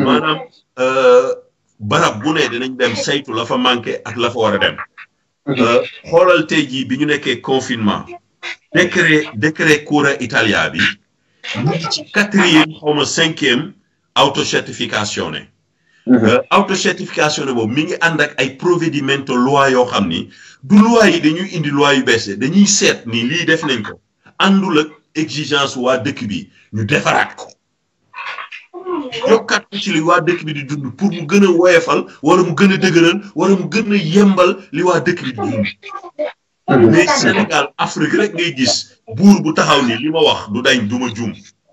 maanaam euh, barab bu ne dinañ dem saytu la fa manqué ak la fa war a dem. Mhm. Euh, xoolal tey jii bi ñu nekkee confinement. décret décret Cura Italia bi. ñu ngi ci quatrième xaw ma cinquième autocertification ne. Mhm. Euh, autocertification ne boobu mi ngi ànd ak ay provvedimento loi yoo xam ni du loi yi dañuy indi loi yu bees dañuy seet ni lii def nañ ko àndul ak exigence waa dëkk bi ñu defaraat ko yokkaat ko ci li waa dëkk bi di dund pour mu gën a woyefal wala mu gën a dëgëral wala mu gën a yembal li waa dëkk bi di dund mhm. mais Sénégal Afrique rek ngay gis buur bu taxaw ni li ma wax du dañ du ma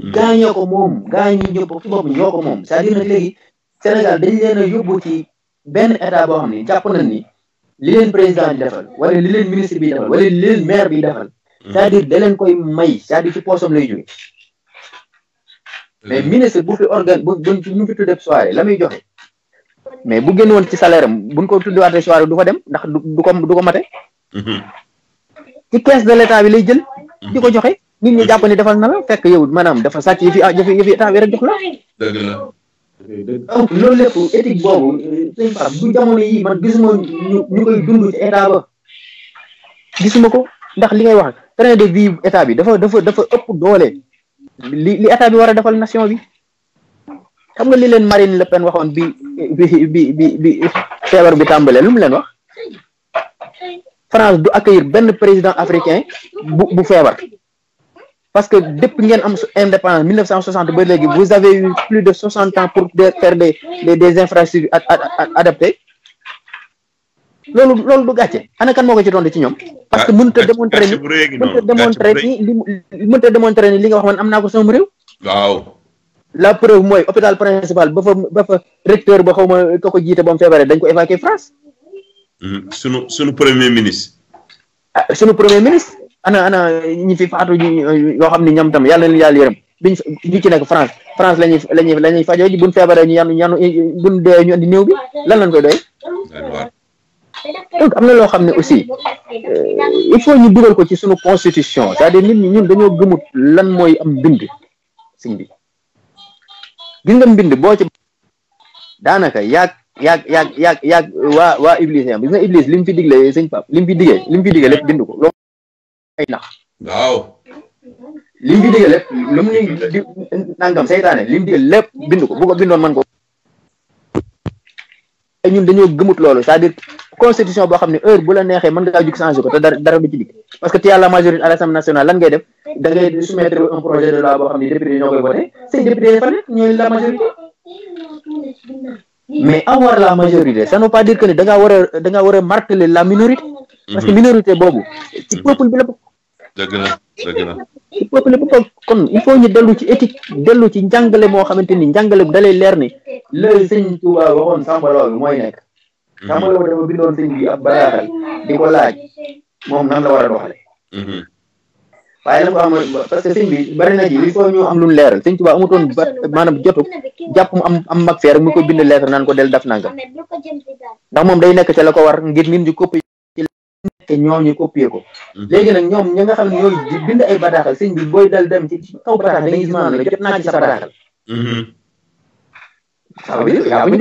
Mm. gaa ñoo ko moom gaa ñi ñëpp ci ñoo ko moom c'est-à-dire nag léegi Sénégal dañ leen a yóbbu ci benn état boo xam ne jàpp nañ ni li leen président bi defal wala li leen ministre bi defal wala li leen maire bi defal mm. cest à da leen koy may cest à ci poosam lay jóge mais mm. ministre bu fi organ bu bu fi tuddee soirée la muy joxe mais bu génn woon ci salaire am buñ ko tuddewaatee soirée du fa dem ndax du ko du ko mate mm-hmm. ci caisse de l'état bi lay jël di ko joxe nit ñi jàpp ne defal na la fekk yow maanaam dafa sàcc yëfi ah, yëfi yëfi état bi rek jox la. dëgg la. donc loolu lépp gisuma ñu koy dund ci état ba gisuma ko ndax li ngay wax train de vie état bi dafa dafa dafa ëpp doole li li état bi war a defal nation bi xam nga li leen Marine Le waxoon bi bi bi bi bi feebar bi tàmbalee lu leen wax France du accueillir benn président africain bu bu feebar. parce que depuis ngeen am indépendance 1960 ba léegi vous avez eu plus de 60 ans pour faire des des des infrastructures adaptées loolu loolu du gàcce ana kan moo ko ci doon ci ñoom. parce que ah, mënut a démontrer ni mënut a démontrer ni li nga wax man am naa ko sama réew. waaw. la preuve mooy hôpital principal ba fa ba fa recteur ba xaw ma ko ko jiite ba mu feebaree dañ ko évacuer France. Hmm, sunu sunu premier ministre. ah sunu premier ministre. ana ana ñi fi faatu yoo xam ne ñoom tam yàlla na yàlla yërëm biñ ñu ci nekk France France la ñuy la ñuy la ñuy fajoo ji buñ feebaree ñu yanu yanu buñ dee ñu andi néew bi lan lañ koy doy. donc am na loo xam ne aussi euh, il faut ñu dugal ko ci sunu constitution cest à nit ñi ñun dañoo gëmut lan mooy am mbind sëñ bi gis nga boo ci daanaka yaag yaag yaag yaag yaag waa waa Iblis gis nga Iblis mu fi digle sëñ Pape li mu fi digee li mu fi digee lépp bind ko ay nax waaw lim bi digal lépp lu ni di nangam seytaane lim digal lépp bind ko bu ko bindoon man ko ay ñun dañoo gëmut loolu c'est-à-dire constitution boo xam ne heure bu la neexee mën ngaa jug changer ko te dara dara du ci digg parce que tu la majorité à l'Assemblée nationale lan ngay def da ngay soumettre un projet de loi boo xam député ñoo voté ces députés fa nekk la majorité mais avoir la majorité ça ne veut pas dire que da da marteler la minorité parce que minorité ci peuple bi la bokk dëgg la dëgg la. kon il faut ñu dellu ci éthique dellu ci njàngale moo xamante ni njàngale bu dalay leer ni. la sëñ Touba waxoon Samba Laobé mooy nekk. Mhm. Samba Laobé dafa bindoon sëñ bi ab bataaxal di ko laaj moom nan la war a doxale mhm. waaye la ko xam parce que bi bari na i il faut ñu am lu leeral sëñ Touba amutoon ba maanaam jotu jàpp mu am am mag feer mu ko bind leeral naan ko del daf nangam ndax moom day nekk ca la ko war ngir nit ñi kopp te ñooñu copié ko. Mhm. léegi nag ñoom ña nga xam ne ñooy bind ay bataaxal sëñ bi booy dal dem ci kaw bataaxal dañuy gis maanaam jot naa ci sa bataaxal. waaw mhm. bi yaa bind.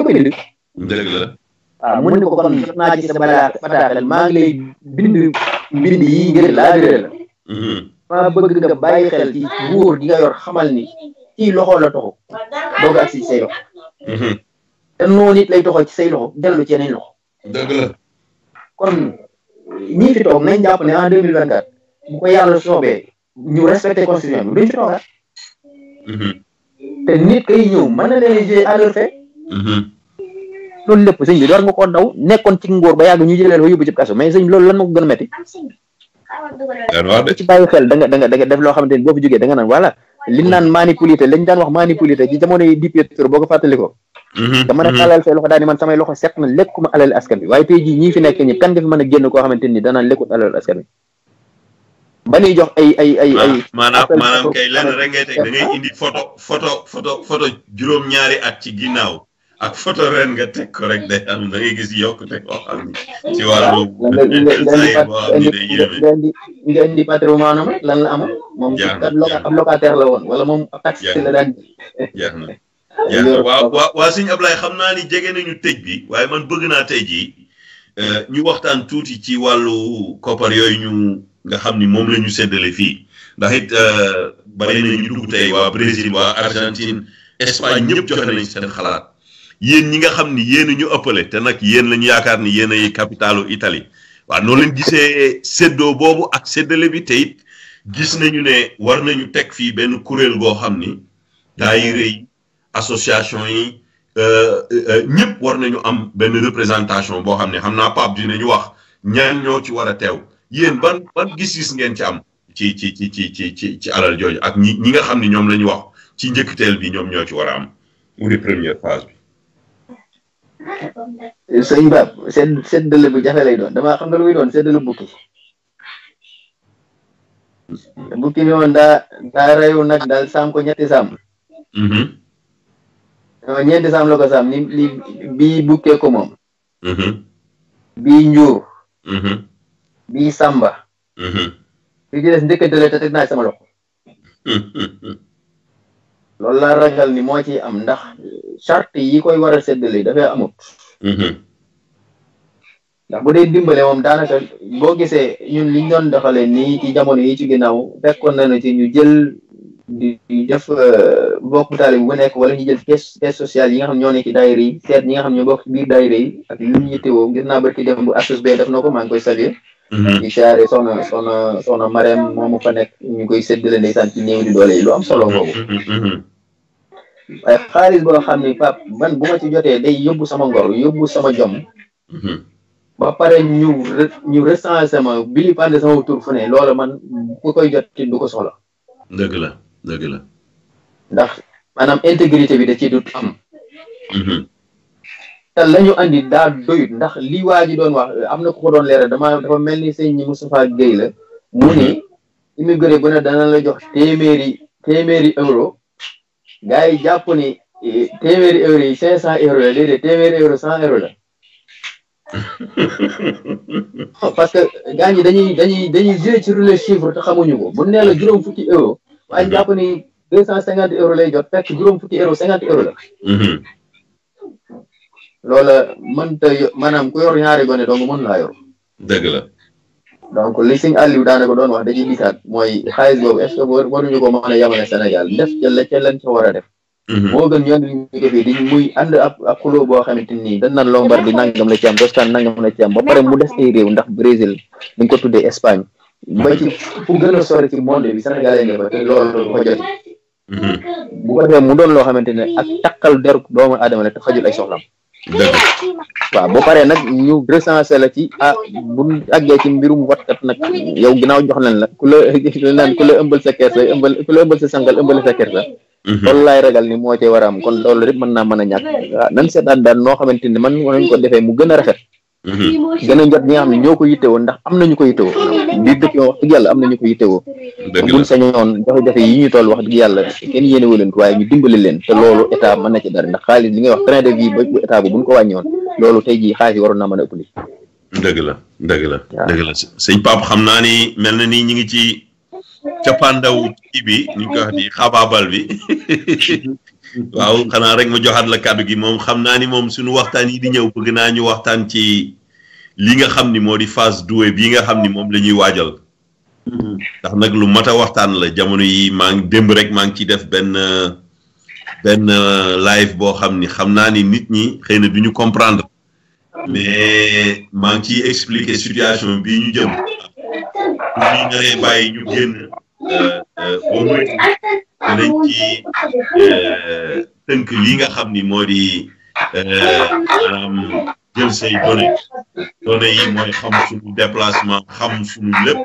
Ah, maa ngi lay bind mbind yi ngir laajure la. Mhm. maa bëgg nga bàyyi xel ci buur gi nga yor xamal ni kii loxo la toxo doog ak si say loxo. te noonu lay toxo ci say loxo dellu ci yeneen loxo. kon. ñi fi toog nañ jàpp ne en deux mille vingt quatre bu ko yàlla soobee ñu respecté constitution bi duñ fi toogaat. Mhm. te nit kay ñëw mën na leen jiyee à leur fait. Mhm. loolu lépp sëñ bi war nga koo daw nekkoon ci ba yàgg ñu jëlee fa yóbbu ci kaso mais sëñ bi loolu ma ko gën a métti. ci bàyyi xel da nga def loo xamante boo fi jógee da naan voilà li naan manipulité lañ daan wax manipulité ci jamono yi di Pietro boo ko Mhm, dama ne mhm. tàllal say loxo daal ni man samay loxo set na lekkuma alal askan bi waaye tey jii ñii fi a génn ni danaan lekkut alal ba ñuy jox ay ay ay ay maanaam maanaam kay lenn rek ngay juróom-ñaari at ci ginnaaw a photo ren nga teg ko rek day am da ngay gis yokkute koo xam ni ci wàllu nga indi patrimoine am lan la amoon moom kat la woon wala moom taxi la daan jeex waaw waaw waaw sëñ Ablaye xam naa ni jege nañu tëj bi waaye man bëgg naa tey jii euh, ñu waxtaan tuuti ci wàllu koppar yooyu ñu nga xam ni moom la ñu séddale fii ndax it euh, bari na ñu dugg tey waa Brésil waa Argentine Espagne ñëpp joxe nañ seen xalaat yéen ñi nga xam ni yéen ñu ëppale te nag yéen la ñu yaakaar ni yéen ay capitalu Italie waaw noo leen gisee séddoo boobu ak séddale bi te gis nañu ne war nañu teg fii benn kuréel goo xam ni daayira yi association yi euh, euh, euh, ñëpp war nañu am benn représentation boo xam ne xam naa Pape dinañu wax ñaan ñoo ci war a teew yéen ban ban gis-gis ngeen ci am ci ci ci ci ci ci alal jooju ak ñi ñi nga xam ni ñoom la wax ci njëkkiteel bi ñoom ñoo ci war a am mu première phase bi. sëñ Ba seen seddale bu jafe lay doon damaa xam nga lu muy doon seddale bukki bukki bi moom daa daa reyu nag daal saam ko ñetti saam. Mm-hmm. Euh, ñeenti saam la ko saam ni li bii bukkee ko moom mm-hmm. bii njuur mm-hmm. bii sàmba bi mm-hmm. ci des njëkkantele te teg naa sama loxo loolu ragal ni moo ciy am ndax charte yi koy war a séddale dafay amut ndax bu dee dimbale moom daanaka boo gisee ñun liñ doon doxale nii ci jamono yi ci ginnaaw fekkoon nañu ci ñu jël di def mbokk euh, taalib bu nekk wala ñu jël caisse caisse sociale yi nga xam ñoo nekk ci daayira yi seet ñi nga xam ñoo bokk ci day daayira yi ak lu ñu yittewoo gis naa barki dem bu assos bee def na ko maa ngi koy saluer mhm. di siyaare soxna soxna soxna Marème moomu fa nekk ñu koy séddale ndeysaan ci néew di doole yi lu am solo boobu mhm, mhm, xaalis boo xam ne pap man bu ma ci jotee day yóbbu sama ngor yóbbu sama jom ba pare ñu ñu recensé ma bili pande sama tur fu ne loola man ku koy jot ci du ko soxla la dëgg ndax maanaam intégrité bi da ci du am mhm. te la ñu andi daa doyut ndax li waa ji doon wax am na ku ko doon leeral dama dafa mel ni sëñ ñi Moustapha Guèye la mu ni immigré bu dana la jox téeméeri téeméeri euro gars yi jàpp ni eh, téeméeri euro yi cinq cent euro la déedéet téeméeri euro cent euro la parce que gars ñi dañuy dañuy dañuy jëlee ci rouler chiffre te xamuñu ko bu nee juróom fukki euro waaye ñu jàpp ni deux cent cinquante euros lay jot fekk juróom fukki euros cinquante euros la. Mm-hmm. loola mënta maanaam ku yor ñaari gone dong mën laa yor. dëgg la. donc li sëñ Aliou daanaka doon wax dañuy gisaat mooy xaalis boobu est-ce que waruñu ko mën a yamale Sénégal def ca la ca lañ ca war def. Mm-hmm. moo gën ñoom ñu ko fii di muy ànd ab ab xuloo boo xamante ni dañ naan Lombard bi nangam la ci am Toscane nangam la ci am ba pare mu des ay réew ndax Brésil dañ ko tuddee Espagne. ba ci fu gën a sori ci monde bi sénégalais nga fa te mhm. mu doon loo xamante ne ak takkal deru doomu aadama la te fajul ay soxlam waaw boo paree nag ñu recensé la ci ah bu àggee ci mbirum watkat nag yow ginnaaw jox na na ku la naan ku la ëmbal sa kersa ëmbal ku la ëmbal sa sangal ëmbal sa kersa mhm. loolu laay ragal ni moo cay war a kon lool rek mën naa mën a ñàkk waaw ah, nan seetaan daal noo xamante ne man nañ ko defee mu gën a rafet gën mhm. a jot ñi nga xam ne ñoo ko yittewoo ndax am nañu ko yittewoo biir dëkk wax dëgg yàlla am na nañu ko yittewoo buñ sañoon jafe-jafe yi ñu toll wax dëgg yàlla kenn yéene wu leen ko waaye ñu dimbali leen te loolu état mën na ci dara ndax xaalis li ngay wax train de vie ba bu état bi buñ ko wàññoon loolu tey jii xaalis yi waroon naa mën a ëpp li dëgg la dëgg la dëgg la sëñ Pape xam naa ni mel na ni ñu ngi ci cappaandaw kii bi ñu ko wax ni xabaabal bi waaw xanaa rek ma joxaat la kàddu gi moom xam naa ni moom sunu waxtaan yi di ñëw bëgg naa ñu waxtaan ci li nga xam ni moo di phase doué bii nga xam ni moom la ñuy waajal. ndax nag lu mat waxtaan la jamono yi maa ngi démb rek maa ngi ciy def benn benn euh, live boo xam ni xam naa ni nit ñi xëy na du ñu comprendre. mais maa ngi ciy expliquer situation bii ñu jëm. pour ñu naree bàyyi ñu génn. Euh, euh, au danañ ah, ci euh, tënk lii nga xam ni moo di euh, maanaam jël say données données yi mooy xam suñu déplacement xam suñu lépp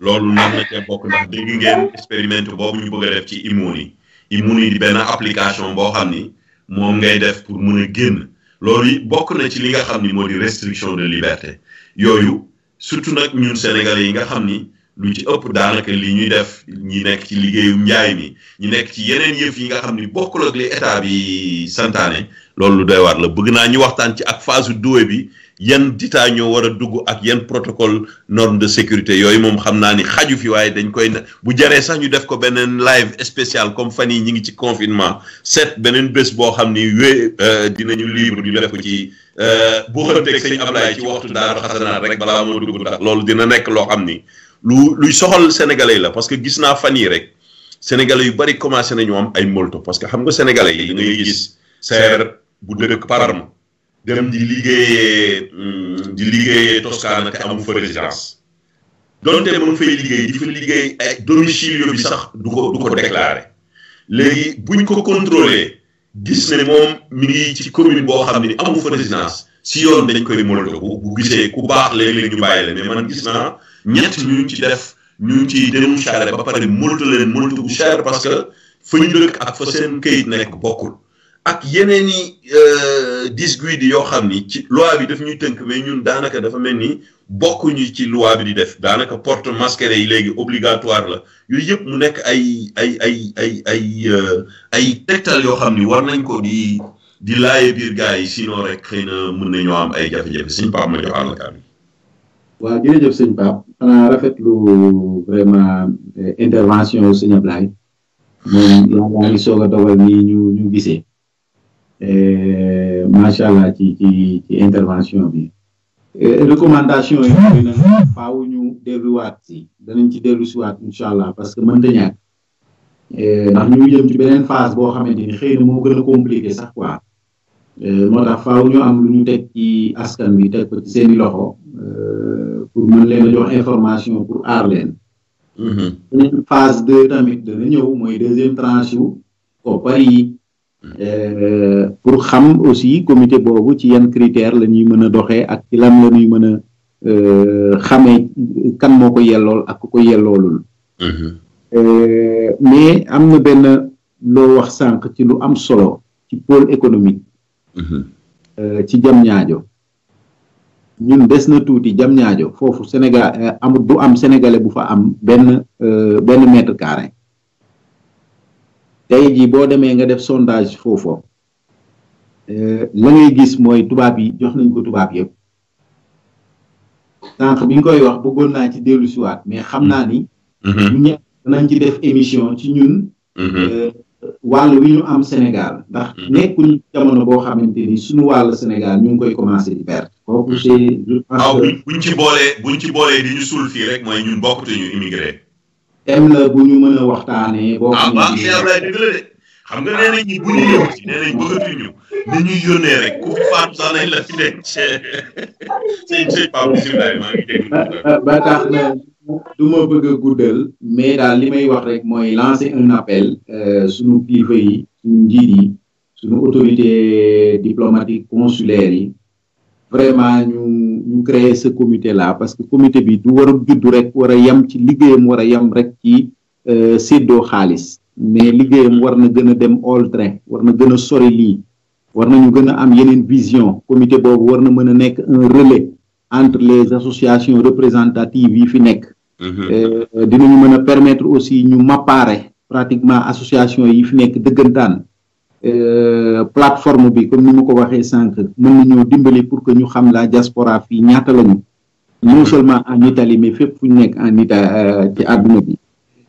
loolu nar na cee bokk ndax dégg ngeen expérimenté boobu ñu bëgg def ci Imoni Imoni di benn application boo xam ni moom ngay def pour mën a génn loolu bokk na ci li nga xam ni moo di restriction de liberté yooyu surtout nag ñun sénégalais yi nga xam ni. lu ci ëpp daanaka li ñuy def ñi nekk ci liggéeyum njaay mi ñi nekk ci yeneen yëf yi nga xam ni bokkul ak li état bi santaane loolu lu war waar la bëgg naa ñu waxtaan ci ak phase Doué bi yan ditaa ñoo war a dugg ak yan protocole norme de sécurité yooyu moom xam naa ni xaju fi waaye dañ koy bu jaree sax ñu def ko beneen live spécial comme fan yii ñu ngi ci confinement seet beneen bés boo xam ni wé euh, dinañu libre ñu def ko ci euh, bu xënteeg sëñ Ablaye ci waxtu daara xasanaat rek balaa moo dugg ndax loolu dina nekk loo xam ni lu luy soxal sénégalais la parce que gis naa fan yii rek sénégalais yu bari commencé nañu am ay molto parce que xam nga sénégalais yi ngay gis seer bu dëkk Parma dem di liggéeyee mm, di liggéeyee Toscana te amu fa résidence donte mu fay liggéey di fa liggéey ay domicilio bi sax du ko du ko déclaré léegi buñ ko contrôlé gis ne moom mi ngi ci commune boo xam ne amu fa résidence si yoon dañ koy molto bu bu gisee ku baax léeg-léeg ñu bàyyi la mais man gis naa ñett ñu ñu ci def ñu ngi ciy dem charrette ba pare molto leen molto bu cher parce que fu ñu dëkk ak fa seen këyit nekk bokkul ak yeneen i euh, disguide yoo xam ni ci loi bi daf ñuy tënk mais ñun daanaka dafa mel ni bokkuñu ci loi bi di def daanaka porte masqueré yi léegi obligatoire la yooyu yëpp mu nekk ay ay ay ay ay euh, ay tegtal yoo xam ni war nañ ko di. di biir gars yi sinon rek xëy na mën nañoo am ay jafe-jafe sëñ Pape ma jox àll kàddu waaw jërëjëf sëñ Pape xanaa rafetlu vraiment eh, intervention sëñ Ablaye moom yaa ngi soog a dogal nii ñu ñu gisee eh, macha allah ci ci intervention bi eh, recommandation yi mooy nag faaw ñu delluwaat si danañ ci dellu si waat parce que mënta ñàkk ndax ñu ngi jëm ci beneen phase boo xamante ni xëy na moo gën a compliqué sax quoi Euh, moo tax faaw ñu am lu ñu teg ci askan wi teg ko seen i loxo euh, pour mën leen a jox information pour aar leen. Mm-hmm. beneen phase deux tamit dana ñëw mooy deuxième tranche yu koppar yi. Euh, pour xam aussi comité boobu ci yan critère la ñuy mën a doxee ak ci lan la ñuy mën a xamee kan moo ko yellool ak ku ko yelloolul. Mm-hmm. mais am na benn loo wax sànq ci lu am solo ci pôle économique. Mhm. Euh, ci jam ñaajo ñun des na tuuti jam ñaajo foofu Sénégal euh, amul du am sénégalais bu fa am benn euh, benn mètre carré tey jii boo demee nga def sondage foofu la ngay gis mooy tubaab yi jox nañ ko tubaab yëpp sànq bi ñu koy wax bëggoon naa ci dellu siwaat mais xam naa ni. ñu mhm. ñëpp ci def émission ci ñun. Mhm. wàll wi ñu am Sénégal ndax mhm. nekkuñ jamono boo xamante ni suñu wàll Sénégal ñu ngi koy commencé di per kooku mhm. c' est je pense waaw ah, buñ ci boolee buñ ci boolee di ñu suul rek mooy ñun bokkatuñu immigré. thème la bu ñu mën a waxtaanee. boo ah, xam ne ah waaw dëgg nga nee ñu bu ñu ñëw ni ñuy rek ah, ah, ba tax na du ma guddal mais daal li may wax rek mooy lancer un appel euh, suñu kilifa yi suñu njiit yi suñu autorité diplomatique consulaire yi vraiment ñu ñu créer ce comité là parce que comité bi du war a juddu rek war a yem ci liggéeyam war a yem rek ci euh, seddoo xaalis mais liggéeyam war na gën a dem all train war na gën a sori lii war nañu gën a am yeneen vision comité boobu war na mën a nekk un relais entre les associations représentatives yi fi nekk dina mm-hmm. euh, dinañu mën a permettre aussi ñu mappaare pratiquement association yi fi nekk dëggantaan euh, plateforme bi comme ni ma ko waxee sànq mën nañoo dimbali pour que ñu xam la diaspora fii ñaata lañu non seulement en Italie mais fépp fu ñu nekk en Italie euh, ci àdduna bi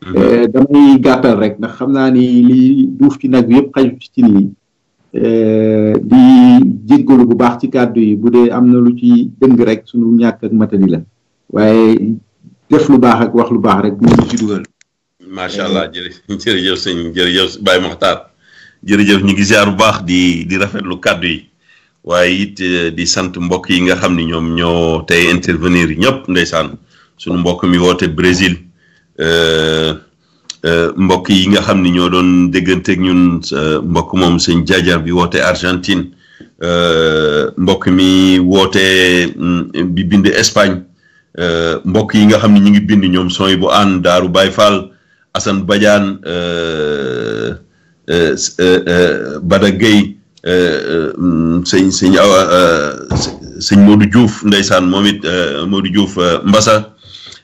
mm-hmm. damay gàttal rek ndax xam naa ni li duuf ci nag bi yëpp xaju Euh, di jéggalu bu baax ci kàddu yi bu dee am na lu ci dëng rek suñu ñàkk ak matali la waaye def lu baax ak wax lu baax rek ñu ci dugal. macha allah jërëjëf sëñ jërëjëf Baye Makhtar jërëjëf ñu ngi ziar bu baax di di rafetlu kàddu yi waaye it eh, di sant mbokk yi nga xam ni ñoom ñoo tey intervenir yi ñëpp ndeysaan sunu mbokk mi woote Brésil. Euh, Euh, mbokk yi nga xam ni ñoo doon dégganteeg ñun euh, mbokk moom sëñ jaajar bi woote Argentine euh, mbokk mi woote mm, bi bind Espagne mbokk yi nga xam ni ñu ngi bind ñoom sooy bu aan Daaru Baay Fall Assane Badiane Bada Gueye sëñ sëñ sëñ Modou ndeysaan moom it Modou Diouf Mbassa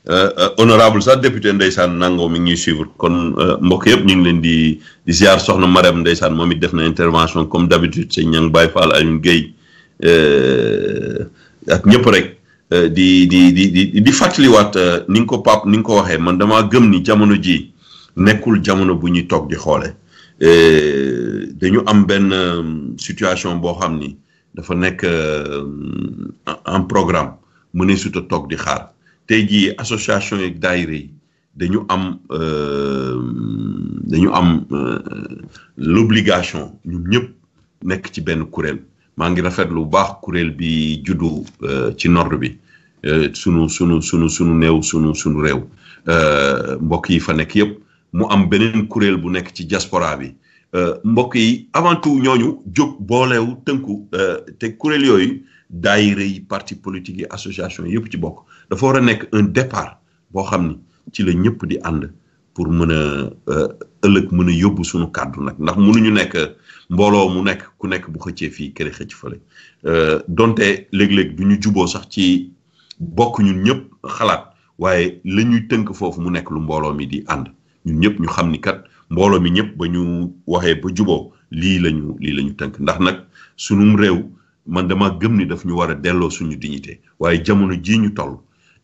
Euh, euh, honorable sax député ndeysaan nangoo mi ngi ñuy suivre kon euh, mbokk yëpp ñu ngi leen di di ziar soxna Marème ndeysaan moom it def na intervention comme d'habitude sëñ Ñang Baye Fall Alioune Guèye ak ñëpp rek di di di di di fàttaliwaat ni nga ko pap ni nga ko waxee man damaa gëm ni jamono ji nekkul jamono bu ñuy toog di xoole dañu am benn situation boo xam ni dafa nekk un programme mu ne toog di xaar te jii association yeeg daayira yi dañu am euh, dañu am euh, l'obligation ñu ñëpp nekk ci benn kuréel maa ngi rafetlu lu baax kuréel bi juddu euh, ci nord bi sunu sunu sunu sunu néew sunu sunu réew mbokk yi fa nekk yëpp mu am beneen kuréel bu nekk ci jaspora bi mbokk yi avant tout ñooñu jóg boolewu tënku te kuréel yooyu daayira yi parti politique yi association yëpp ci bokk. dafa war a nekk un départ boo xam ni ci la ñëpp di ànd pour mën a euh, ëllëg mën a yóbbu suñu kàddu nag ndax mënuñu nekk mbooloo mu nekk ku nekk bu xëccee fii këre xëcc fële euh, donte léeg-léeg ñu juboo sax ci bokk ñëpp xalaat waaye la ñuy tënk foofu mu nekk lu mbooloo mi di ànd ñun ñëpp ñu xam ni kat mbooloo mi ñëpp ba ñu waxee ba juboo lii lañu lii la ñu tënk ndax nag sunum réew man dama gëm ni daf ñu war a delloo suñu dignité waaye jamono jii ñu toll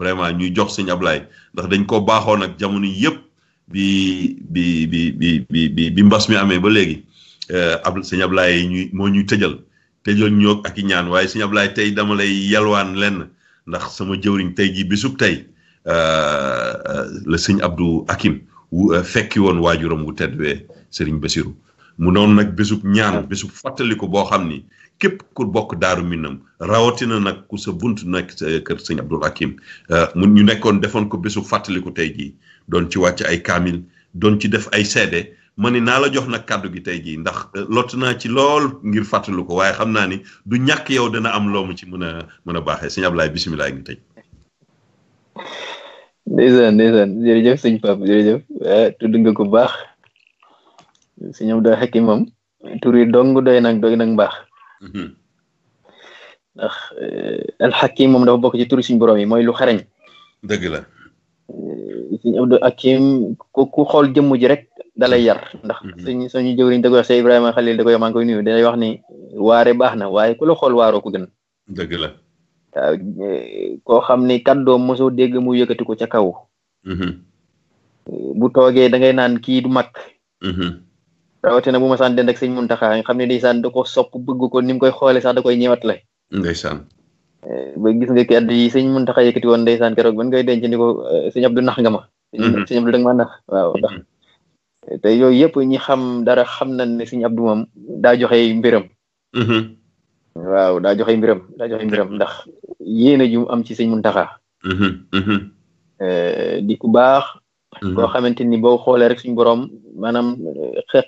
vraiment ñuy jox sëñ ablaay ndax dañ ko baaxoon ak jamono yëpp bi bi bi bi bi mi amee ba léegi euh, ab sëñ Ablaye ñuy moo ñuy tëjal tëjal ñoog ak i ñaan waaye sëñ Ablaye tey dama lay yalwaan lenn ndax sama jëwriñ tey ji bisub tey euh, euh, la sëñ abdu Hakim wu fekki woon waajuram wu tedd wee sëriñ Basiru mu noonu nag bésub ñaan bésub fàttaliku boo xam ni Kep ku bok daru minam rawatina nak ku sa buntu nak sa keur seigne abdul hakim eh, mu ñu nekkon defon ko bésu fàttaliku tey jii don ci wacc ay kamil don ci def ay cd mani na la jox nak kaddu gi tey jii ndax eh, lott ci lol ngir fàttalu ko waye xamna ni du ñak yow dana am lom ci mëna mëna baxé seigne baaxee sëñ ngi pap jërëjëf eh, tudd nga ko baax sëñ abdul hakim moom Turi dong doy nag Mhm. Eh, ndax eh, hakim moom dafa bok ci turu borom yi mooy lu xarañ. deug la. suñu abdu akim ku ku xool jëmm ji rek dalay yar ndax mhm. suñu suñu jëwriñ da koy wax say ibrahima khalil da koy maa ngi nuyu day wax ni waré baxna waye ku la xol waro ko gën. deug la. Eh, ko xamni kaddo moso kàddoom dégg mu yëkëti ko ca kaw. Mhm. bu toogee da ngay nan ki du mag. rawatina bu ma saan dend ak sëñ Muntaxa nga xam ne ndeysaan da ko sopp bëgg ko ni mu koy xoole sax da koy ñëwat lay ndeysaan eh, ba gis nga kàddu yi sëñ Muntaxa yëkkati woon ndeysaan keroog ban koy denc ni ko eh, sëñ Abdu nax nga ma mm-hmm. sëñ Abdu ma nax waaw ndax mm-hmm. te yooyu yëpp ñi xam dara xam nañ ne sëñ Abdu moom daa joxe mbiram mm-hmm. waaw daa joxe mbiram daa joxe mbiram ndax yéena ju am ci sëñ Muntaxa eh, di ku baax Mm-hmm. bo xamanteni ni xolé khole rek suñu borom manam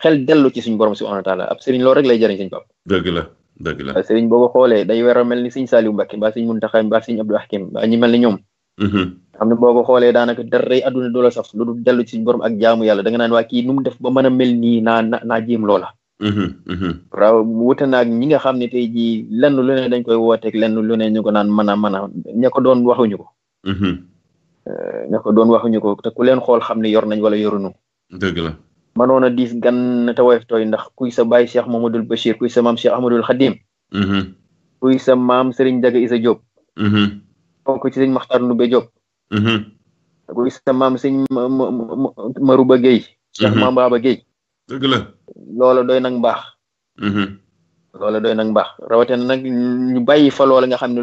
xel delu ci suñu borom subhanahu wa taala ab serigne lo rek lay jëriñ suñ bopp deug la deug la serigne boo xolé day wéro melni ni suñ Saliou Mbacke ba suñ Muntaxa ba khole, Abdou Hakim ba ñi mel ni ñoom mm-hmm. xam ne boo ko xoolee daanaka darey adduna saf lu du delu ci suñu borom ak jaamu yalla da nga nan wa ki num def ba mën melni na na najim lola. loola mm-hmm. waaw wute ñi nga xamni tay ji lenn lu ne dañ koy ak lenn lu ne ñu ko nan mana mana ñako doon waxu ne ko doon waxuñu ko te ku leen xool xam ne yor nañ wala yorunu dëgg la manoon diis gan te woyof tooy ndax kuy sa baay cheikh mamadul bachir kuy sa maam cheikh ahmadul xadim mm-hmm. kuy sa maam sëriñ daga isa diop kooku mm-hmm. ci sëñ nu nube diop mm-hmm. kuy sa maam sëñ maruba gueye cheikh maam baba gueye dëgg la loola doy nag mbaax loola doy nag mbaax rawatee nag ñu bàyyi fa loola nga xam ne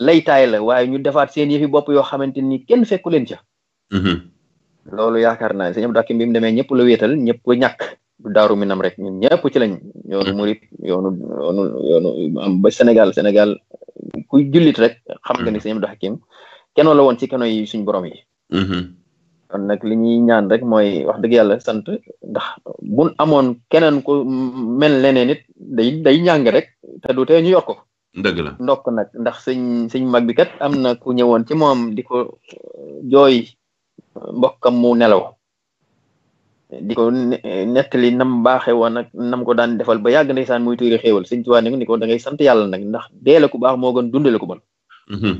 laytaay la waaye ñu defaat seen yëfi bopp yoo xamante ni kenn fekku leen ca. Mm-hmm. loolu yaakaar naa se sëñ Abdou Hakim bi mu demee ñëpp la wéetal ñëpp a ñàkk. daaru minam rek ñun ñëpp ci lañ. yoonu mm-hmm. murit yoonu yoonu Sénégal Sénégal ku jullit rek. xam nga ni mm-hmm. sëñ Abdou Hakim kenoo la woon ci keno yi suñ borom yi. kon nag li ñuy ñaan rek mooy wax dëgg yàlla sant ndax buñ amoon keneen ku mel leneen it day day ñàng rek te du tee ñu yor ko. dëgg la ndokk nag ndax sëñ sëñ mag bi kat am na ku ñëwoon ci moom di ko euh, jooy euh, mbokkam mu nelaw di ko nettali nam baaxe woon nag nam ko daan defal ba yàgg ndeysaan muy tuuri xéewal sëñ Tuubaa ni ko da ngay sant yàlla nag ndax deele ku baax moo gën dundale ku bon mm-hmm.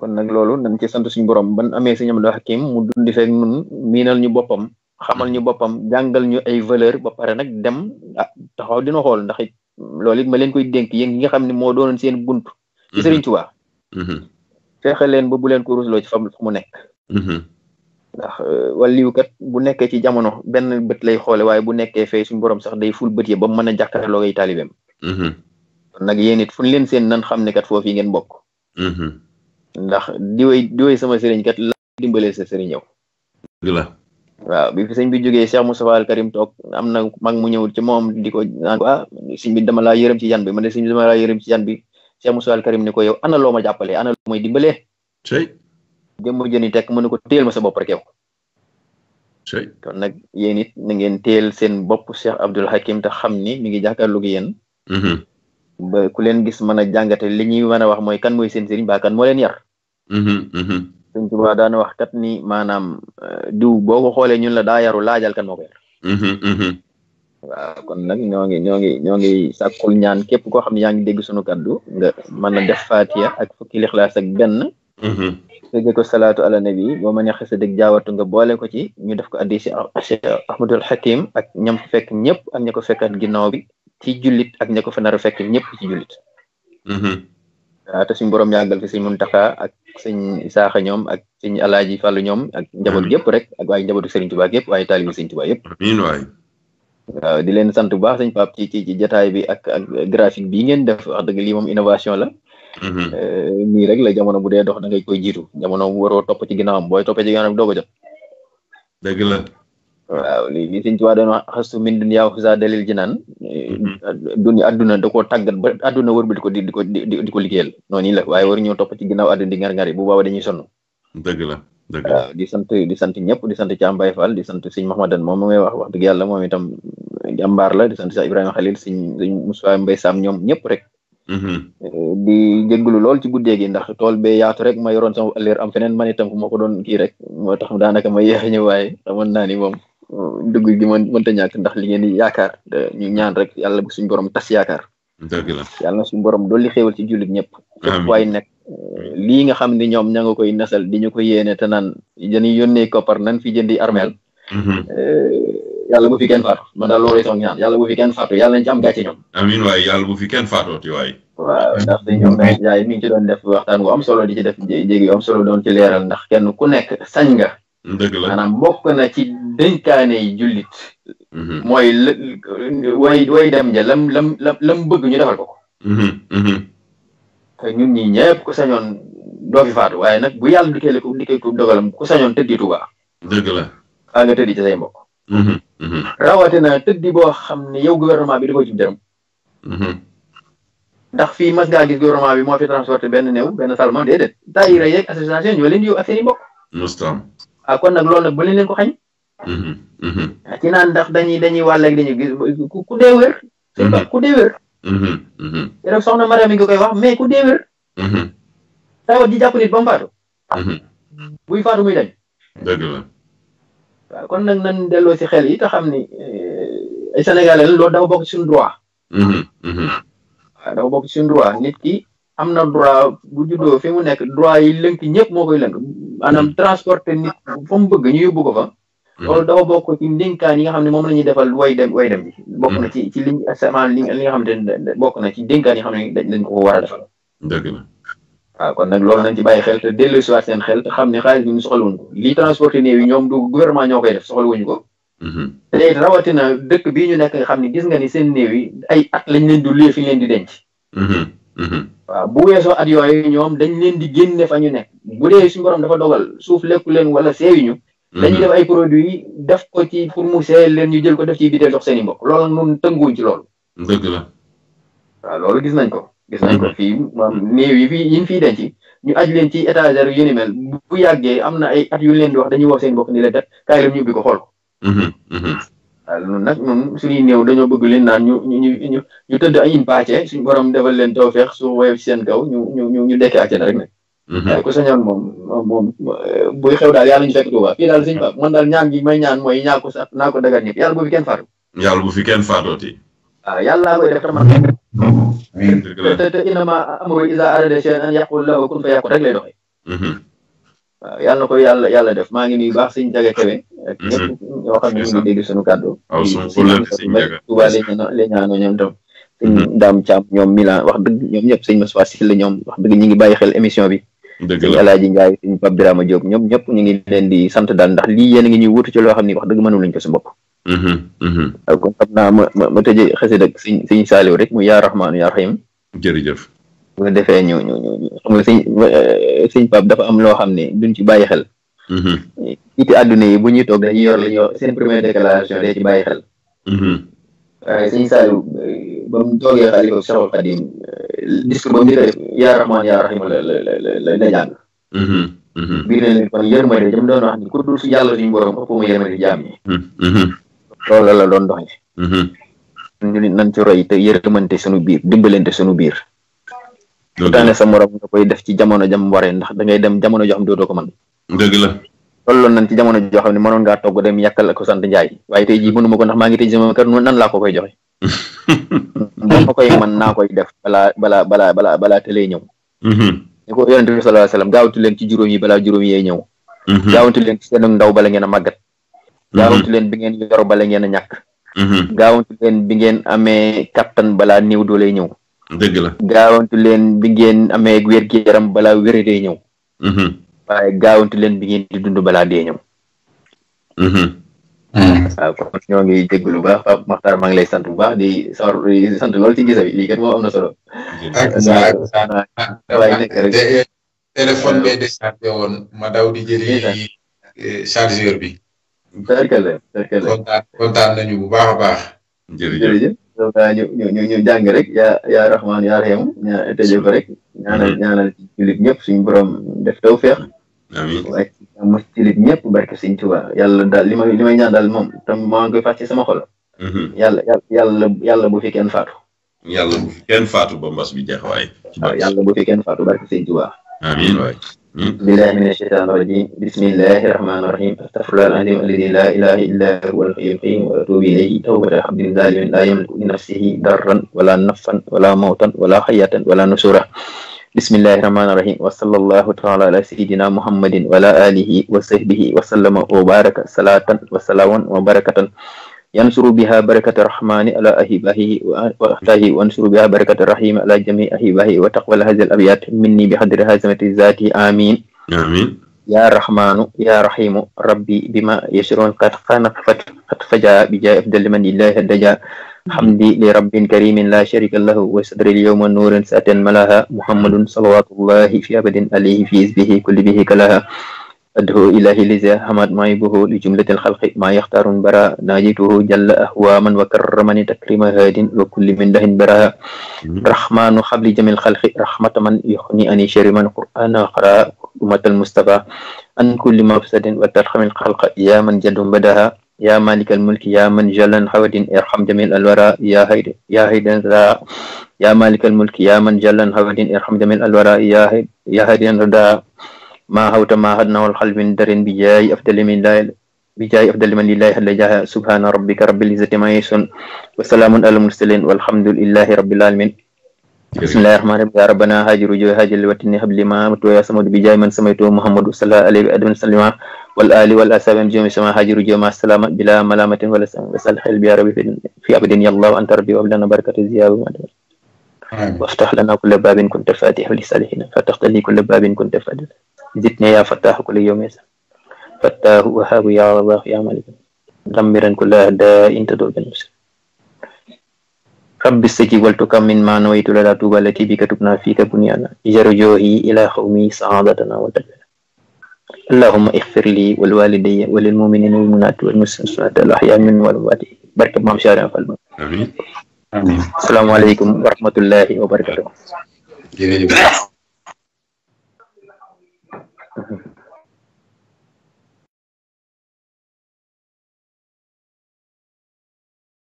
kon nag loolu nañ ci sant suñu borom ban amee sëñ Amadu Hakim mu dundi fekk nun miinal ñu boppam xamal ñu boppam jàngal ñu ay valeur ba pare nag dem ah taxaw dina xool ndax it loolu it ma leen koy dénk yéen ñi nga xam ne moo doonoon seen bunt ci mhm. Sëriñ Tuubaa mhm. fexe leen ba bu leen ko rusloo ci fa mu nekk mhm. ndax euh, wàlliyu kat bu nekke ci jamono benn bët lay xoole waaye bu nekkee fay suñu borom sax day ful bët yi ba mën a jàkkaarloo ay taalibeem nag yéen it fu ñu leen seen nan xam ne kat foofu ngeen bokk ndax di way sama sëriñ kat la dimbalee sa sëriñ yow waaw bi fi sëñ bi jógee Cheikh Moustapha Al Karim toog am na mag mu ñëw ci moom di ko naan ah sëñ bi dama laa yërëm ci yan bi ma ne sëñ bi dama laa yërëm ci yan bi Cheikh Moustapha Al Karim niko ko yow ana loo ma jàppale ana loo may dimbalee sëy jëmm jëni tekk mu ne ko téel ma sa bopp rek yow sëy kon nag yéen it na ngeen téel seen bopp Cheikh Abdoul Hakim te xam ni mi ngi jàkkaarloog yéen mm-hmm. ba ku leen gis mën a jàngate li ñuy mën a wax mooy kan mooy seen sëriñ ba kan moo leen yar mm-hmm, mm-hmm sëñ Tuubaa daana wax kat ni maanaam eh, diw boo ko xoolee ñun la daa yaru laajal kan moo ko yar mhm, mhm. waaw kon nag ñoo ngi ñoo ngi ñoo ngi sàkkul ñaan képp koo xam ne yaa ngi dégg sunu kaddu nga mën a def faatiya ak fukki lixlaas ak benn fegge mhm. ko salaatu ala nabi boo mënee xasa dëgg jaawatu nga boole ko ci ñu def ko addi si ahmadul hakim ak ñam fekk ñëpp ak ña ko fekkaat ginnaaw bi ci jullit ak ña ko fa nar a fekk ñëpp ci jullit waaw te suñ borom yàggal fi mun Muntaxa ak suñ Isaaxa ñoom ak suñ Alaaji Fàllu ñoom ak njaboot yëpp mm. rek ak waaye njabootu Sëriñ Tuubaa yëpp waaye taalibi Sëriñ Tuubaa yëpp di leen sant baax sëñ Pape ci ci jataay bi ak ak graphique bii ngeen def wax dëgg lii moom innovation la mm-hmm. eh, nii rek la jamono bu dee dox da koy jiitu jamono waroo topp ci ginnaawam booy topp ci ginnaawam doo ko jot dëgg waaw léegi sëñ Tuubaa doon wax xastu min dunya wa xusa dalil jinaan mm-hmm. dunya adduna da koo tàggat ba adduna wër bi di di ko di ko liggéeyal noonu la waaye waruñoo topp ci ginnaaw àdduna di ngar-ngar bu booba dañuy sonn dëgg la dëgg la waaw di sant di sant ñëpp di sant Thiam Baye Fall di sant sëñ Mahmadan moom ngay wax wax dëgg yàlla moom itam jàmbaar la di sant sax Ibrahima Khalil sëñ sëñ Moussa Mbaye Sam ñoom ñëpp rek mm-hmm. eh, di jégalu lool ci guddee gi ndax tool bee yaatu rek ma yoroon sama leer am feneen man itam fu ma ko doon kii rek moo tax daanaka ma yéex a ñëw waaye ni moom dugg gi mën mënta ñàkk ndax li ngeen di yaakaar ñu ñaan rek yàlla bu suñu borom tas yaakaar yàlla na suñu borom dolli xéewal ci julit ñëpp fépp waay nekk lii nga xam ni ñoom ña nga koy nasal di ñu ko yéene te naan dañuy yónnee par nan fi jëndi armel mhm. eh, yàlla bu fi kenn faatu man daal loolu soog ñaan yàlla bu fi kenn faatu yàlla ci am gàcce ñoom amin waay yàlla bu fi kenn ti waay waaw ndax dañ ñoom eh. yaay mi ngi ci doon def waxtaan bu am solo di ci def jéegi am solo doon ci leeral ndax kenn ku nekk sañ nga dëgg la maanaam bokk na ci dénkaane yi jullit. Mhm. mooy la way way dem ja lam lam lam bëgg ñu defal ko ko. Mhm, mhm. te ñun ñi ñëpp ku sañoon doo fi faatu waaye nag bu yàlla dikkee ko dikkee ko dogalam ku sañoon tëddi Tuuba. dëgg la xaa nga tëddi ci say mbokk. rawatina tëddi xam ne yow gouvernement bi da ko ci jërëm. ndax fii mas gis gouvernement bi moo fi transporté benn néew benn salma déedéet daayira yeeg association ñoo leen di yow ak ah kon nag lool nag bu ko xañ. Mhm, mhm. Ah, ci naan ndax dañuy dañuy wàlleeg dañuy gis ku dee wér. ku dee wér. te mhm. soxna Mariam mi ngi koy wax mais ku dee wér. tawat ji jàpp nit ba mu faatu. buy dañ. kon nag nan delloo si xel yi te xam ni eh, ay sénégalais la loolu dafa bokk ci droit. waaw dafa droit nit ki am na droit bu juddoo fi mu nekk droit yi lënk ñëpp moo koy lënk maanaam hmm. transporter nit fa mu bëgg ñu yóbbu ko fa. Hmm. loolu dafa bokk ci ndénkaan yi nga xam ne moom la ñuy defal way dem way dem bi. bokk na hmm. ci ci ni asamaan li nga xamante ne bokk na ci ndénkaan yi xam ne dañ ko war a defal. dëgg la. waaw kon nag loolu nañ ci bàyyi xel te dellu si waat seen xel xam ne xaalis ñu soxla wuñ ko lii transporté néew yi ñoom du gouvernement ñoo koy def soxla wuñu ko. te rawatina dëkk bii ñu nekk nga xam ne gis nga ni seen néew yi ay at lañ leen du lii fi leen di denc. Mhm. waaw bu weesoo at yooyu ñoom dañ leen di génne fa ñu nekk bu dee suñu borom dafa dogal suuf lekku leen wala ñu mhm. dañuy def ay produits def ko ci pour mu seey leen ñu jël ko def ci biteel jox seen i mbokk loolu nun tënguwuñ ci loolu dëgg waaw loolu gis nañ ko gis nañ ko mhm. fii néew yi fii yin fii denc ñu aj leen ci étagère yu ni mel bu yàggee am na ay at yu leen di wax dañuy wax seen mbokk ni leen kat kaay leen ñu ubbi ko xool waaw ñun nag ñun suñuy néew dañoo bëgg leen naan ñu ñu ñu ñu tëdd ay bàcce suñu borom defal leen tawfeex su woyof ci seen kaw ñu ñu ñu a dekkee àjjana rek nag. Mhm. waaye ku sañoon moom moom buy xew daal yàlla ñu fekk Tuuba fii daal sëñ Ba ñaan gi may ñaan mooy ñaa ko sax naa ko dagal ñëpp yàlla bu fi kenn faatu. yàlla bu fi kenn faatooti. waaw yàlla laa koy def te man. dëgg la te te innama amru iza arada shay'an an yaqula lahu kun fayakun rek lay doxee. Mhm. waaw yàlla na ko yàlla yàlla def maa ngi nuyu baax suñu jaga kebe mhm. ak ñëpp ñoo xam ne ñu ngi dégg a kàddu Touba la ñaanoo ñoom tam suñ mhm. daam Thiam ñoom Milan wax dëgg ñoom ñëpp suñ Moussa si ñoom wax dëgg ñu ngi bàyyi xel émission bi suñ Alaaji Njaay suñ Pape Birama Diop ñoom ñëpp ñu ngi leen di sant daal ndax lii yéen a ngi ñuy wutu ci loo xam ne wax dëgg mënu lañ ko mhm, naa ma ma ma tëjee xasi dëgg suñ suñ rek mu yaa rahmaanu yaa rahim jërëjëf bu ko defee ñu ñu ñu xam nga sëñ eh, sëñ Pape dafa am loo xam ne duñ ci bàyyi xel. Mm-hmm. iti àdduna yi bu ñuy toog dañuy yor la ñuy yor seen première déclaration day ci bàyyi xel. Mm-hmm. waaye sëñ Saliou ba mu toogee xalifa Cheikhul Khadim eh, discours ba mu njëkk a def yaa rahmaan yaa rahim la la la la jàng. Mm-hmm. biir na leen kon yërmande jëm doon wax ni ku dul si yàlla suñu borom ëpp mu yërmande jaam yi. loolu la doon doxee. ñu nit nañ ci roy te yërmante suñu biir dimbalante suñu biir. daane sa morom nga koy def ci jamono jam waré ndax da ngay dem jamono jo xam do ko man deug la tolloon nañ ci jamono jo xam ni manon nga togg dem yakal ko sant njaay waye tay ji mënuma ko ndax ma ngi tay sama kër nan la ko koy joxe dama koy man na koy def bala bala bala bala bala tele ñëw mhm. ni ko yonente bi sallallahu alayhi wasallam gawtu len ci juroom yi balaa juróom yee ñëw mhm. gawtu len ci sen ndaw bala ngeena magat mhm. gawtu len bi ngeen yoro bala ngeena ñak hmm gawtu len bi ngeen bala niw do lay ñew hmm dëgg la gaawantu leen bi ngeen amee wér gi yaram balaa wér ñëw. Mhm. waaye gaawantu leen bi ngeen di dund balaa dee ñëw. Mhm. Hmm. waaw kon ngi dégg lu baax Pape Makhtar maa ngi lay sant bu baax di sawar di sant lool ci gisa bi lii kat moom na solo. ak saa téléphone bee déchargé woon ma daw di jëli bi. tarkale tarkale kontaan kontaan nañu bu baax a baax. xam naa ñu ñu jàng rek yaa yaa rahmaan yaa rahim ñaa rek mm-hmm. ñaanal ñaanal ci jullit ñëpp suñu borom def taw feex amiin waaye mos ci lit ñëpp barke Sëñ Tuubaa yàlla daal li may li may ñaan daal moom tam maa ngi koy sama xol. Mm-hmm. yàlla yàlla yàlla bu fi kenn faatu. yàlla bu fi kenn faatu ba mbas bi jeex waaye. waaw yàlla bu fi kenn faatu barke Sëñ Tuubaa. amiin waay. بالله من الشيطان الرجيم بسم الله الرحمن الرحيم استغفر الله العظيم الذي لا اله الا هو الحي القيوم واتوب اليه توبه عبد ظالم لا يملك لنفسه ضرا ولا نفعا ولا موتا ولا حياه ولا نشورا بسم الله الرحمن الرحيم وصلى الله تعالى على سيدنا محمد وعلى اله وصحبه وسلم وبارك صلاه وسلاما وبركه ينصر بها بركة الرحمن على أهبه وأخته وانصر بها بركة الرحيم على جميع أهبه وتقبل هذه الأبيات مني بقدر هزمة الذات آمين آمين يا رحمن يا رحيم ربي بما يشرون قد خنقفت قد فجا بجاء أفضل من الله الدجا حمدي لرب كريم لا شريك له وصدر اليوم نور ساتن ملاها محمد صلوات الله في أبد عليه في إذبه كل به كلها أدعو إله لزا حمد ما يبه لجملة الخلق ما يختار برا ناجيته جل أهوى أهواما وكرمني تكريم هاد وكل من دهن برا رحمن قبل جميل الخلق رحمة من يخني أني من قرآن أخرى أمة المصطفى أن كل مفسد وترحم الخلق يا من جد بدها يا مالك الملك يا من جل حود ارحم جميل الورى يا هيد يا هيد يا مالك الملك يا من جل حود ارحم جميل الورى يا هيد يا هيد ما هو تما هدنا والخلف من درين بجاي أفضل من لا بجاي أفضل من لله هل جاه سبحان ربك رب العزة ما يسون وسلام على المرسلين والحمد لله رب العالمين بسم الله الرحمن الرحيم يا ربنا هاجر وجوه هاجر الوطن هب لي ما مت ويا سمود بجاي من سميته محمد صلى الله عليه وآله وسلم والآل والأصحاب من جميع سما هاجر وجوه ما السلام بلا ملامة ولا سلام وسأل حل يا ربي في أبد يا الله أنت ربي وأبلنا بركة زيادة ومدوى وافتح لنا كل باب كنت فاتح لصالحنا فتحت لي كل باب كنت فاتح جئتنا يا فتاح كل يوم يسر فتاح وهاب يا الله يا مالك دمرا كل أعداء تدور بالنصر رب استجب والتوكا من ما نويت للا توبا التي بك تبنا فيك بنيانا اجر جوهي إلى خومي سعادتنا وتجلى اللهم اغفر لي والوالدي وللمؤمنين والمؤمنات والمسلمات الأحياء من والأموات بارك مام شارع فالمن آمين السلام عليكم ورحمة الله وبركاته